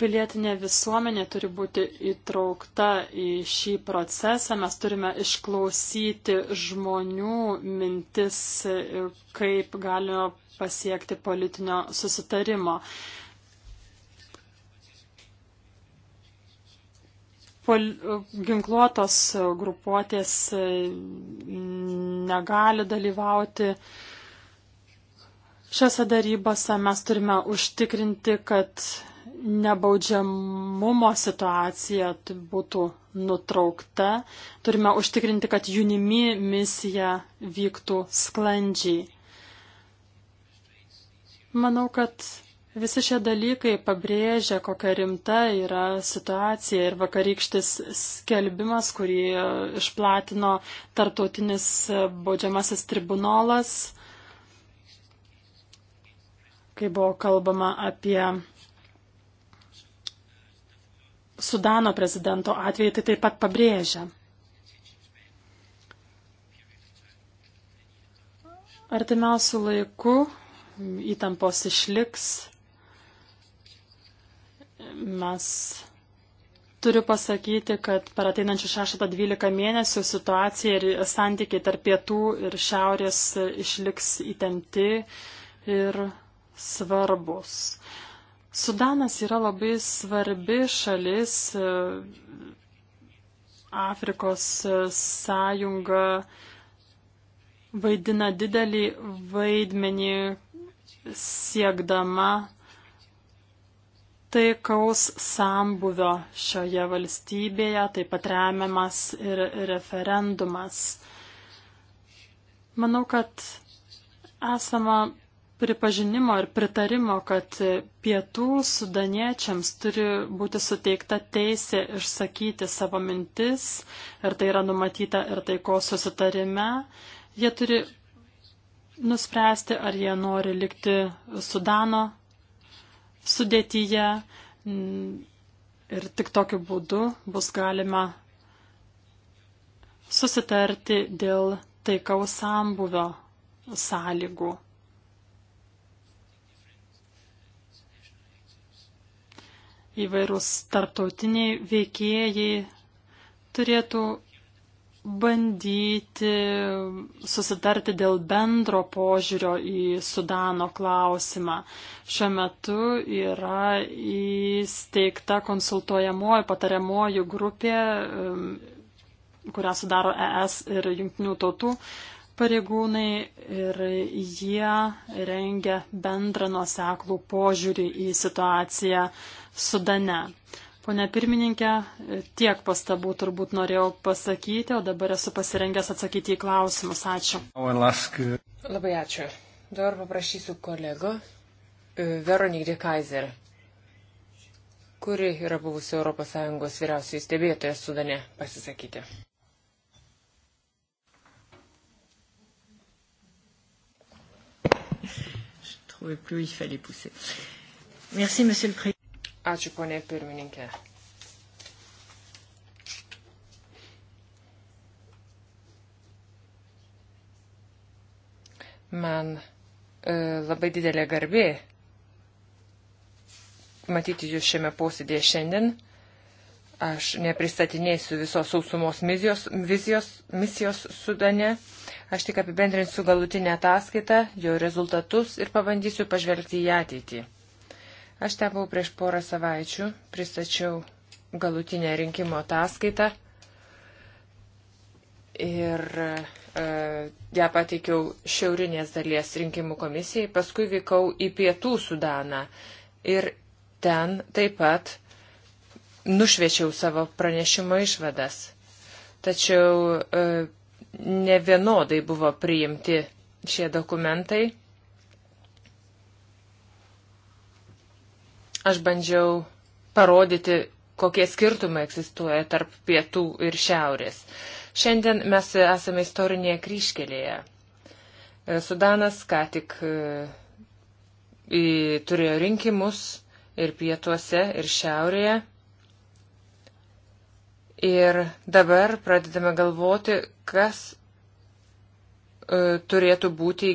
Pilietinė visuomenė turi būti įtraukta į šį procesą. Mes turime išklausyti žmonių mintis, kaip galima pasiekti politinio susitarimo. Pol ginkluotos grupuotės negali dalyvauti Šiose darybose mes turime užtikrinti, kad nebaudžiamumo situacija būtų nutraukta. Turime užtikrinti, kad Junimi misija vyktų sklandžiai. Manau, kad Visi šie dalykai pabrėžia, kokia rimta yra situacija ir vakarykštis skelbimas, kurį išplatino tartautinis baudžiamasis tribunolas, kai buvo kalbama apie Sudano prezidento atveju tai taip pat pabrėžia. Artimiausių laikų įtampos išliks. Mes turiu pasakyti, kad per ateinančių 6-12 mėnesių situacija ir santykiai tarp pietų ir šiaurės išliks įtempti ir svarbus. Sudanas yra labai svarbi šalis e, Afrikos e, sąjunga vaidina didelį vaidmenį siekdama taikaus sambuvio šioje valstybėje, taip pat remiamas ir referendumas. Manau, kad esama pripažinimo ir pritarimo, kad pietų sudaniečiams turi būti suteikta teisė išsakyti savo mintis, ir tai yra numatyta ir taiko susitarime, jie turi nuspręsti, ar jie nori likti Sudano sudėtyje ir tik tokiu būdu bus galima susitarti dėl taikaus sambuvio sąlygų. įvairūs tarptautiniai veikėjai turėtų bandyti susitarti dėl bendro požiūrio į Sudano klausimą. Šiuo metu yra įsteigta konsultuojamoji, patariamoji grupė, kurią sudaro ES ir jungtinių tautų pareigūnai ir jie rengia bendrą nuoseklų požiūrį į situaciją Sudane. Pone pirmininkė, tiek pastabų turbūt norėjau pasakyti, o dabar esu pasirengęs atsakyti į klausimus. Ačiū. Labai ačiū. Dabar paprašysiu kolego e, Veronik de Kaiser, kuri yra buvusi ES vyriausiai stebėtoja Sudane, pasisakyti. trouvais plus, il fallait pousser. Merci, Monsieur le Président. Ačiū, ponė pirmininkė. Man e, labai didelė garbė matyti jūs šiame posėdėje šiandien. Aš nepristatinėsiu visos sausumos misijos, vizijos, misijos sudane. Aš tik apibendrinsiu galutinę ataskaitą, jo rezultatus ir pabandysiu pažvelgti į ateitį. Aš ten buvau prieš porą savaičių, pristačiau galutinę rinkimo ataskaitą ir e, ją pateikiau šiaurinės dalies rinkimų komisijai, paskui vykau į pietų Sudaną ir ten taip pat nušviečiau savo pranešimo išvadas. Tačiau e, ne vienodai buvo priimti šie dokumentai Aš bandžiau parodyti, kokie skirtumai egzistuoja tarp pietų ir šiaurės. Šiandien mes esame istorinėje kryškelėje. E, Sudanas ką tik e, turėjo rinkimus ir pietuose, ir šiaurėje. Ir dabar pradedame galvoti, kas e, turėtų būti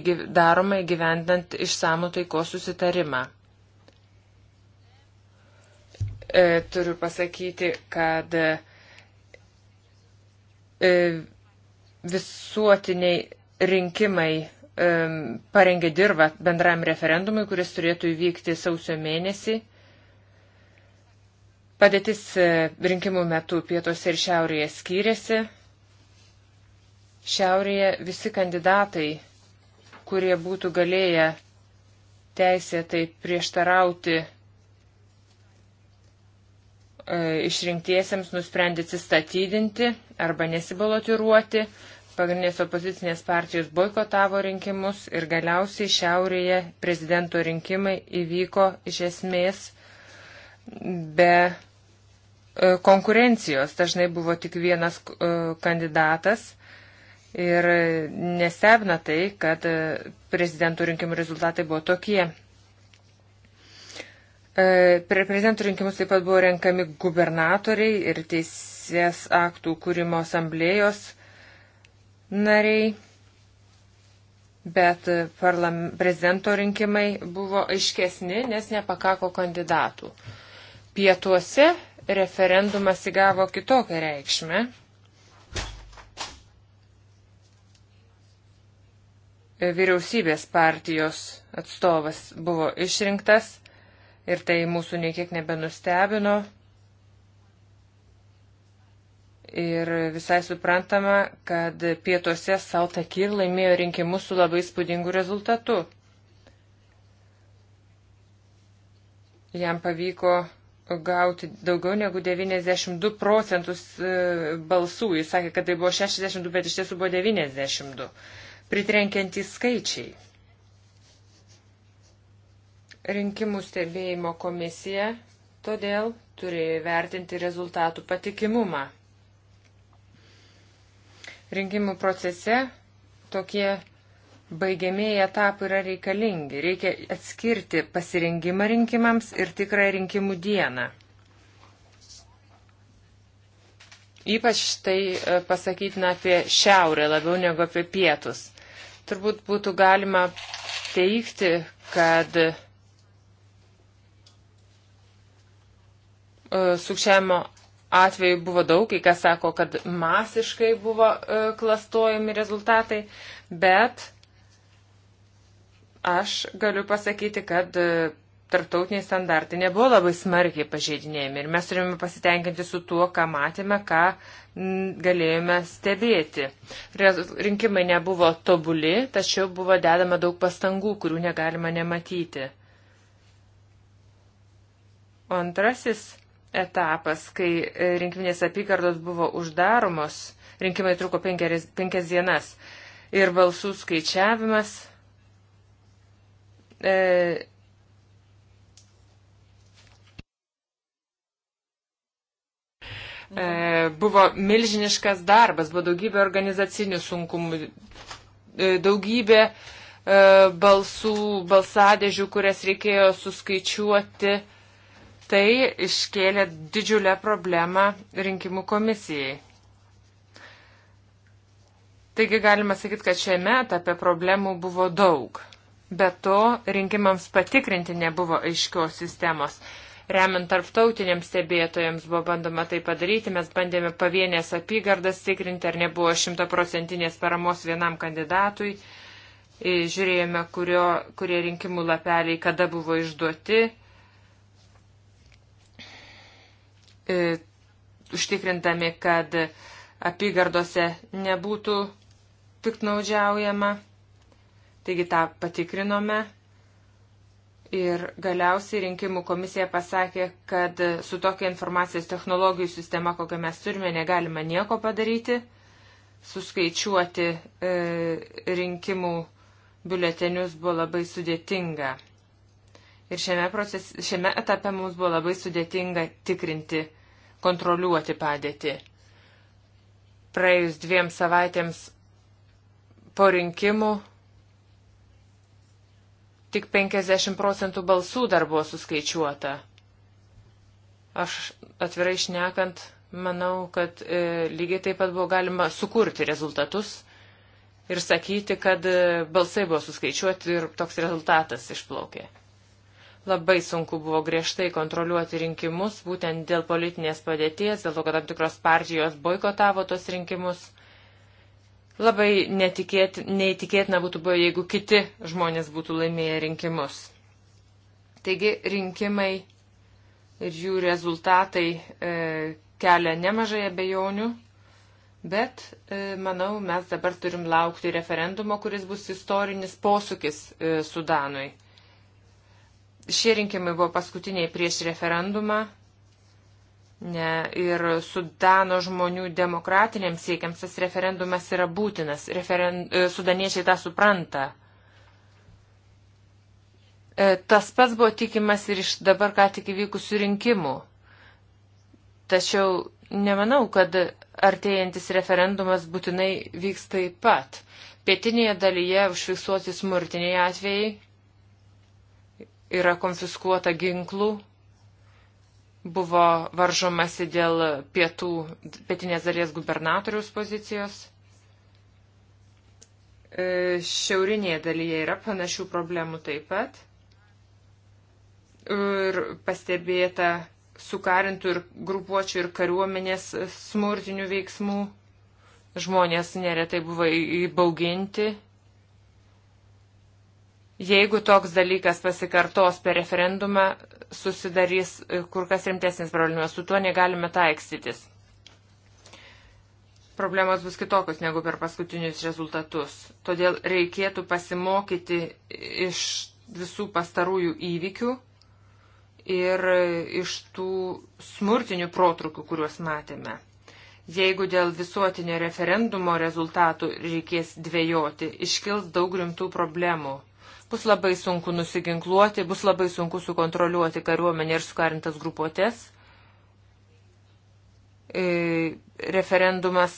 daroma įgyvendant išsamų taikos susitarimą e, turiu pasakyti, kad e, visuotiniai rinkimai e, parengė dirbą bendram referendumui, kuris turėtų įvykti sausio mėnesį. Padėtis e, rinkimų metu pietuose ir šiaurėje skyrėsi. Šiaurėje visi kandidatai, kurie būtų galėję teisėtai prieštarauti E, išrinktiesiems nusprendė atsistatydinti arba nesibalotiruoti. Pagrindinės opozicinės partijos boikotavo rinkimus ir galiausiai šiaurėje prezidento rinkimai įvyko iš esmės be e, konkurencijos. Dažnai buvo tik vienas e, kandidatas. Ir nesebna tai, kad prezidentų rinkimų rezultatai buvo tokie. E, per prezidentų rinkimus taip pat buvo renkami gubernatoriai ir teisės aktų kūrimo asamblėjos nariai, bet parlam, prezidento rinkimai buvo aiškesni, nes nepakako kandidatų. Pietuose referendumas įgavo kitokią reikšmę. Vyriausybės partijos atstovas buvo išrinktas ir tai mūsų niekiek nebenustebino. Ir visai suprantama, kad pietuose Saltakir laimėjo rinkimus su labai spūdingu rezultatu. Jam pavyko gauti daugiau negu 92 procentus e, balsų. Jis sakė, kad tai buvo 62, bet iš tiesų buvo 92. Pritrenkiantys skaičiai rinkimų stebėjimo komisija todėl turėjo vertinti rezultatų patikimumą. Rinkimų procese tokie baigiamieji etapai yra reikalingi. Reikia atskirti pasirengimą rinkimams ir tikrą rinkimų dieną. Ypač tai e, pasakytina apie šiaurę labiau negu apie pietus. Turbūt būtų galima teikti, kad E, sukčiavimo atvejų buvo daug, kai kas sako, kad masiškai buvo e, klastojami rezultatai, bet aš galiu pasakyti, kad e, tarptautiniai standartai nebuvo labai smarkiai pažeidinėjami ir mes turėjome pasitenkinti su tuo, ką matėme, ką galėjome stebėti. Rinkimai nebuvo tobuli, tačiau buvo dedama daug pastangų, kurių negalima nematyti. O antrasis etapas, kai rinkiminės apygardos buvo uždaromos, rinkimai truko penkias, penkias dienas ir balsų skaičiavimas e, e, buvo milžiniškas darbas, buvo daugybė organizacinių sunkumų, e, daugybė e, balsų, balsadėžių, kurias reikėjo suskaičiuoti. E, Tai iškėlė didžiulę problemą rinkimų komisijai. Taigi galima sakyti, kad šiame etape problemų buvo daug. Be to, rinkimams patikrinti nebuvo aiškios sistemos. Remiant tarptautiniams stebėtojams buvo bandoma tai padaryti, mes bandėme pavienės apygardas tikrinti, ar nebuvo šimtaprocentinės paramos vienam kandidatui. Žiūrėjome, kurio, kurie rinkimų lapeliai kada buvo išduoti e, užtikrintami, kad apygardose nebūtų piknaudžiaujama. Taigi tą patikrinome. Ir galiausiai rinkimų komisija pasakė, kad su tokia informacijos technologijų sistema, kokią mes turime, negalima nieko padaryti, suskaičiuoti e, rinkimų biuletenius buvo labai sudėtinga. Ir šiame, proces, šiame etape mums buvo labai sudėtinga tikrinti, kontroliuoti padėtį. Praėjus dviem savaitėms po rinkimų tik 50 procentų balsų dar buvo suskaičiuota. Aš atvirai šnekant, manau, kad e, lygiai taip pat buvo galima sukurti rezultatus ir sakyti, kad e, balsai buvo suskaičiuoti ir toks rezultatas išplaukė. Labai sunku buvo griežtai kontroliuoti rinkimus, būtent dėl politinės padėties, dėl to, kad tam tikros partijos boikotavo tos rinkimus. Labai netikėt, neįtikėtina būtų buvę, jeigu kiti žmonės būtų laimėję rinkimus. Taigi rinkimai ir jų rezultatai e, kelia nemažai abejonių, bet e, manau, mes dabar turim laukti referendumo, kuris bus istorinis posūkis e, Sudanui. Šie rinkimai buvo paskutiniai prieš referendumą ne, ir Sudano žmonių demokratiniams siekiams tas referendumas yra būtinas. Referen, e, sudaniečiai tą supranta. E, tas pats buvo tikimas ir iš dabar ką tik įvykusių rinkimų. Tačiau nemanau, kad artėjantis referendumas būtinai vyks taip pat. Pietinėje dalyje užfiksuoti smurtiniai atvejai yra konfiskuota ginklų, buvo varžomasi dėl pietų, pietinės dalies gubernatoriaus pozicijos. E, šiaurinėje dalyje yra panašių problemų taip pat. Ir pastebėta sukarintų ir grupuočių ir kariuomenės smurtinių veiksmų. Žmonės neretai buvo įbauginti Jeigu toks dalykas pasikartos per referendumą, susidarys e, kur kas rimtesnis problemos. Su tuo negalime taikstytis. Problemos bus kitokios negu per paskutinius rezultatus. Todėl reikėtų pasimokyti iš visų pastarųjų įvykių ir e, iš tų smurtinių protrukių, kuriuos matėme. Jeigu dėl visuotinio referendumo rezultatų reikės dvėjoti, iškils daug rimtų problemų Bus labai sunku nusiginkluoti, bus labai sunku sukontroliuoti kariuomenę ir sukarintas grupuotės. E, referendumas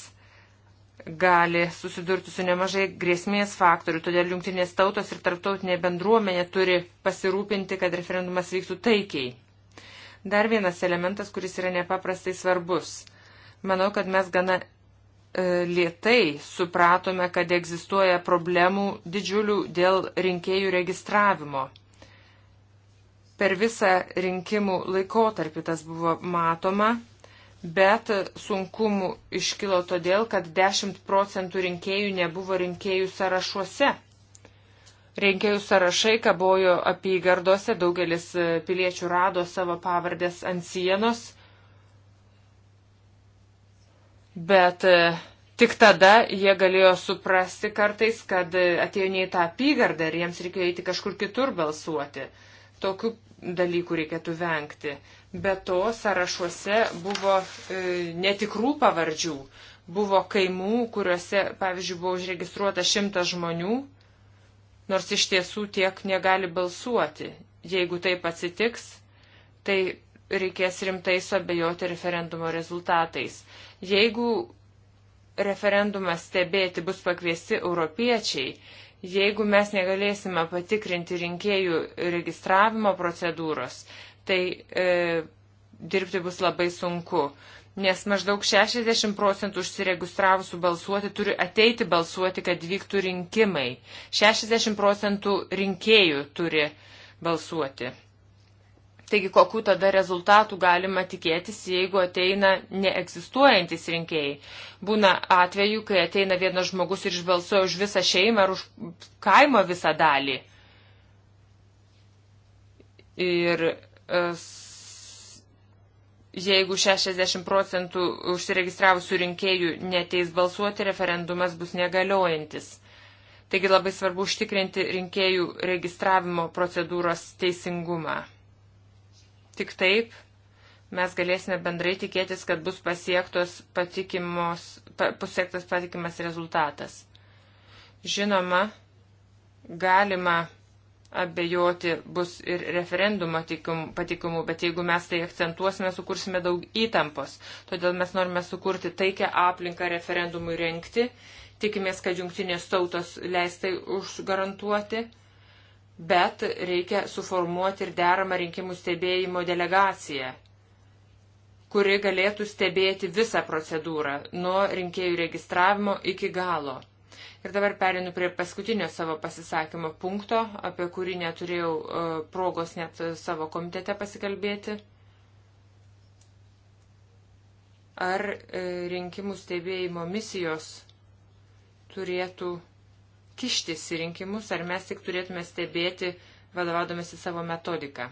gali susidurti su nemažai grėsmės faktorių, todėl jungtinės tautos ir tarptautinė bendruomenė turi pasirūpinti, kad referendumas vyktų taikiai. Dar vienas elementas, kuris yra nepaprastai svarbus. Manau, kad mes gana E, lietai supratome, kad egzistuoja problemų didžiulių dėl rinkėjų registravimo. Per visą rinkimų laikotarpį tas buvo matoma, bet sunkumų iškilo todėl, kad 10 procentų rinkėjų nebuvo rinkėjų sąrašuose. Rinkėjų sąrašai kabojo apygardose, daugelis piliečių rado savo pavardės ant sienos bet e, tik tada jie galėjo suprasti kartais, kad e, atėjo ne į tą apygardą ir jiems reikėjo eiti kažkur kitur balsuoti. Tokių dalykų reikėtų vengti. Be to sąrašuose buvo e, netikrų pavardžių. Buvo kaimų, kuriuose, pavyzdžiui, buvo užregistruota šimtas žmonių, nors iš tiesų tiek negali balsuoti. Jeigu taip atsitiks, tai reikės rimtai suabejoti referendumo rezultatais. Jeigu referendumą stebėti bus pakviesti europiečiai, jeigu mes negalėsime patikrinti rinkėjų registravimo procedūros, tai e, dirbti bus labai sunku, nes maždaug 60 procentų užsiregistravusių balsuoti turi ateiti balsuoti, kad vyktų rinkimai. 60 procentų rinkėjų turi balsuoti. Taigi, kokiu tada rezultatų galima tikėtis, jeigu ateina neegzistuojantis rinkėjai. Būna atveju, kai ateina vienas žmogus ir išbalsuoja už visą šeimą ar už kaimo visą dalį. Ir e, jeigu 60 procentų užsiregistravusių rinkėjų neteis balsuoti, referendumas bus negaliojantis. Taigi labai svarbu užtikrinti rinkėjų registravimo procedūros teisingumą. Tik taip mes galėsime bendrai tikėtis, kad bus pasiektas patikimas rezultatas. Žinoma, galima abejoti bus ir referendumo patikimu, bet jeigu mes tai akcentuosime, sukursime daug įtampos. Todėl mes norime sukurti taikę aplinką referendumui renkti. Tikimės, kad jungtinės tautos leistai užgarantuoti bet reikia suformuoti ir deramą rinkimų stebėjimo delegaciją, kuri galėtų stebėti visą procedūrą nuo rinkėjų registravimo iki galo. Ir dabar perinu prie paskutinio savo pasisakymo punkto, apie kurį neturėjau e, progos net savo komitete pasikalbėti. Ar e, rinkimų stebėjimo misijos turėtų kištis į rinkimus, ar mes tik turėtume stebėti, vadovaudomasi savo metodiką.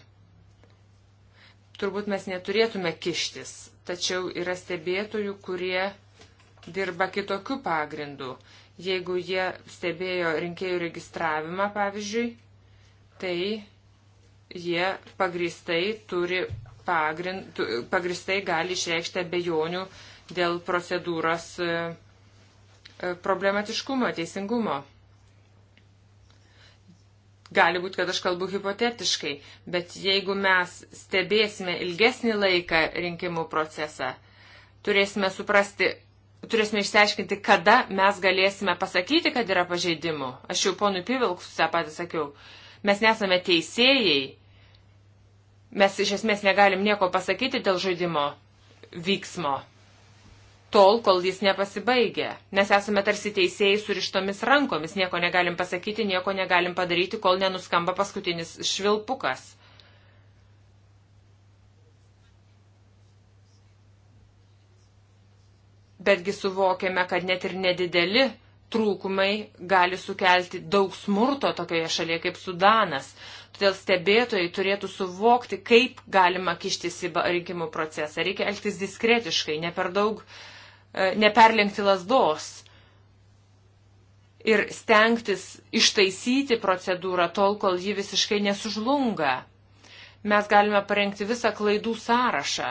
Turbūt mes neturėtume kištis, tačiau yra stebėtojų, kurie dirba kitokiu pagrindu. Jeigu jie stebėjo rinkėjų registravimą, pavyzdžiui, tai jie pagristai, turi pagrind, pagristai gali išreikšti abejonių dėl procedūros e, e, problematiškumo, teisingumo. Gali būti, kad aš kalbu hipotetiškai, bet jeigu mes stebėsime ilgesnį laiką rinkimų procesą, turėsime suprasti, turėsime išsiaiškinti, kada mes galėsime pasakyti, kad yra pažeidimų. Aš jau ponui Pivilkus tą patį sakiau. Mes nesame teisėjai. Mes iš esmės negalim nieko pasakyti dėl žaidimo vyksmo tol, kol jis nepasibaigė. Mes esame tarsi teisėjai surištomis rankomis, nieko negalim pasakyti, nieko negalim padaryti, kol nenuskamba paskutinis švilpukas. Betgi suvokėme, kad net ir nedideli trūkumai gali sukelti daug smurto tokioje šalyje kaip Sudanas. Todėl stebėtojai turėtų suvokti, kaip galima kištis į rinkimų procesą. Reikia elgtis diskretiškai, ne per daug uh, E, neperlenkti lasdos ir stengtis ištaisyti procedūrą tol, kol ji visiškai nesužlunga. Mes galime parengti visą klaidų sąrašą,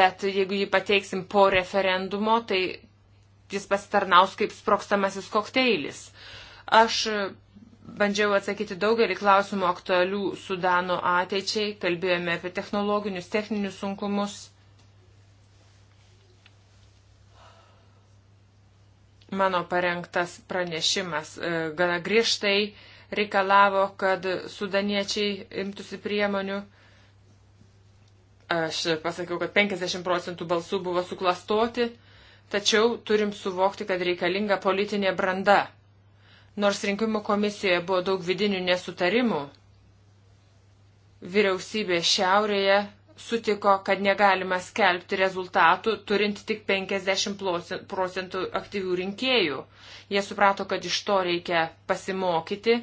bet jeigu jį pateiksim po referendumo, tai jis pasitarnaus kaip sprokstamasis kokteilis. Aš bandžiau atsakyti daugelį klausimų aktualių Sudano ateičiai, kalbėjome apie technologinius, techninius sunkumus mano parengtas pranešimas e, gana griežtai reikalavo, kad sudaniečiai imtųsi priemonių. Aš pasakiau, kad 50 procentų balsų buvo suklastoti, tačiau turim suvokti, kad reikalinga politinė branda. Nors rinkimų komisijoje buvo daug vidinių nesutarimų, vyriausybė šiaurėje sutiko, kad negalima skelbti rezultatų, turint tik 50 procentų aktyvių rinkėjų. Jie suprato, kad iš to reikia pasimokyti,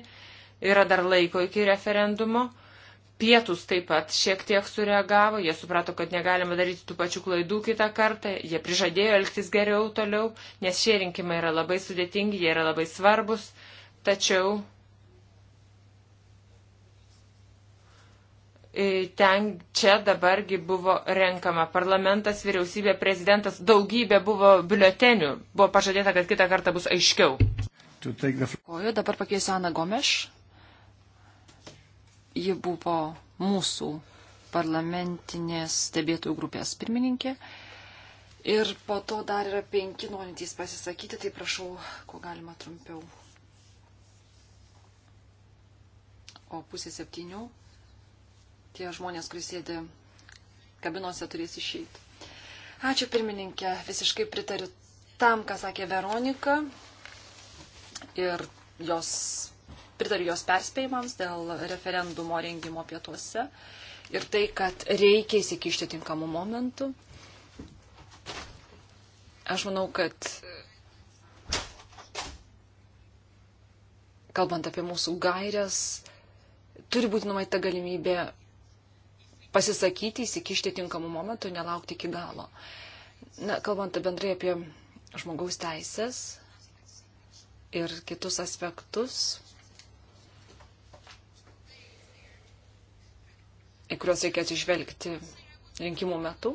yra dar laiko iki referendumo. Pietus taip pat šiek tiek sureagavo, jie suprato, kad negalima daryti tų pačių klaidų kitą kartą, jie prižadėjo elgtis geriau toliau, nes šie rinkimai yra labai sudėtingi, jie yra labai svarbus, tačiau E, ten čia dabargi buvo renkama. Parlamentas, vyriausybė, prezidentas, daugybė buvo biuletenių. Buvo pažadėta, kad kitą kartą bus aiškiau. The... Koju, dabar pakeisiu Aną Gomeš. Ji buvo mūsų parlamentinės stebėtojų grupės pirmininkė. Ir po to dar yra penki norintys pasisakyti, tai prašau, kuo galima trumpiau. O pusė septynių tie žmonės, kurie sėdi kabinose, turės išeiti. Ačiū pirmininkė, visiškai pritariu tam, ką sakė Veronika ir jos, pritariu jos perspėjimams dėl referendumo rengimo pietuose ir tai, kad reikia įsikišti tinkamų momentų. Aš manau, kad kalbant apie mūsų gairias, turi būti numaita galimybė pasisakyti, įsikišti tinkamų momentų, nelaukti iki galo. Na, kalbant bendrai apie žmogaus teisės ir kitus aspektus, į kuriuos reikia atsižvelgti rinkimų metu.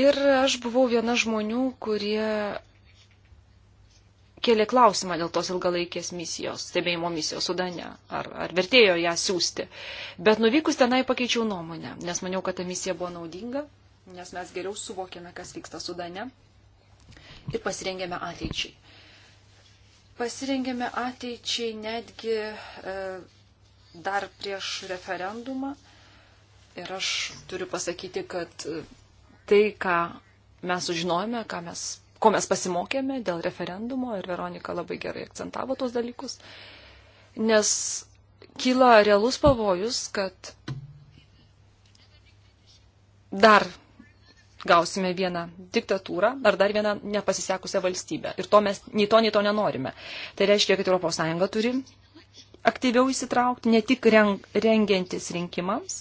Ir aš buvau viena žmonių, kurie kėlė klausimą dėl tos ilgalaikės misijos, stebėjimo misijos Sudane, ar, ar vertėjo ją siūsti. Bet nuvykus tenai pakeičiau nuomonę, nes maniau, kad ta misija buvo naudinga, nes mes geriau suvokėme, kas vyksta Sudane ir pasirengėme ateičiai. Pasirengėme ateičiai netgi e, dar prieš referendumą ir aš turiu pasakyti, kad e, tai, ką mes sužinojome, ką mes ko mes pasimokėme dėl referendumo ir Veronika labai gerai akcentavo tos dalykus, nes kyla realus pavojus, kad dar gausime vieną diktatūrą ar dar vieną nepasisekusią valstybę. Ir to mes nei to, nei to nenorime. Tai reiškia, kad ES turi aktyviau įsitraukti, ne tik rengiantis rinkimams,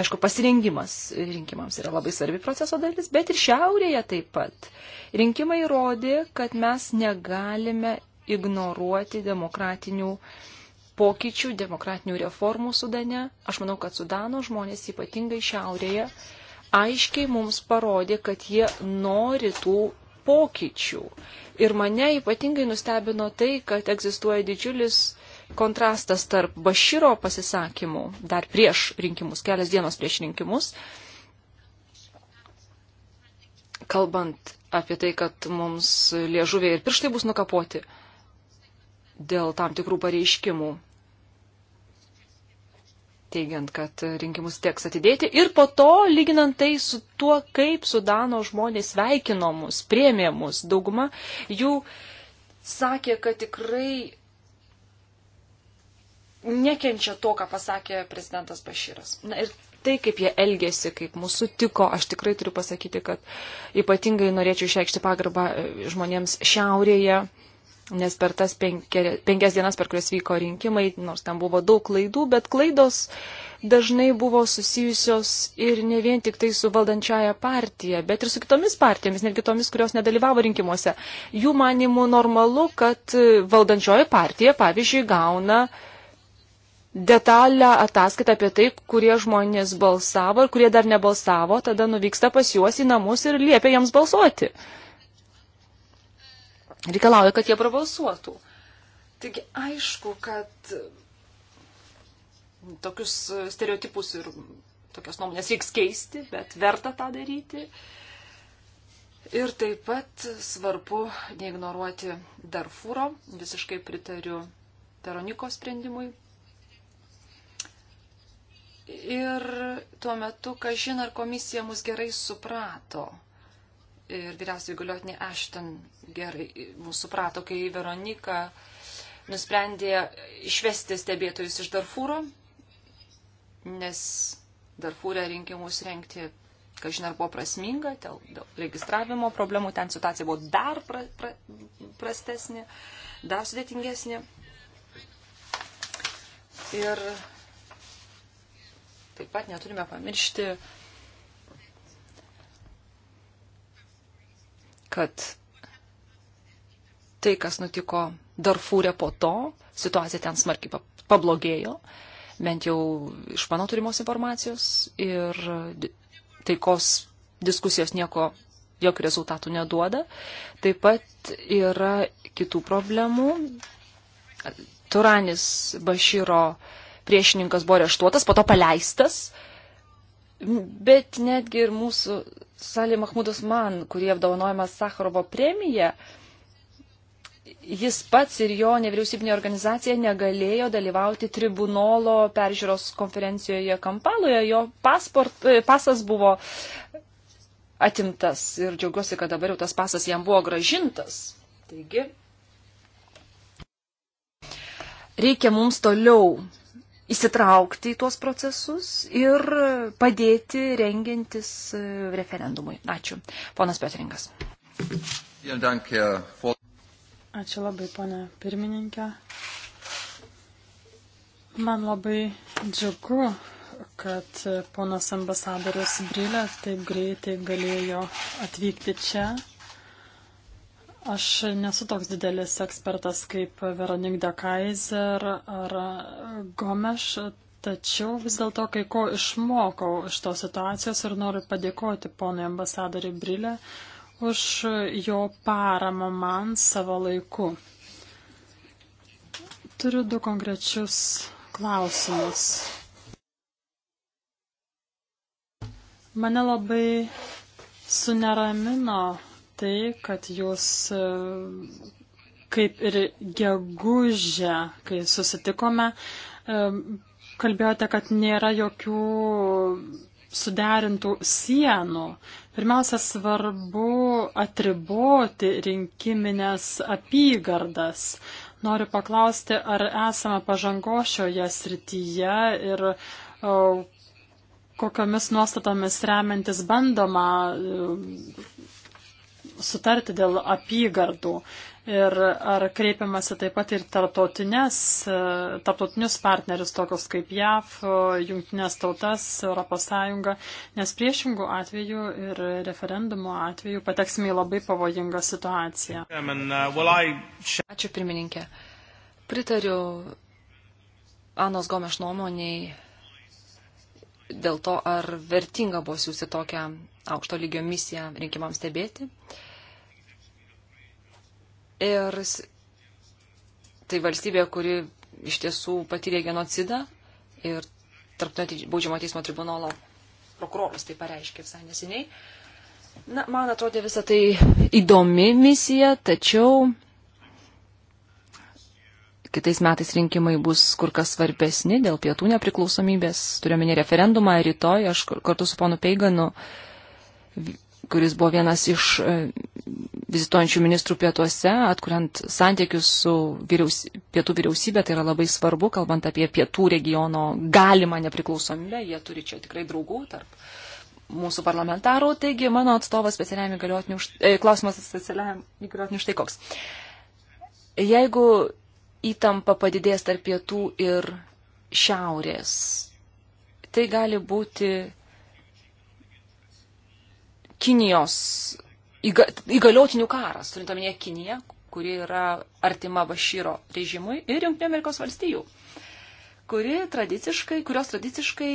Aišku, pasirengimas rinkimams yra labai svarbi proceso dalis, bet ir šiaurėje taip pat. Rinkimai rodė, kad mes negalime ignoruoti demokratinių pokyčių, demokratinių reformų Sudane. Aš manau, kad Sudano žmonės ypatingai šiaurėje aiškiai mums parodė, kad jie nori tų pokyčių. Ir mane ypatingai nustebino tai, kad egzistuoja didžiulis kontrastas tarp Baširo pasisakymų dar prieš rinkimus, kelias dienos prieš rinkimus, kalbant apie tai, kad mums liežuviai ir pirštai bus nukapoti dėl tam tikrų pareiškimų, teigiant, kad rinkimus teks atidėti ir po to lyginant tai su tuo, kaip Sudano žmonės sveikino mus, priemė mus, dauguma jų sakė, kad tikrai nekenčia to, ką pasakė prezidentas Bašyras. Na ir tai, kaip jie elgėsi, kaip mūsų tiko, aš tikrai turiu pasakyti, kad ypatingai norėčiau išreikšti pagarbą e, žmonėms šiaurėje, nes per tas penkia, penkias dienas, per kurias vyko rinkimai, nors ten buvo daug klaidų, bet klaidos dažnai buvo susijusios ir ne vien tik tai su valdančiaja partija, bet ir su kitomis partijomis, netgi tomis, kurios nedalyvavo rinkimuose. Jų manimų normalu, kad valdančioji partija, pavyzdžiui, gauna uh, detalę ataskaitą apie tai, kurie žmonės balsavo ir kurie dar nebalsavo, tada nuvyksta pas juos į namus ir liepia jiems balsuoti. Reikalauja, kad jie prabalsuotų. Taigi aišku, kad tokius stereotipus ir tokias nuomonės reiks keisti, bet verta tą daryti. Ir taip pat svarbu neignoruoti Darfūro, visiškai pritariu Teroniko sprendimui, Ir tuo metu, ką žin, ar komisija mus gerai suprato. Ir vyriausiai galiotinė Ashton gerai mūsų suprato, kai Veronika nusprendė išvesti stebėtojus iš Darfūro, nes Darfūrė rinkimus renkti, kažin ar buvo prasminga, dėl, dėl registravimo problemų ten situacija buvo dar pra, pra, prastesnė, dar sudėtingesnė. Ir Taip pat neturime pamiršti, kad tai, kas nutiko Darfūrė po to, situacija ten smarkiai pablogėjo, bent jau iš mano turimos informacijos ir taikos diskusijos nieko, jokių rezultatų neduoda. Taip pat yra kitų problemų. Turanis Bašyro uh, priešininkas buvo areštuotas, po to paleistas. Bet netgi ir mūsų Salė Mahmudas Man, kurį apdovanojama Sakharovo premija, jis pats ir jo nevyriausybinė organizacija negalėjo dalyvauti tribunolo peržiūros konferencijoje Kampaloje. Jo pasport, e, pasas buvo atimtas ir džiaugiuosi, kad dabar jau tas pasas jam buvo gražintas. Taigi, reikia mums toliau įsitraukti į tuos procesus ir padėti rengiantis e, referendumui. Ačiū. Ponas Petringas. Ačiū labai, ponė pirmininkė. Man labai džiugu, kad ponas ambasadorius Brilė taip greitai galėjo atvykti čia Aš nesu toks didelis ekspertas kaip Veronik de Kaiser ar Gomeš, tačiau vis dėlto kai ko išmokau iš tos situacijos ir noriu padėkoti ponui ambasadoriui Brilė už jo paramą man savo laiku. Turiu du konkrečius klausimus. Mane labai suneramino tai, kad jūs e, kaip ir gegužę, kai susitikome, e, kalbėjote, kad nėra jokių suderintų sienų. Pirmiausia, svarbu atriboti rinkiminės apygardas. Noriu paklausti, ar esame pažango šioje srityje ir o, e, kokiamis nuostatomis remiantis bandoma sutarti dėl apygardų. Ir ar kreipiamasi taip pat ir e, tarptautinius partnerius, tokius kaip JAV, Junktinės tautas, ES, nes priešingų atvejų ir referendumo atvejų pateksime į labai pavojingą situaciją. Ačiū pirmininkė. Pritariu Anos Gomeš nuomoniai dėl to, ar vertinga buvo siūsti tokią aukšto lygio misiją rinkimams stebėti. Uh, Ir tai valstybė, kuri iš tiesų patyrė genocidą ir tarptautinio baudžiamo teismo tribunolo prokuroras tai pareiškė visai neseniai. Na, man atrodė visą tai įdomi misija, tačiau kitais metais rinkimai bus kur kas svarbesni dėl pietų nepriklausomybės. Turiuomenį referendumą rytoj, aš kartu su ponu Peiganu, kuris buvo vienas iš e, vizituojančių ministrų pietuose, atkuriant santykius su vyriausy, pietų vyriausybė, tai yra labai svarbu, kalbant apie pietų regiono galimą nepriklausomybę, jie turi čia tikrai draugų tarp mūsų parlamentarų, taigi mano atstovas specialiam įgaliotiniu, e, klausimas specialiam įgaliotiniu štai koks. Jeigu įtampa padidės tarp pietų ir šiaurės, tai gali būti Kinijos įga, įgaliotinių karas, turint omenyje Kiniją, kuri yra artima Bašyro režimui ir Junktinio Amerikos valstijų, kuri tradiciškai, kurios tradiciškai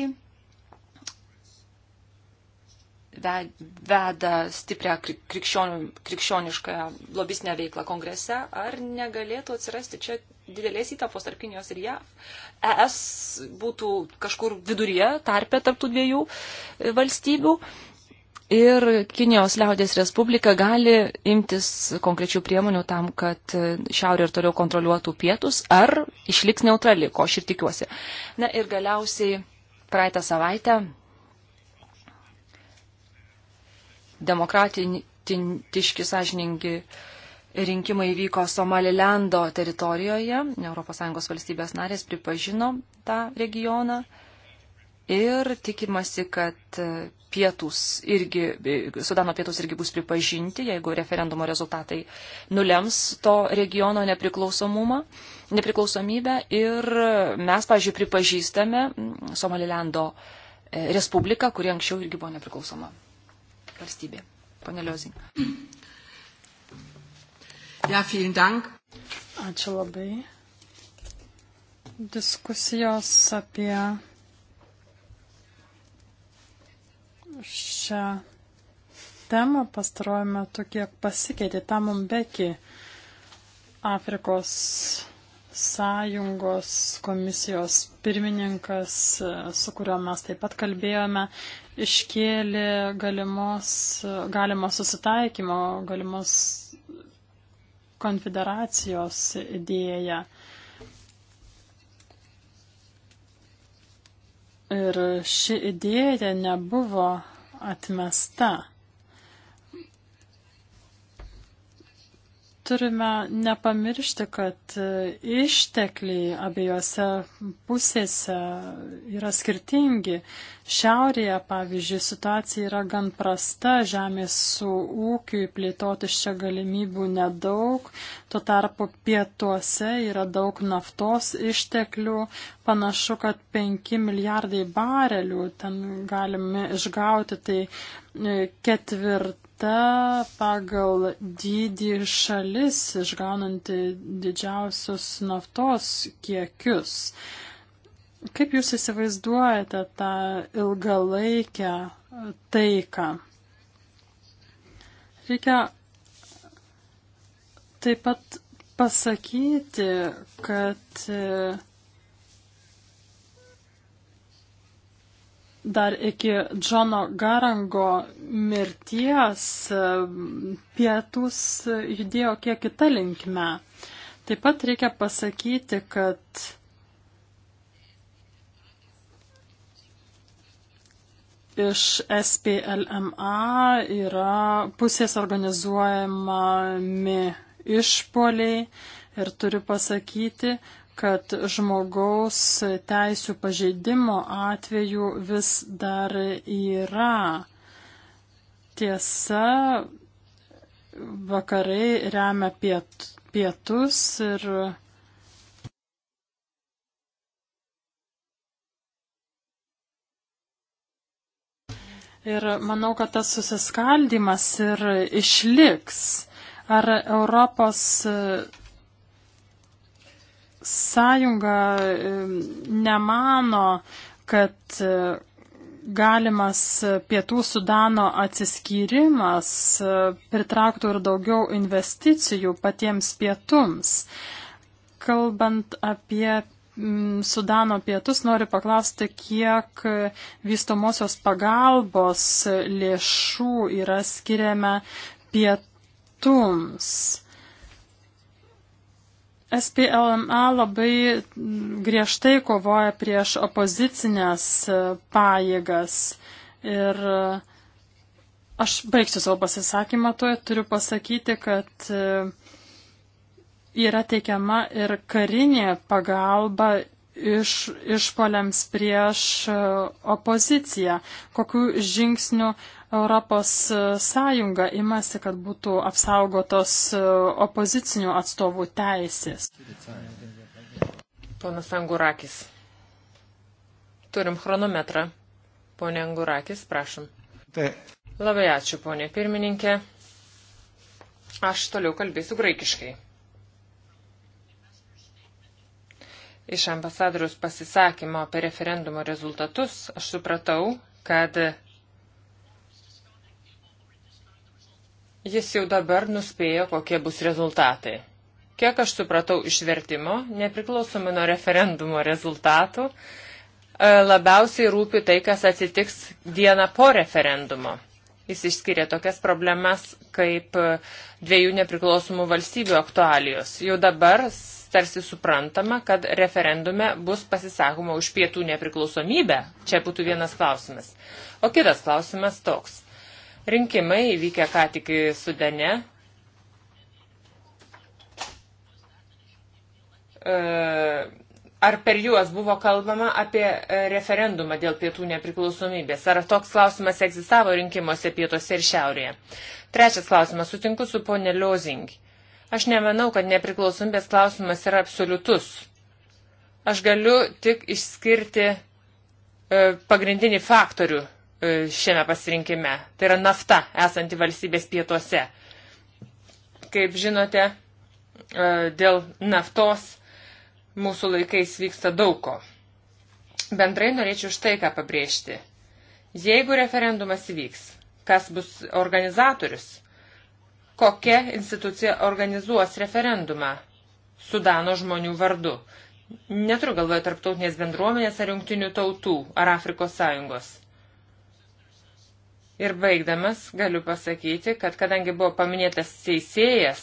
veda stiprią krikščionišką lobistinę veiklą kongrese, ar negalėtų atsirasti čia didelės įtampos tarp Kinijos ir JAV? ES būtų kažkur viduryje, tarpė tarptų dviejų valstybių ir Kinijos liaudės Respublika gali imtis konkrečių priemonių tam, kad šiaurė ir toliau kontroliuotų pietus, ar išliks neutrali, ko aš ir tikiuosi. Na ir galiausiai praeitą savaitę demokratiški sąžiningi rinkimai vyko Somalilendo teritorijoje, ES valstybės narės pripažino tą regioną ir tikimasi, kad pietus irgi, Sudano pietus irgi bus pripažinti, jeigu referendumo rezultatai nulems to regiono nepriklausomumą, nepriklausomybę. Ir mes, pažiūrėjau, pripažįstame mm, Somalilendo e, Respubliką, kuri anksčiau irgi buvo nepriklausoma valstybė. Pane Liozin. Ja, vielen Dank. Ačiū labai. Diskusijos apie šią temą pastaruoju metu kiek pasikeitė. Tamumbeki Afrikos sąjungos komisijos pirmininkas, su kuriuo mes taip pat kalbėjome, iškėlė galimos, galimos susitaikymo, galimos konfederacijos idėją. Ir ši idėja nebuvo atmesta. turime nepamiršti, kad e, ištekliai abiejose pusėse yra skirtingi. Šiaurėje, pavyzdžiui, situacija yra gan prasta, žemės su ūkiui plėtoti čia galimybių nedaug, tuo tarpu pietuose yra daug naftos išteklių, panašu, kad 5 milijardai barelių ten galime išgauti, tai e, ketvirt kita pagal dydį šalis išgaunanti didžiausius naftos kiekius. Kaip Jūs įsivaizduojate tą ilgalaikę taiką? Reikia taip pat pasakyti, kad dar iki Džono Garango mirties e, pietus judėjo kiek kita linkme. Taip pat reikia pasakyti, kad iš SPLMA yra pusės organizuojami išpoliai ir turiu pasakyti, kad žmogaus teisų pažeidimo atveju vis dar yra. Tiesa, vakarai remia piet, pietus ir Ir manau, kad tas susiskaldimas ir išliks. Ar Europos Sąjunga nemano, kad e, galimas pietų sudano atsiskyrimas e, pritrauktų ir daugiau investicijų patiems pietums. Kalbant apie Sudano pietus, noriu paklausti, kiek vystomosios pagalbos lėšų yra skiriama pietums. SPLMA labai griežtai kovoja prieš opozicinės e, pajėgas ir e, aš baigsiu savo pasisakymą tuo, turiu pasakyti, kad e, yra teikiama ir karinė pagalba iš, išpoliams prieš opoziciją. Kokių žingsnių uh, Europos e, Sąjunga imasi, kad būtų apsaugotos e, opozicinių atstovų teisės. Ponas Angurakis. Turim chronometrą. Pone Angurakis, prašom. Taip. Labai ačiū, ponė pirmininkė. Aš toliau kalbėsiu graikiškai. Iš ambasadorius pasisakymo apie referendumo rezultatus aš supratau, kad Jis jau dabar nuspėjo, kokie bus rezultatai. Kiek aš supratau iš vertimo, nepriklausomai nuo referendumo rezultatų, e, labiausiai rūpi tai, kas atsitiks dieną po referendumo. Jis išskiria tokias problemas kaip e, dviejų nepriklausomų valstybių aktualijos. Jau dabar tarsi suprantama, kad referendume bus pasisakoma už pietų nepriklausomybę. Čia būtų vienas klausimas. O kitas klausimas toks. Rinkimai įvykę ką tik Sudane. E, ar per juos buvo kalbama apie e, referendumą dėl pietų nepriklausomybės? Ar toks klausimas egzistavo rinkimuose pietuose ir šiaurėje? Trečias klausimas. Sutinku su ponė Liozing. Aš nemanau, kad nepriklausomybės klausimas yra absoliutus. Aš galiu tik išskirti e, pagrindinį faktorių E, šiame pasirinkime. Tai yra nafta esanti valstybės pietuose. Kaip žinote, e, dėl naftos mūsų laikais vyksta daug ko. Bendrai norėčiau štai ką pabrėžti. Jeigu referendumas įvyks, kas bus organizatorius? Kokia institucija organizuos referendumą Sudano žmonių vardu? Neturiu galvoje tarptautinės bendruomenės ar jungtinių tautų ar Afrikos sąjungos. Ir baigdamas galiu pasakyti, kad kadangi buvo paminėtas teisėjas,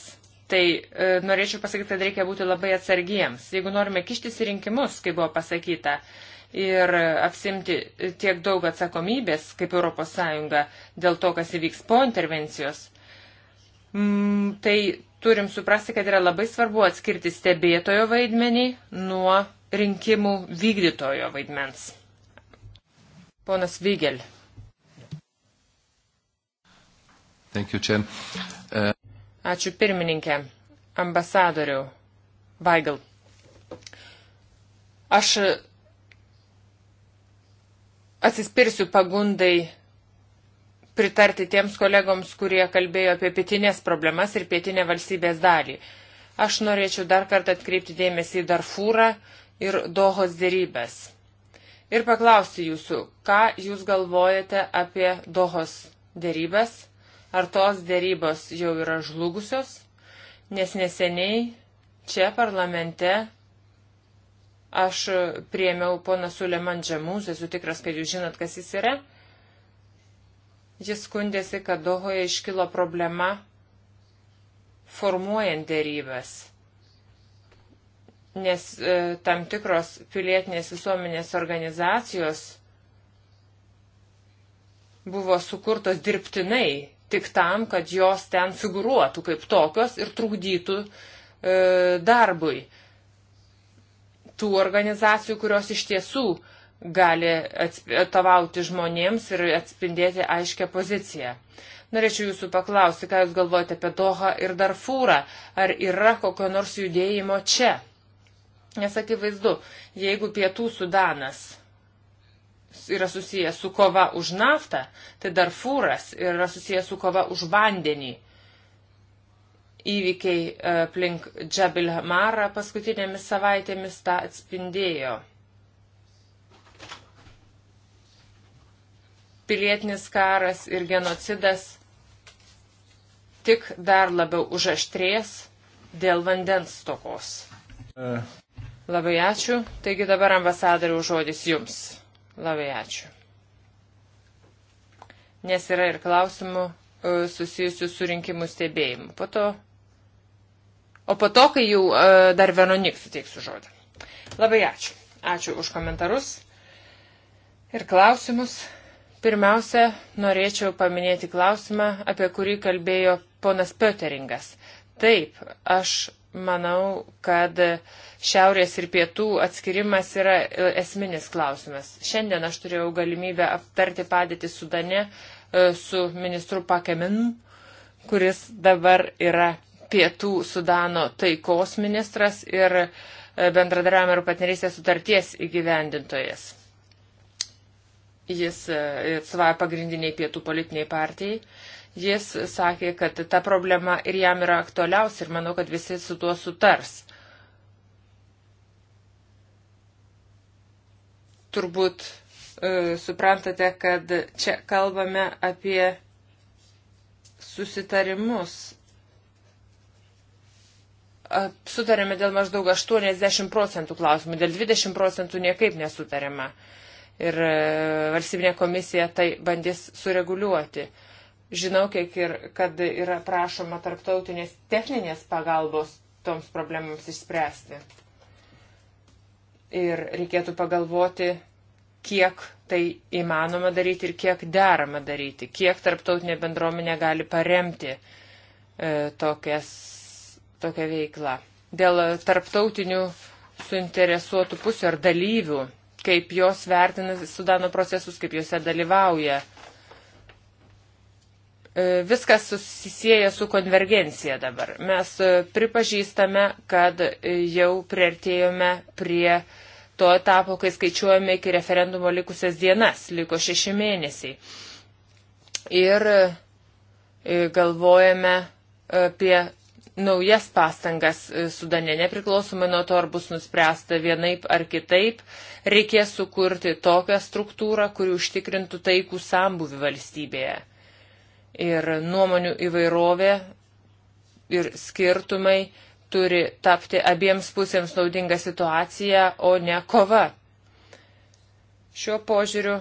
tai e, norėčiau pasakyti, kad reikia būti labai atsargiems. Jeigu norime kištis į rinkimus, kaip buvo pasakyta, ir apsimti tiek daug atsakomybės kaip ES dėl to, kas įvyks po intervencijos, mm, tai turim suprasti, kad yra labai svarbu atskirti stebėtojo vaidmenį nuo rinkimų vykdytojo vaidmens. Ponas Vygel. Thank you, Chair. Uh... Ačiū pirmininkė, ambasadoriu Vaigal. Aš atsispirsiu pagundai pritarti tiems kolegoms, kurie kalbėjo apie pietinės problemas ir pietinę valstybės dalį. Aš norėčiau dar kartą atkreipti dėmesį į Darfūrą ir Dohos dėrybės. Ir paklausti jūsų, ką jūs galvojate apie Dohos dėrybės Ar tos dėrybos jau yra žlugusios? Nes neseniai čia parlamente aš priemiau poną Suleman Džamus, esu tikras, kad jūs žinot, kas jis yra. Jis skundėsi, kad Dohoje iškilo problema formuojant dėrybas, nes e, tam tikros pilietinės visuomenės organizacijos buvo sukurtos dirbtinai tik tam, kad jos ten figuruotų kaip tokios ir trukdytų e, darbui tų organizacijų, kurios iš tiesų gali atstovauti žmonėms ir atspindėti aiškę poziciją. Norėčiau jūsų paklausti, ką jūs galvojate apie Doha ir Darfūrą, ar yra kokio nors judėjimo čia? Nes akivaizdu, jeigu pietų Sudanas yra susijęs su kova už naftą, tai Darfūras yra susijęs su kova už vandenį. Įvykiai e, aplink Džabil Hamarą paskutinėmis savaitėmis tą atspindėjo. Pilietinis karas ir genocidas tik dar labiau užaštrės dėl vandens stokos. E. Labai ačiū. Taigi dabar ambasadorių žodis jums. Labai ačiū. Nes yra ir klausimų e, susijusių su rinkimų stebėjimu. Po to, o po to, kai jau e, dar Veronik suteiksiu žodį. Labai ačiū. Ačiū už komentarus ir klausimus. Pirmiausia, norėčiau paminėti klausimą, apie kurį kalbėjo ponas Pöteringas. Taip, aš manau, kad šiaurės ir pietų atskirimas yra e, esminis klausimas. Šiandien aš turėjau galimybę aptarti padėtį Sudane e, su ministru Pakemin, kuris dabar yra pietų Sudano taikos ministras ir e, bendradarbiavimo ir partnerystės sutarties įgyvendintojas jis e, atstovauja pagrindiniai pietų politiniai partijai. Jis sakė, kad ta problema ir jam yra aktualiausia ir manau, kad visi su tuo sutars. Turbūt e, suprantate, kad čia kalbame apie susitarimus. Sutarėme dėl maždaug 80 procentų klausimų, dėl 20 procentų niekaip nesutarėme. E, ir e, valstybinė komisija tai bandys sureguliuoti. Žinau, kiek ir kad yra prašoma tarptautinės techninės pagalbos toms problemams išspręsti. Ir reikėtų pagalvoti, kiek tai įmanoma daryti ir kiek derama daryti, kiek tarptautinė bendruomenė gali paremti e, tokias, tokią veiklą. Dėl tarptautinių suinteresuotų pusių ar dalyvių kaip jos vertina Sudano procesus, kaip juose dalyvauja. E, viskas susisieja su konvergencija dabar. Mes e, pripažįstame, kad e, jau priartėjome prie to etapo, kai skaičiuojame iki referendumo likusias dienas, liko šeši mėnesiai. Ir galvojame apie naujas pastangas e, Sudane, nepriklausomai nuo to, ar bus nuspręsta vienaip ar kitaip, reikės sukurti tokią struktūrą, kuri užtikrintų taikų sambuvi valstybėje. Ir nuomonių įvairovė ir skirtumai turi tapti abiems pusėms naudinga situacija, o ne kova. Šiuo požiūriu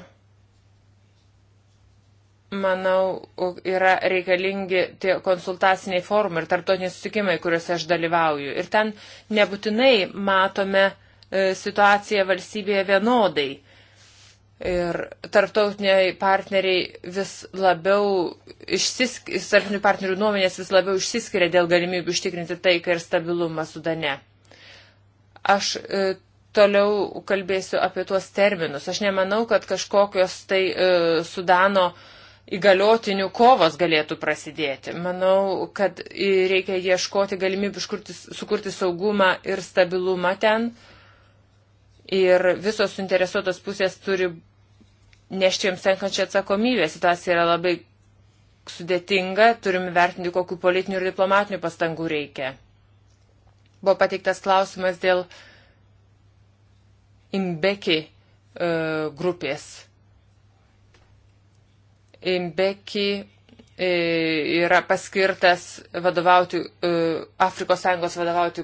manau, yra reikalingi tie konsultaciniai forumai ir tarptautiniai susitikimai, kuriuose aš dalyvauju. Ir ten nebūtinai matome e, situaciją valstybėje vienodai. Ir tarptautiniai partneriai vis labiau išsiskiria, tarptautinių partnerių nuomonės vis labiau išsiskiria dėl galimybių užtikrinti taiką ir stabilumą Sudane. Aš e, toliau kalbėsiu apie tuos terminus. Aš nemanau, kad kažkokios tai e, Sudano uh, įgaliotinių kovos galėtų prasidėti. Manau, kad reikia ieškoti galimybių sukurti saugumą ir stabilumą ten. Ir visos suinteresuotos pusės turi nešti jums tenkančią atsakomybę. Situacija yra labai sudėtinga, turim vertinti, kokiu politiniu ir diplomatiniu pastangų reikia. Buvo pateiktas klausimas dėl Imbeki e, grupės Imbeki e, yra paskirtas vadovauti, e, Afrikos Sąjungos vadovauti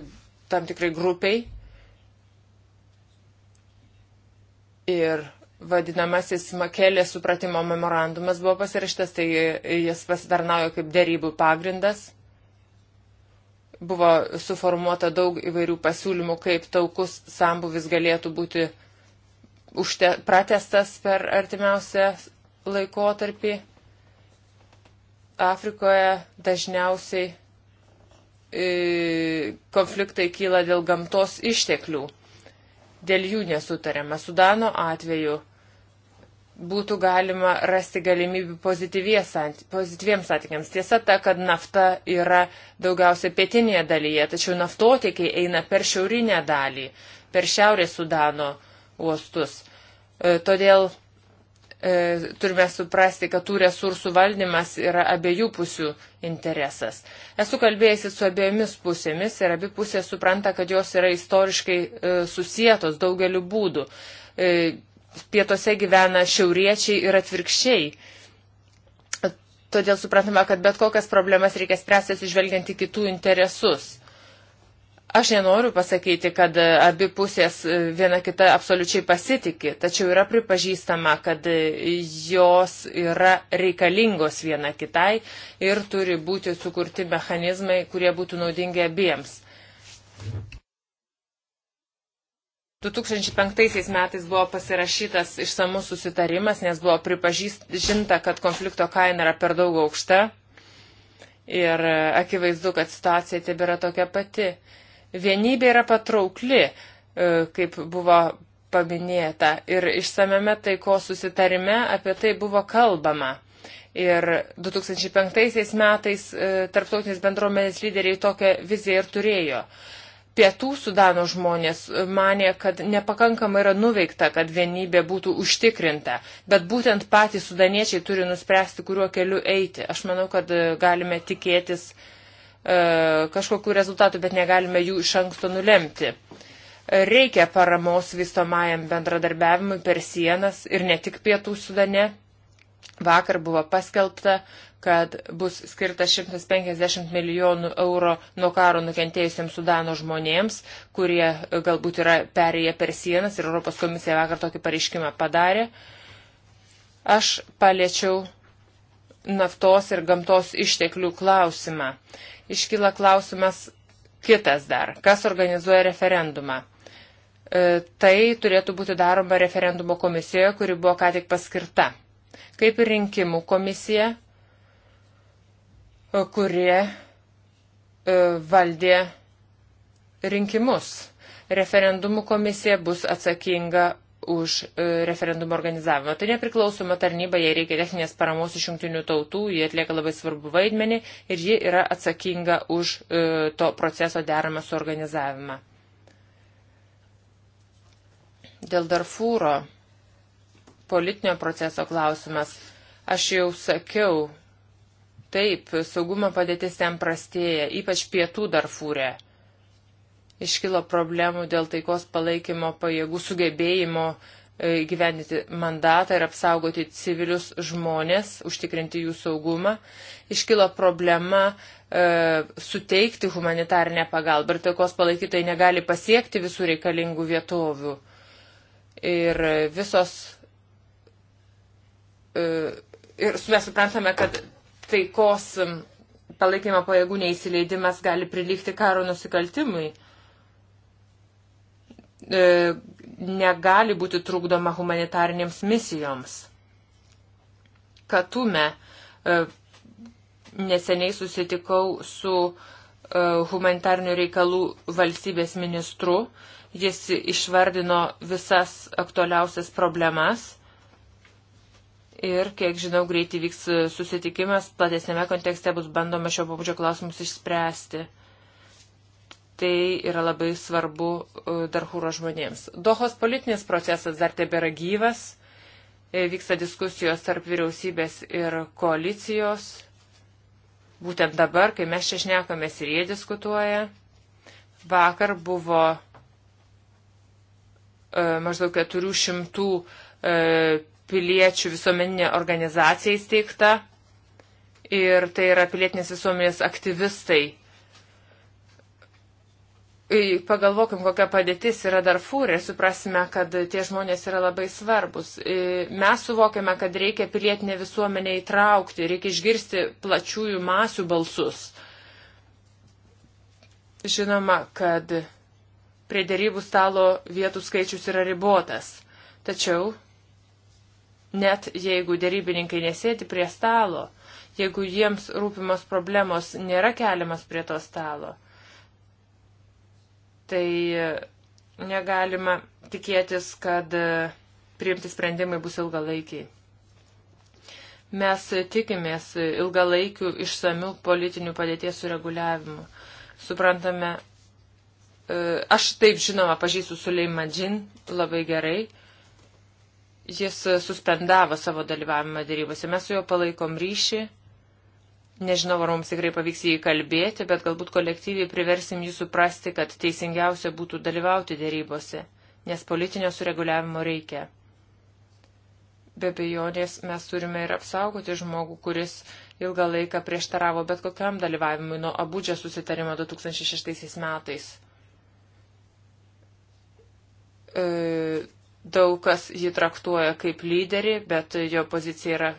tam tikrai grupiai. Ir vadinamasis Makelė supratimo memorandumas buvo pasirašytas, tai jis pasitarnaujo kaip dėrybų pagrindas. Buvo suformuota daug įvairių pasiūlymų, kaip taukus sambuvis galėtų būti užte, pratestas per artimiausias laikotarpį Afrikoje dažniausiai e, konfliktai kyla dėl gamtos išteklių, dėl jų nesutariama. Sudano atveju būtų galima rasti galimybių pozityviems santykiams. Tiesa ta, kad nafta yra daugiausia pietinėje dalyje, tačiau naftotiekiai eina per šiaurinę dalį, per šiaurės Sudano uostus. E, todėl E, turime suprasti, kad tų resursų valdymas yra abiejų pusių interesas. Esu kalbėjusi su abiejomis pusėmis ir abi pusės supranta, kad jos yra istoriškai e, susijėtos daugeliu būdų. E, pietuose gyvena šiauriečiai ir atvirkščiai. Todėl suprantame, kad bet kokias problemas reikia spręsti atsižvelgiant į kitų interesus. Aš nenoriu pasakyti, kad e, abi pusės e, viena kita absoliučiai pasitikė, tačiau yra pripažįstama, kad e, jos yra reikalingos viena kitai ir turi būti sukurti mechanizmai, kurie būtų naudingi abiems. 2005 metais buvo pasirašytas išsamus susitarimas, nes buvo pripažįsta, kad konflikto kaina yra per daug aukšta ir akivaizdu, kad situacija tebėra tokia pati. Vienybė yra patraukli, e, kaip buvo paminėta, ir išsameme taiko susitarime apie tai buvo kalbama. Ir 2005 metais e, tarptautinės bendruomenės lyderiai tokią viziją ir turėjo. Pietų Sudano žmonės mane, kad nepakankamai yra nuveikta, kad vienybė būtų užtikrinta, bet būtent patys sudaniečiai turi nuspręsti, kuriuo keliu eiti. Aš manau, kad e, galime tikėtis uh, E, kažkokių rezultatų, bet negalime jų iš anksto nulemti. Reikia paramos vystomajam bendradarbiavimui per sienas ir ne tik pietų sudane. Vakar buvo paskelbta, kad bus skirta 150 milijonų eurų nuo karo nukentėjusiems Sudano žmonėms, kurie e, galbūt yra perėję per sienas ir Europos komisija vakar tokį pareiškimą padarė. Aš paliečiau naftos ir gamtos išteklių klausimą iškyla klausimas kitas dar, kas organizuoja referendumą. E, tai turėtų būti daroma referendumo komisijoje, kuri buvo ką tik paskirta. Kaip ir rinkimų komisija, e, kurie e, valdė rinkimus. Referendumų komisija bus atsakinga už e, referendumo organizavimą. Tai nepriklausoma tarnyba, jai reikia techninės paramos iš jungtinių tautų, jie atlieka labai svarbu vaidmenį ir ji yra atsakinga už e, to proceso deramą su organizavimą. Dėl Darfūro politinio proceso klausimas. Aš jau sakiau, taip, saugumo padėtis ten prastėja, ypač pietų Darfūrė. E iškilo problemų dėl taikos palaikymo pajėgų sugebėjimo e, gyveninti mandatą ir apsaugoti civilius žmonės, užtikrinti jų saugumą. Iškilo problema e, suteikti humanitarinę pagalbą ir taikos palaikytojai negali pasiekti visų reikalingų vietovių. Ir visos. E, ir mes suprantame, kad taikos palaikymo pajėgų neįsileidimas gali prilygti karo nusikaltimui. E, E, negali būti trukdoma humanitarnėms misijoms. Katume e, neseniai susitikau su e, humanitarnių reikalų valstybės ministru. Jis išvardino visas aktualiausias problemas. Ir, kiek žinau, greitai vyks susitikimas, platesnėme kontekste bus bandoma šio pabudžio klausimus išspręsti tai yra labai svarbu e, Darhūro žmonėms. Dohos politinis procesas dar tebėra gyvas, e, vyksta diskusijos tarp vyriausybės ir koalicijos. Būtent dabar, kai mes čia šnekamės ir jie diskutuoja, vakar buvo e, maždaug 400 piliečių visuomeninė organizacija įsteigta ir tai yra pilietinės visuomenės aktyvistai pagalvokim, kokia padėtis yra Darfūrė, suprasime, kad tie žmonės yra labai svarbus. E, mes suvokiame, kad reikia pilietinę visuomenę įtraukti, reikia išgirsti plačiųjų masių balsus. Žinoma, kad prie dėrybų stalo vietų skaičius yra ribotas. Tačiau, net jeigu dėrybininkai nesėti prie stalo, jeigu jiems rūpimos problemos nėra keliamas prie to stalo, tai negalima tikėtis, kad priimti sprendimai bus ilgalaikiai. Mes tikimės ilgalaikių išsamių politinių padėties sureguliavimų. Suprantame, e, aš taip žinoma pažįstu Suleimą Džin labai gerai. Jis suspendavo savo dalyvavimą dėrybose. Mes su juo palaikom ryšį Nežinau, ar mums tikrai pavyks jį įkalbėti, bet galbūt kolektyviai priversim jį suprasti, kad teisingiausia būtų dalyvauti dėrybose, nes politinio sureguliavimo reikia. Be bejonės mes turime ir apsaugoti žmogų, kuris ilgą laiką prieštaravo bet kokiam dalyvavimui nuo abudžio susitarimo 2006 metais. E, daug kas jį traktuoja kaip lyderį, bet jo pozicija yra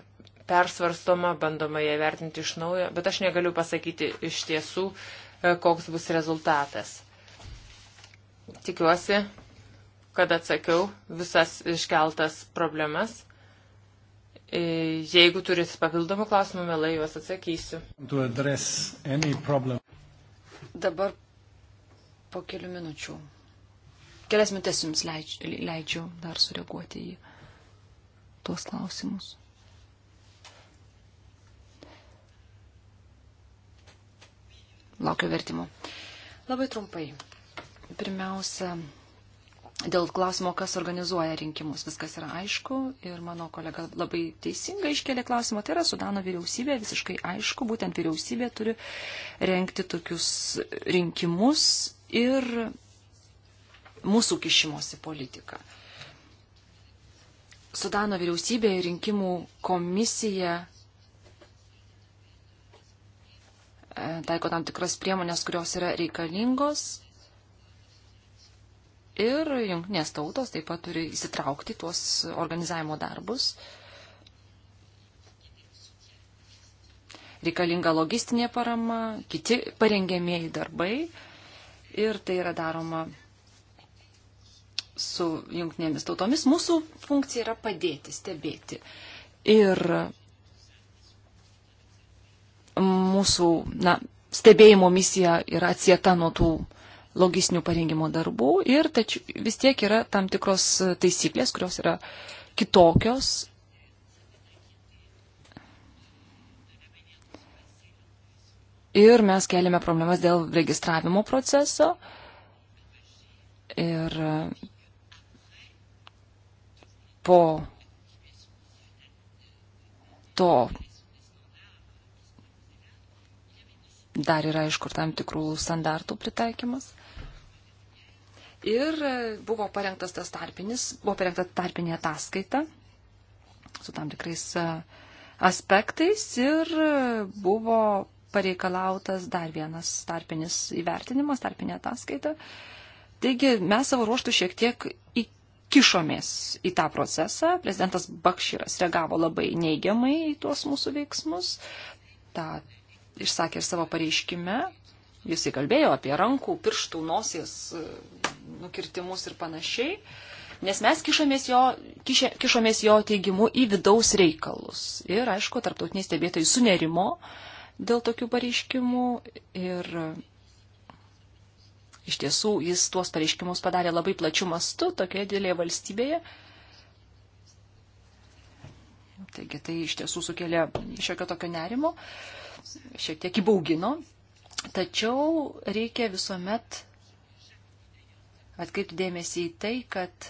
persvarstoma, bandoma ją vertinti iš naujo, bet aš negaliu pasakyti iš tiesų, e, koks bus rezultatas. Tikiuosi, kad atsakiau visas iškeltas problemas. E, jeigu turite papildomų klausimų, mielai juos atsakysiu. Dabar po kelių minučių. Kelias minutės jums leidžiu, leidžiu dar sureaguoti į tuos klausimus. laukiu vertimo. Labai trumpai. Pirmiausia, dėl klausimo, kas organizuoja rinkimus. Viskas yra aišku ir mano kolega labai teisingai iškėlė klausimą. Tai yra Sudano vyriausybė, visiškai aišku, būtent vyriausybė turi renkti tokius rinkimus ir mūsų kišimosi politiką. Sudano vyriausybė ir rinkimų komisija taiko tam tikras priemonės, kurios yra reikalingos. Ir jungtinės tautos taip pat turi įsitraukti tuos organizavimo darbus. Reikalinga logistinė parama, kiti parengėmėjai darbai. Ir tai yra daroma su jungtinėmis tautomis. Mūsų funkcija yra padėti, stebėti. Ir mūsų na, stebėjimo misija yra atsieta nuo tų logistinių parengimo darbų ir tačiau vis tiek yra tam tikros taisyklės, kurios yra kitokios. Ir mes keliame problemas dėl registravimo proceso. Ir e, po to dar yra aišku tam tikrų standartų pritaikymas. Ir e, buvo parengtas tas tarpinis, buvo parengta tarpinė ataskaita su tam tikrais e, aspektais ir e, buvo pareikalautas dar vienas tarpinis įvertinimas, tarpinė ataskaita. Taigi mes savo ruoštų šiek tiek įkišomės į tą procesą. Prezidentas Bakširas reagavo labai neigiamai į tuos mūsų veiksmus. Ta išsakė ir savo pareiškime. Jis įkalbėjo apie rankų, pirštų, nosies nukirtimus ir panašiai, nes mes kišomės jo, kišė, kišomės jo teigimu į vidaus reikalus. Ir, aišku, tarptautiniai stebėtojai sunerimo dėl tokių pareiškimų ir iš tiesų jis tuos pareiškimus padarė labai plačiu mastu tokioje didelėje valstybėje. Taigi tai iš tiesų sukėlė šiokio tokio nerimo. Uh, šiek tiek įbaugino, tačiau reikia visuomet atkreipti dėmesį į tai, kad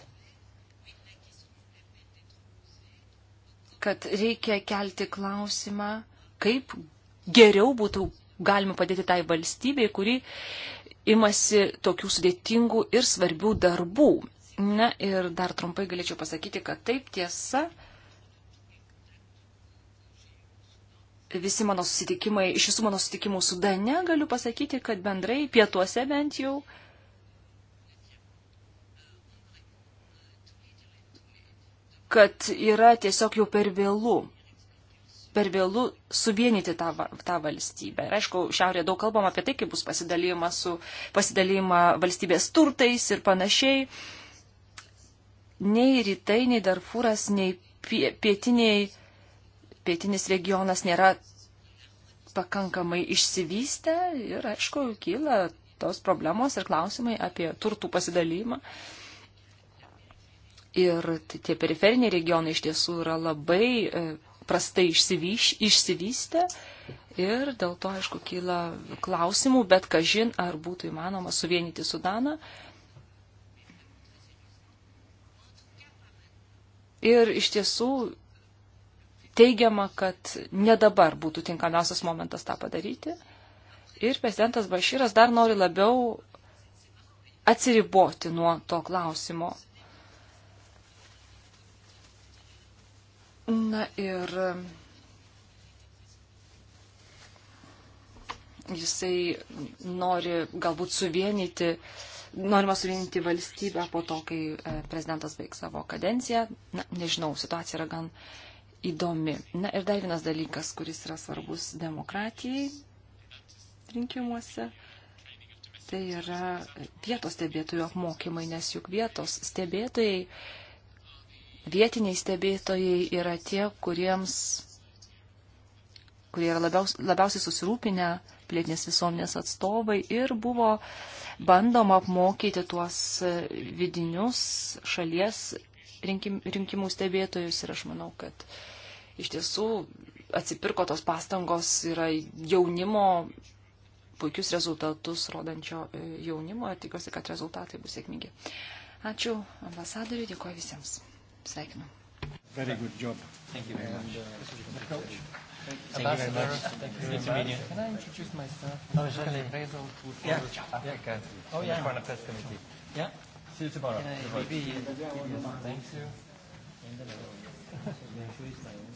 kad reikia kelti klausimą, kaip geriau būtų galima padėti tai valstybei, kuri imasi tokių sudėtingų ir svarbių darbų. Na ir dar trumpai galėčiau pasakyti, kad taip tiesa, visi mano susitikimai, iš visų mano susitikimų su Dane galiu pasakyti, kad bendrai pietuose bent jau kad yra tiesiog jau per vėlų, per vėlų suvienyti tą, tą valstybę. Ir aišku, šiaurė daug kalbam apie tai, kaip bus pasidalyma, su, pasidalyma valstybės turtais ir panašiai. Nei rytai, nei Darfūras, nei pietiniai pietinis regionas nėra pakankamai išsivystę ir, aišku, kyla tos problemos ir klausimai apie turtų pasidalymą. Ir tie periferiniai regionai iš tiesų yra labai e, prastai išsivyš, išsivystę ir dėl to, aišku, kyla klausimų, bet kažin, ar būtų įmanoma suvienyti Sudaną. Ir iš tiesų teigiama, kad ne dabar būtų tinkamiausias momentas tą padaryti. Ir prezidentas Bašyras dar nori labiau atsiriboti nuo to klausimo. Na ir jisai nori galbūt suvienyti, norima suvienyti valstybę po to, kai e, prezidentas baigs savo kadenciją. Na, nežinau, situacija yra gan įdomi. Na ir dar vienas dalykas, kuris yra svarbus demokratijai rinkimuose, tai yra vietos stebėtojų apmokymai, nes juk vietos stebėtojai, vietiniai stebėtojai yra tie, kuriems, kurie yra labiaus, labiausiai susirūpinę pilietinės visuomenės atstovai ir buvo bandoma apmokyti tuos vidinius šalies rinkim, rinkimų stebėtojus ir aš manau, kad iš tiesų atsipirko tos pastangos yra jaunimo, puikius rezultatus rodančio e, jaunimo ir tikiuosi, kad rezultatai bus sėkmingi. Ačiū ambasadoriui, dėkuoju visiems. Sveikinu. Very good job. Thank you very much. Uh, Thank you very much. Thank you very much. Can I introduce myself? Oh, certainly. Basil, yeah. Africa. Oh, yeah. Foreign Affairs Committee. Yeah. See you tomorrow. Can I maybe give you some thanks? Thank you.